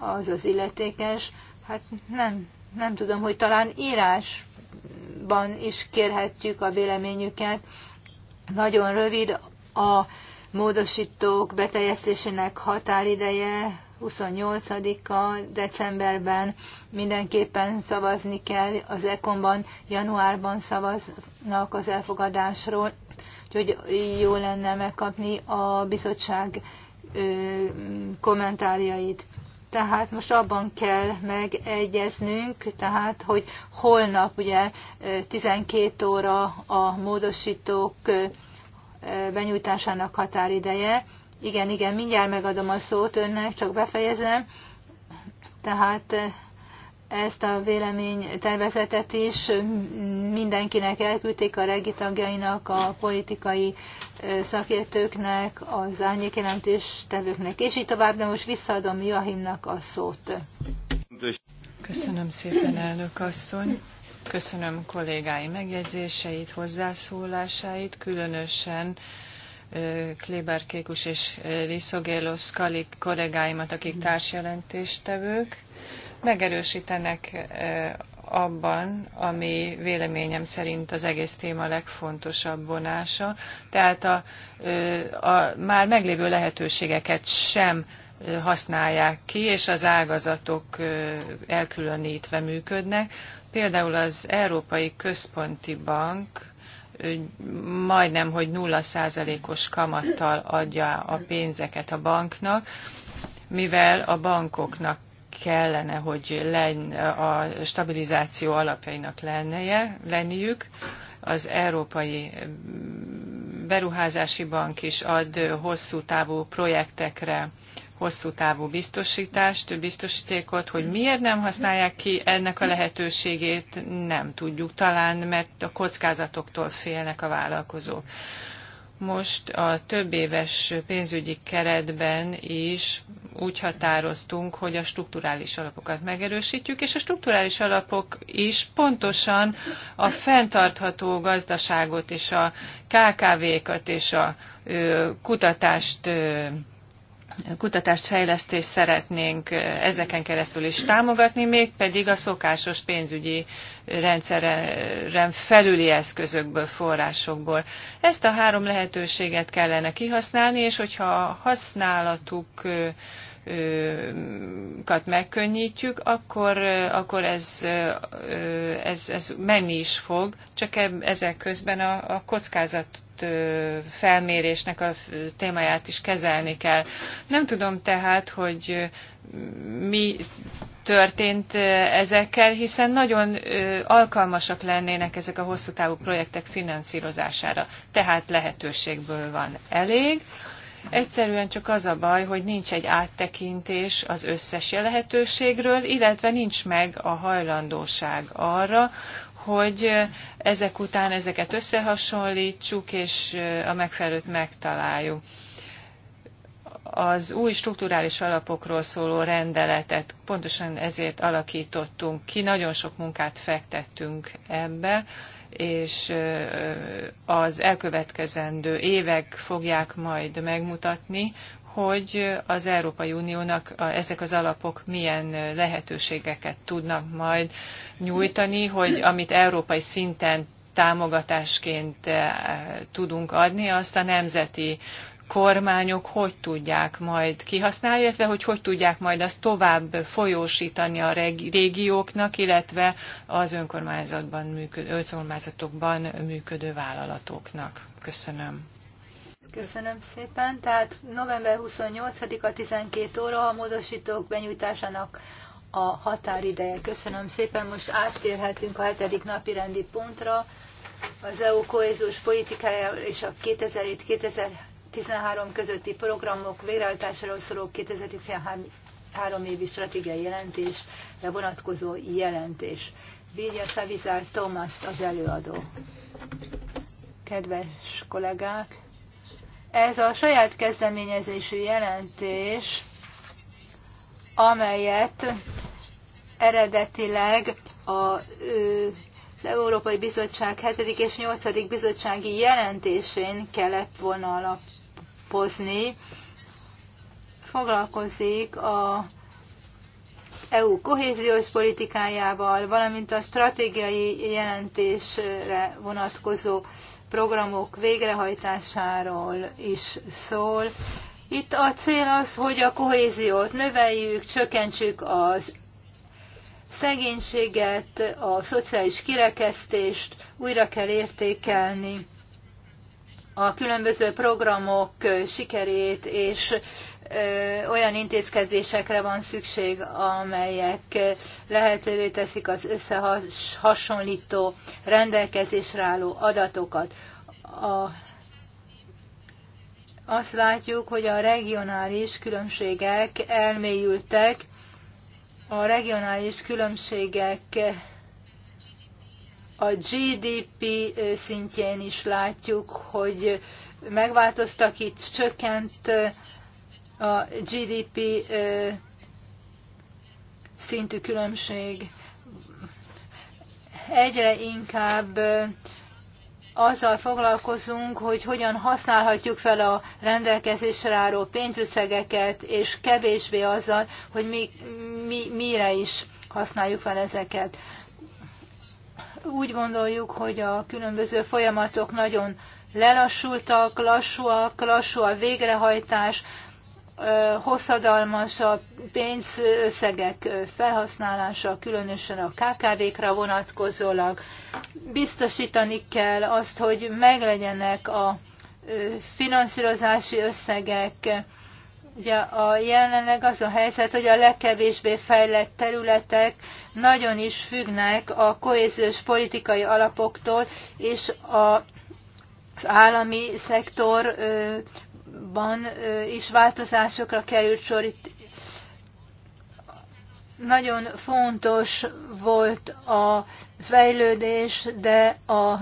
az az illetékes, hát nem, nem tudom, hogy talán írásban is kérhetjük a véleményüket. Nagyon rövid a módosítók beteljesztésének határideje, 28-a decemberben mindenképpen szavazni kell, az ekonban januárban szavaznak az elfogadásról, úgyhogy jó lenne megkapni a bizottság kommentárjait. Tehát most abban kell megegyeznünk, tehát, hogy holnap ugye 12 óra a módosítók benyújtásának határideje. Igen, igen, mindjárt megadom a szót önnek, csak befejezem. Tehát ezt a véleménytervezetet is mindenkinek elküldték a regi tagjainak, a politikai szakértőknek, az árnyékjelentés tevőknek, és így tovább, de most visszaadom Joachimnak a szót. Köszönöm szépen, elnök asszony. Köszönöm kollégái megjegyzéseit, hozzászólásait, különösen Kléber Kékus és Liszogélos Kalik kollégáimat, akik társjelentéstevők megerősítenek abban, ami véleményem szerint az egész téma legfontosabb vonása. Tehát a, a már meglévő lehetőségeket sem használják ki, és az ágazatok elkülönítve működnek. Például az Európai Központi Bank majdnem, hogy 0%-os kamattal adja a pénzeket a banknak, mivel a bankoknak kellene, hogy lenn, a stabilizáció alapjainak lennie, lenniük. Az Európai Beruházási Bank is ad hosszú távú projektekre hosszú távú biztosítást, biztosítékot, hogy miért nem használják ki ennek a lehetőségét, nem tudjuk talán, mert a kockázatoktól félnek a vállalkozók most a több éves pénzügyi keretben is úgy határoztunk, hogy a strukturális alapokat megerősítjük, és a strukturális alapok is pontosan a fenntartható gazdaságot és a KKV-kat és a kutatást kutatást, fejlesztést szeretnénk ezeken keresztül is támogatni, mégpedig a szokásos pénzügyi rendszeren felüli eszközökből, forrásokból. Ezt a három lehetőséget kellene kihasználni, és hogyha a használatuk Kat megkönnyítjük, akkor, akkor ez, ez, ez menni is fog, csak e, ezek közben a, a kockázat felmérésnek a témáját is kezelni kell. Nem tudom tehát, hogy mi történt ezekkel, hiszen nagyon alkalmasak lennének ezek a hosszú távú projektek finanszírozására. Tehát lehetőségből van elég. Egyszerűen csak az a baj, hogy nincs egy áttekintés az összes lehetőségről, illetve nincs meg a hajlandóság arra, hogy ezek után ezeket összehasonlítsuk, és eh, a megfelelőt megtaláljuk. Az új strukturális alapokról szóló rendeletet pontosan ezért alakítottunk ki, nagyon sok munkát fektettünk ebbe, és az elkövetkezendő évek fogják majd megmutatni, hogy az Európai Uniónak ezek az alapok milyen lehetőségeket tudnak majd nyújtani, hogy amit európai szinten támogatásként tudunk adni, azt a nemzeti kormányok hogy tudják majd kihasználni, illetve hogy hogy tudják majd azt tovább folyósítani a régióknak, illetve az önkormányzatban működő, önkormányzatokban működő vállalatoknak. Köszönöm. Köszönöm szépen. Tehát november 28-a 12 óra a módosítók benyújtásának a határideje. Köszönöm szépen. Most áttérhetünk a hetedik napi rendi pontra. Az EU kohéziós politikájáról és a 2007 13 közötti programok végrehajtásáról szóló 2013 évi stratégiai jelentésre vonatkozó jelentés. Vilja Szavizár Thomas az előadó. Kedves kollégák! Ez a saját kezdeményezésű jelentés, amelyet eredetileg a az Európai Bizottság 7. és 8. bizottsági jelentésén kellett volna alap, alapozni, foglalkozik a EU kohéziós politikájával, valamint a stratégiai jelentésre vonatkozó programok végrehajtásáról is szól. Itt a cél az, hogy a kohéziót növeljük, csökkentsük az szegénységet, a szociális kirekesztést, újra kell értékelni a különböző programok sikerét, és olyan intézkedésekre van szükség, amelyek lehetővé teszik az összehasonlító rendelkezésre álló adatokat. A, azt látjuk, hogy a regionális különbségek elmélyültek, a regionális különbségek a GDP szintjén is látjuk, hogy megváltoztak itt, csökkent a GDP szintű különbség. Egyre inkább azzal foglalkozunk, hogy hogyan használhatjuk fel a rendelkezésre álló pénzösszegeket, és kevésbé azzal, hogy mi, mi, mire is használjuk fel ezeket úgy gondoljuk, hogy a különböző folyamatok nagyon lelassultak, lassúak, lassú a végrehajtás, hosszadalmas a pénzösszegek felhasználása, különösen a KKV-kra vonatkozólag. Biztosítani kell azt, hogy meglegyenek a finanszírozási összegek, Ugye a jelenleg az a helyzet, hogy a legkevésbé fejlett területek nagyon is függnek a kohéziós politikai alapoktól, és a, az állami szektorban is változásokra került sor. Itt nagyon fontos volt a fejlődés, de a,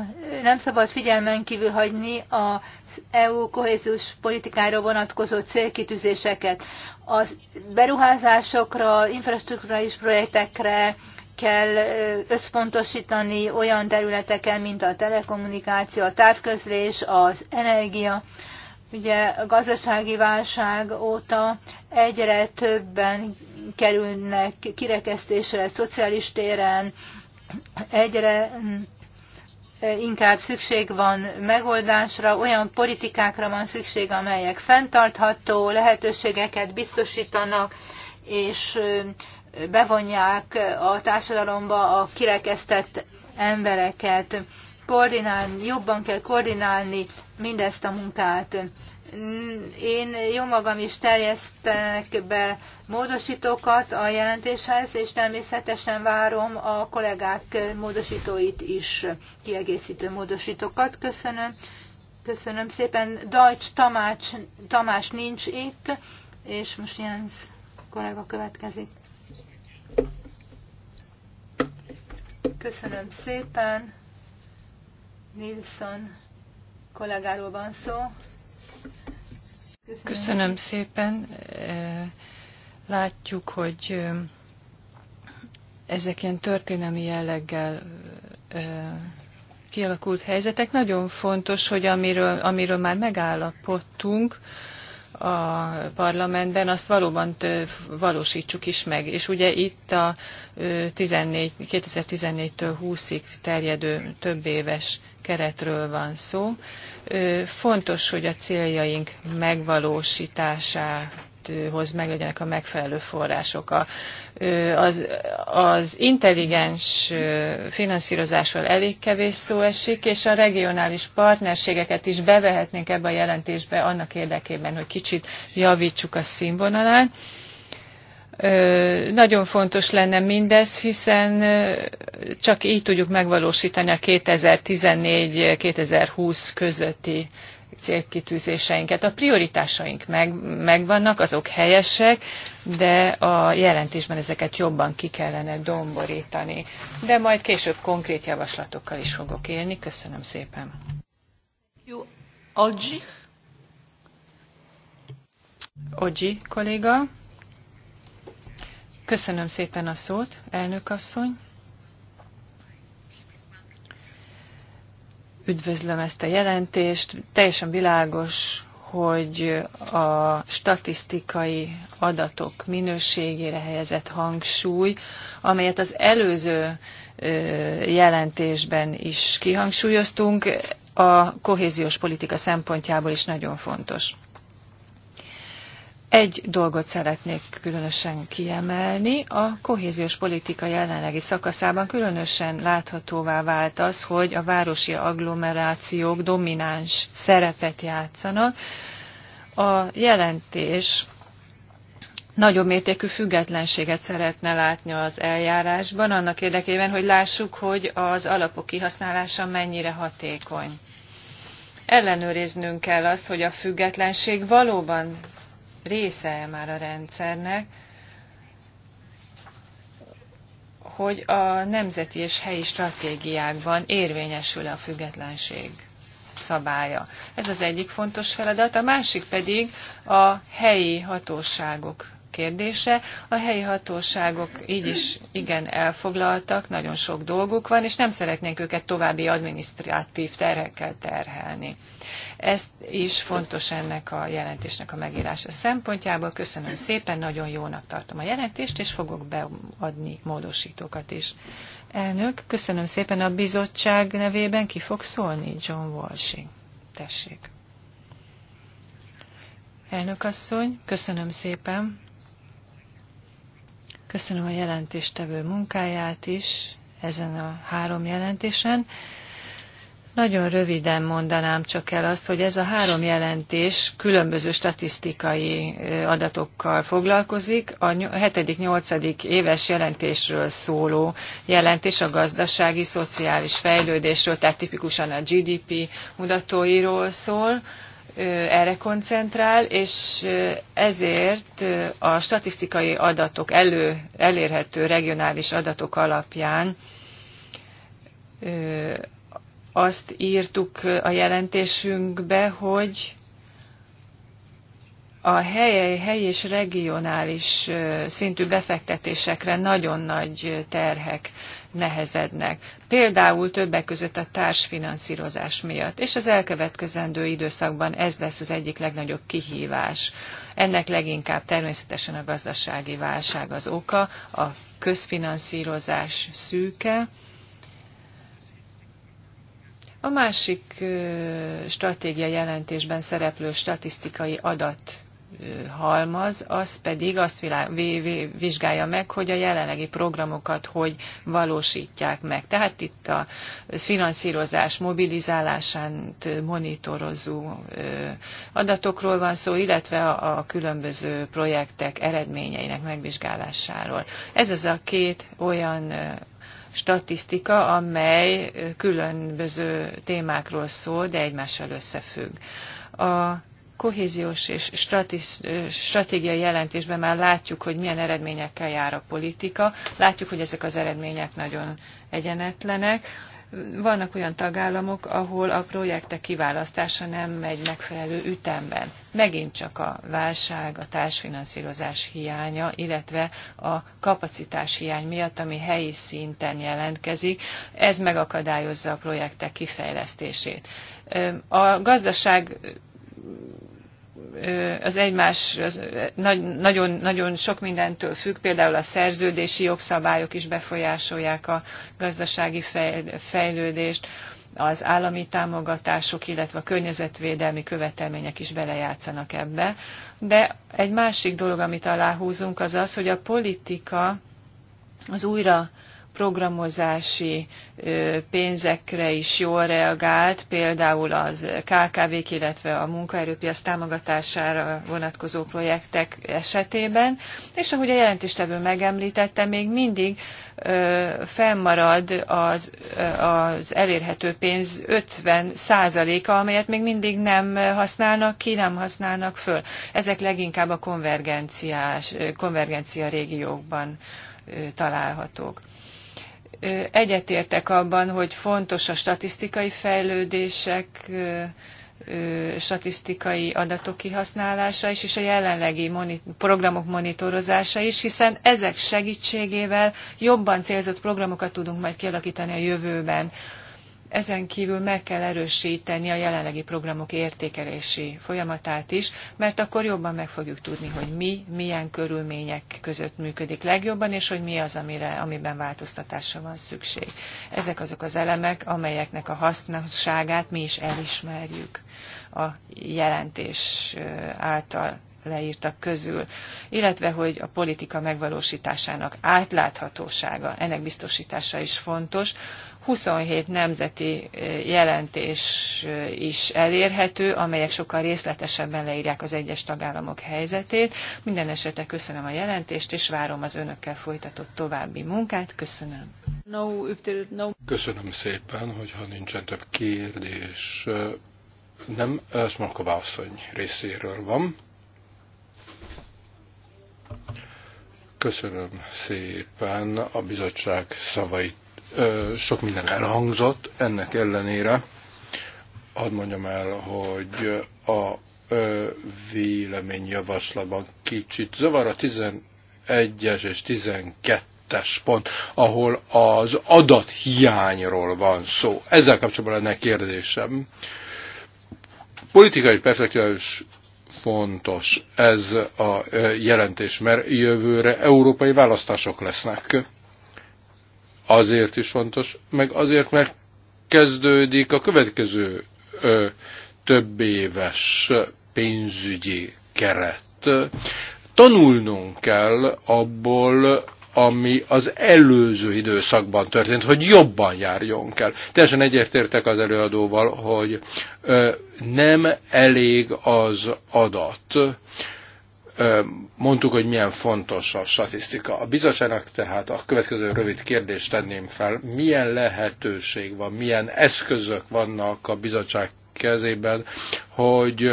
nem szabad figyelmen kívül hagyni az EU kohéziós politikára vonatkozó célkitűzéseket. A beruházásokra, infrastruktúrális projektekre kell összpontosítani olyan területeken, mint a telekommunikáció, a távközlés, az energia, Ugye a gazdasági válság óta egyre többen kerülnek kirekesztésre szociális téren, egyre inkább szükség van megoldásra, olyan politikákra van szükség, amelyek fenntartható lehetőségeket biztosítanak, és bevonják a társadalomba a kirekesztett embereket. Koordinálni, jobban kell koordinálni mindezt a munkát. Én jó magam is terjesztek be módosítókat a jelentéshez, és természetesen várom a kollégák módosítóit is, kiegészítő módosítókat. Köszönöm. Köszönöm szépen. Dajcs Tamács, Tamás nincs itt, és most Jens kollega következik. Köszönöm szépen. Nilsson kollégáról van szó. Köszönöm, Köszönöm szépen. E, látjuk, hogy e, ezek ilyen történelmi jelleggel e, kialakult helyzetek. Nagyon fontos, hogy amiről, amiről már megállapodtunk, a parlamentben, azt valóban valósítsuk is meg. És ugye itt a 14, 2014-től 20-ig terjedő több éves keretről van szó. Fontos, hogy a céljaink megvalósításához meglegyenek meg legyenek a megfelelő források. A az, az intelligens finanszírozásról elég kevés szó esik, és a regionális partnerségeket is bevehetnénk ebbe a jelentésbe annak érdekében, hogy kicsit javítsuk a színvonalát. Nagyon fontos lenne mindez, hiszen csak így tudjuk megvalósítani a 2014-2020 közötti célkitűzéseinket. A prioritásaink meg, megvannak, azok helyesek, de a jelentésben ezeket jobban ki kellene domborítani. De majd később konkrét javaslatokkal is fogok élni. Köszönöm szépen. Jó, Oggi. Oggi kolléga. Köszönöm szépen a szót, elnök asszony. Üdvözlöm ezt a jelentést. Teljesen világos, hogy a statisztikai adatok minőségére helyezett hangsúly, amelyet az előző jelentésben is kihangsúlyoztunk, a kohéziós politika szempontjából is nagyon fontos. Egy dolgot szeretnék különösen kiemelni. A kohéziós politika jelenlegi szakaszában különösen láthatóvá vált az, hogy a városi agglomerációk domináns szerepet játszanak. A jelentés nagyobb mértékű függetlenséget szeretne látni az eljárásban, annak érdekében, hogy lássuk, hogy az alapok kihasználása mennyire hatékony ellenőriznünk kell azt, hogy a függetlenség valóban része már a rendszernek, hogy a nemzeti és helyi stratégiákban érvényesül a függetlenség szabálya. Ez az egyik fontos feladat, a másik pedig a helyi hatóságok kérdése. A helyi hatóságok így is igen elfoglaltak, nagyon sok dolguk van, és nem szeretnénk őket további adminisztratív terhekkel terhelni. Ezt is fontos ennek a jelentésnek a megírása szempontjából. Köszönöm szépen, nagyon jónak tartom a jelentést, és fogok beadni módosítókat is. Elnök, köszönöm szépen a bizottság nevében. Ki fog szólni? John Walshing. Tessék. Elnök asszony, köszönöm szépen. Köszönöm a jelentéstevő munkáját is ezen a három jelentésen. Nagyon röviden mondanám csak el azt, hogy ez a három jelentés különböző statisztikai adatokkal foglalkozik. A 7.-8. éves jelentésről szóló jelentés a gazdasági, szociális fejlődésről, tehát tipikusan a GDP mutatóiról szól erre koncentrál, és ezért a statisztikai adatok elő, elérhető regionális adatok alapján azt írtuk a jelentésünkbe, hogy a helyi, helyi és regionális szintű befektetésekre nagyon nagy terhek nehezednek. Például többek között a társfinanszírozás miatt, és az elkövetkezendő időszakban ez lesz az egyik legnagyobb kihívás. Ennek leginkább természetesen a gazdasági válság az oka, a közfinanszírozás szűke, a másik stratégia jelentésben szereplő statisztikai adat halmaz, az pedig azt vizsgálja meg, hogy a jelenlegi programokat hogy valósítják meg. Tehát itt a finanszírozás mobilizálását monitorozó adatokról van szó, illetve a különböző projektek eredményeinek megvizsgálásáról. Ez az a két olyan statisztika, amely különböző témákról szól, de egymással összefügg. A kohéziós és stratégiai jelentésben már látjuk, hogy milyen eredményekkel jár a politika. Látjuk, hogy ezek az eredmények nagyon egyenetlenek. Vannak olyan tagállamok, ahol a projektek kiválasztása nem megy megfelelő ütemben. Megint csak a válság, a társfinanszírozás hiánya, illetve a kapacitás hiány miatt, ami helyi szinten jelentkezik, ez megakadályozza a projektek kifejlesztését. A gazdaság az egymás az nagyon, nagyon sok mindentől függ, például a szerződési jogszabályok is befolyásolják a gazdasági fejlődést, az állami támogatások, illetve a környezetvédelmi követelmények is belejátszanak ebbe. De egy másik dolog, amit aláhúzunk, az az, hogy a politika az újra programozási pénzekre is jól reagált, például az KKV-k, illetve a munkaerőpiac támogatására vonatkozó projektek esetében, és ahogy a jelentéstevő megemlítette, még mindig fennmarad az, az elérhető pénz 50%-a, amelyet még mindig nem használnak ki, nem használnak föl. Ezek leginkább a konvergenciás, konvergencia régiókban találhatók egyetértek abban, hogy fontos a statisztikai fejlődések, statisztikai adatok kihasználása is, és a jelenlegi programok monitorozása is, hiszen ezek segítségével jobban célzott programokat tudunk majd kialakítani a jövőben. Ezen kívül meg kell erősíteni a jelenlegi programok értékelési folyamatát is, mert akkor jobban meg fogjuk tudni, hogy mi milyen körülmények között működik legjobban, és hogy mi az, amire, amiben változtatásra van szükség. Ezek azok az elemek, amelyeknek a hasznosságát mi is elismerjük a jelentés által leírtak közül, illetve hogy a politika megvalósításának átláthatósága, ennek biztosítása is fontos, 27 nemzeti jelentés is elérhető, amelyek sokkal részletesebben leírják az egyes tagállamok helyzetét. Minden esetre köszönöm a jelentést, és várom az önökkel folytatott további munkát. Köszönöm. Köszönöm szépen, hogyha nincsen több kérdés. Nem, Smolkova asszony részéről van. Köszönöm szépen a bizottság szavait sok minden elhangzott, ennek ellenére hadd mondjam el, hogy a véleményjavaslatban kicsit zavar a 11-es és 12-es pont, ahol az adathiányról van szó. Ezzel kapcsolatban lenne kérdésem. Politikai perspektíva is fontos ez a jelentés, mert jövőre európai választások lesznek azért is fontos, meg azért, mert kezdődik a következő ö, több éves pénzügyi keret. Tanulnunk kell abból, ami az előző időszakban történt, hogy jobban járjon kell. Teljesen egyértértek az előadóval, hogy ö, nem elég az adat mondtuk, hogy milyen fontos a statisztika. A bizottságnak tehát a következő rövid kérdést tenném fel. Milyen lehetőség van, milyen eszközök vannak a bizottság kezében, hogy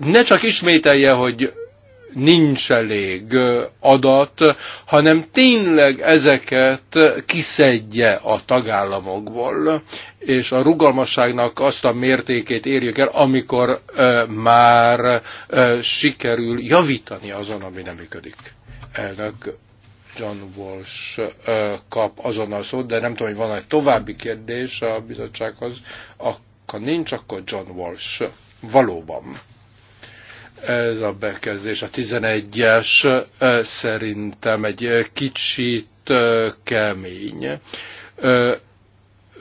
ne csak ismételje, hogy nincs elég adat, hanem tényleg ezeket kiszedje a tagállamokból, és a rugalmasságnak azt a mértékét érjük el, amikor már sikerül javítani azon, ami nem működik. Elnök John Walsh kap azonnal szót, de nem tudom, hogy van egy további kérdés a bizottsághoz, akkor nincs, akkor John Walsh valóban. Ez a bekezdés, a 11-es szerintem egy kicsit kemény.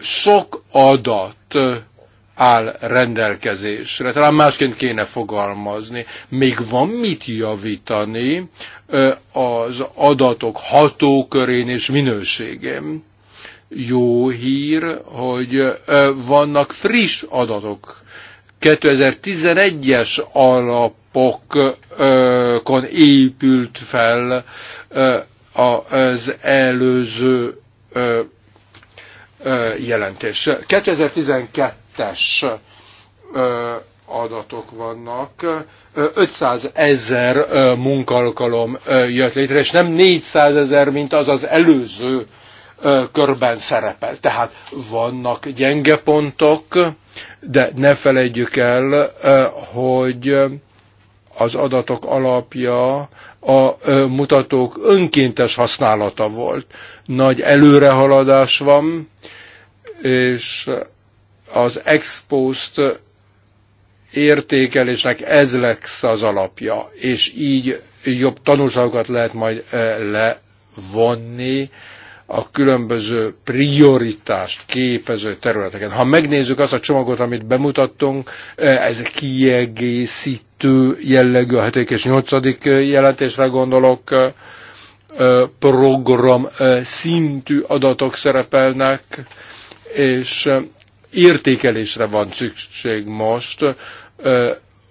Sok adat áll rendelkezésre. Talán másként kéne fogalmazni. Még van mit javítani az adatok hatókörén és minőségén. Jó hír, hogy vannak friss adatok. 2011-es alap alapokon épült fel az előző jelentés. 2012-es adatok vannak. 500 ezer munkalkalom jött létre, és nem 400 ezer, mint az az előző körben szerepel. Tehát vannak gyenge pontok, de ne felejtjük el, hogy az adatok alapja a mutatók önkéntes használata volt. Nagy előrehaladás van, és az expost értékelésnek ez lesz az alapja, és így jobb tanulságokat lehet majd levonni a különböző prioritást képező területeken. Ha megnézzük azt a csomagot, amit bemutattunk, eh, ez kiegészítő jellegű, a 7. és 8. Eh, jelentésre gondolok, eh, program szintű adatok szerepelnek, és értékelésre van szükség most,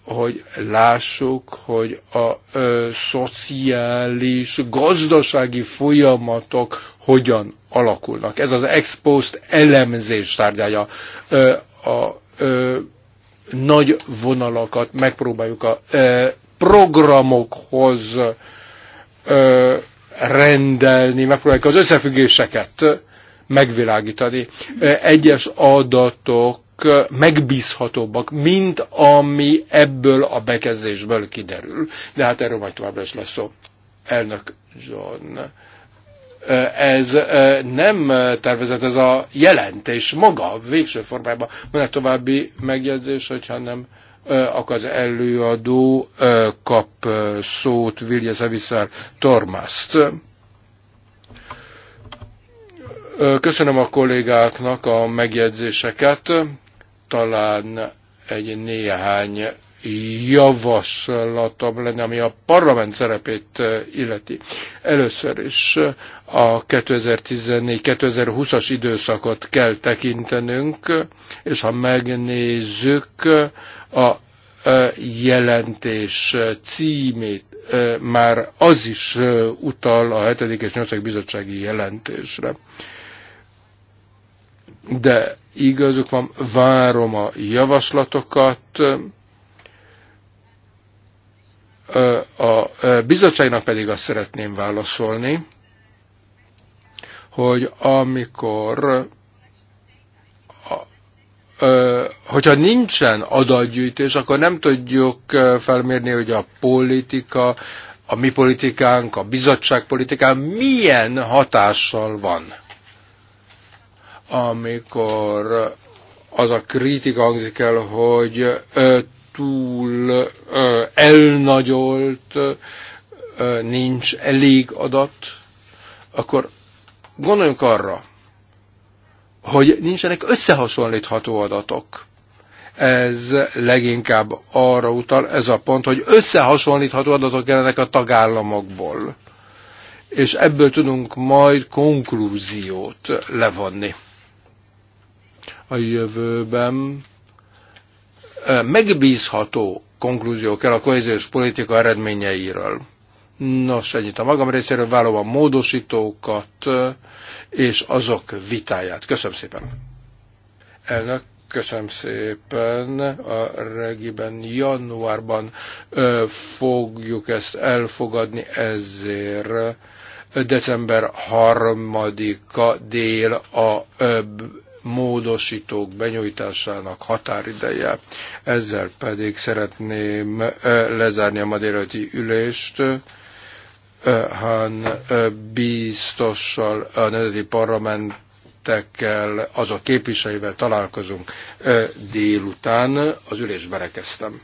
hogy lássuk, hogy a ö, szociális, gazdasági folyamatok hogyan alakulnak. Ez az expost elemzés tárgyája. Ö, a ö, nagy vonalakat megpróbáljuk a ö, programokhoz ö, rendelni, megpróbáljuk az összefüggéseket megvilágítani. Egyes adatok megbízhatóbbak, mint ami ebből a bekezdésből kiderül. De hát erről majd továbbra is lesz szó. Elnök John. Ez nem tervezett ez a jelentés maga, végső formában. Van egy további megjegyzés, hogyha nem akkor az előadó kap szót Vilja Zaviszár Tormászt. Köszönöm a kollégáknak a megjegyzéseket talán egy néhány javaslatom lenne, ami a parlament szerepét eh, illeti. Először is eh, a 2014-2020-as időszakot kell tekintenünk, és ha megnézzük eh, a jelentés címét, már az is utal a 7. és 8. bizottsági jelentésre. De igazuk van, várom a javaslatokat. A bizottságnak pedig azt szeretném válaszolni, hogy amikor hogyha nincsen adatgyűjtés, akkor nem tudjuk felmérni, hogy a politika, a mi politikánk, a bizottság politikán milyen hatással van amikor az a kritika hangzik el, hogy ö, túl ö, elnagyolt, ö, nincs elég adat, akkor gondoljunk arra, hogy nincsenek összehasonlítható adatok. Ez leginkább arra utal, ez a pont, hogy összehasonlítható adatok jelenek a tagállamokból. És ebből tudunk majd konklúziót levonni a jövőben megbízható konklúzió kell a kohéziós politika eredményeiről. Nos, ennyit a magam részéről, vállom a módosítókat és azok vitáját. Köszönöm szépen. Elnök, köszönöm szépen. A regiben januárban ö, fogjuk ezt elfogadni, ezért december harmadika dél a ö, módosítók benyújtásának határideje. Ezzel pedig szeretném lezárni a madérati ülést. Hán biztossal a Nemzeti parlamentekkel, érintettekkel, azok képviselővel találkozunk délután. Az ülésbe rekeztem.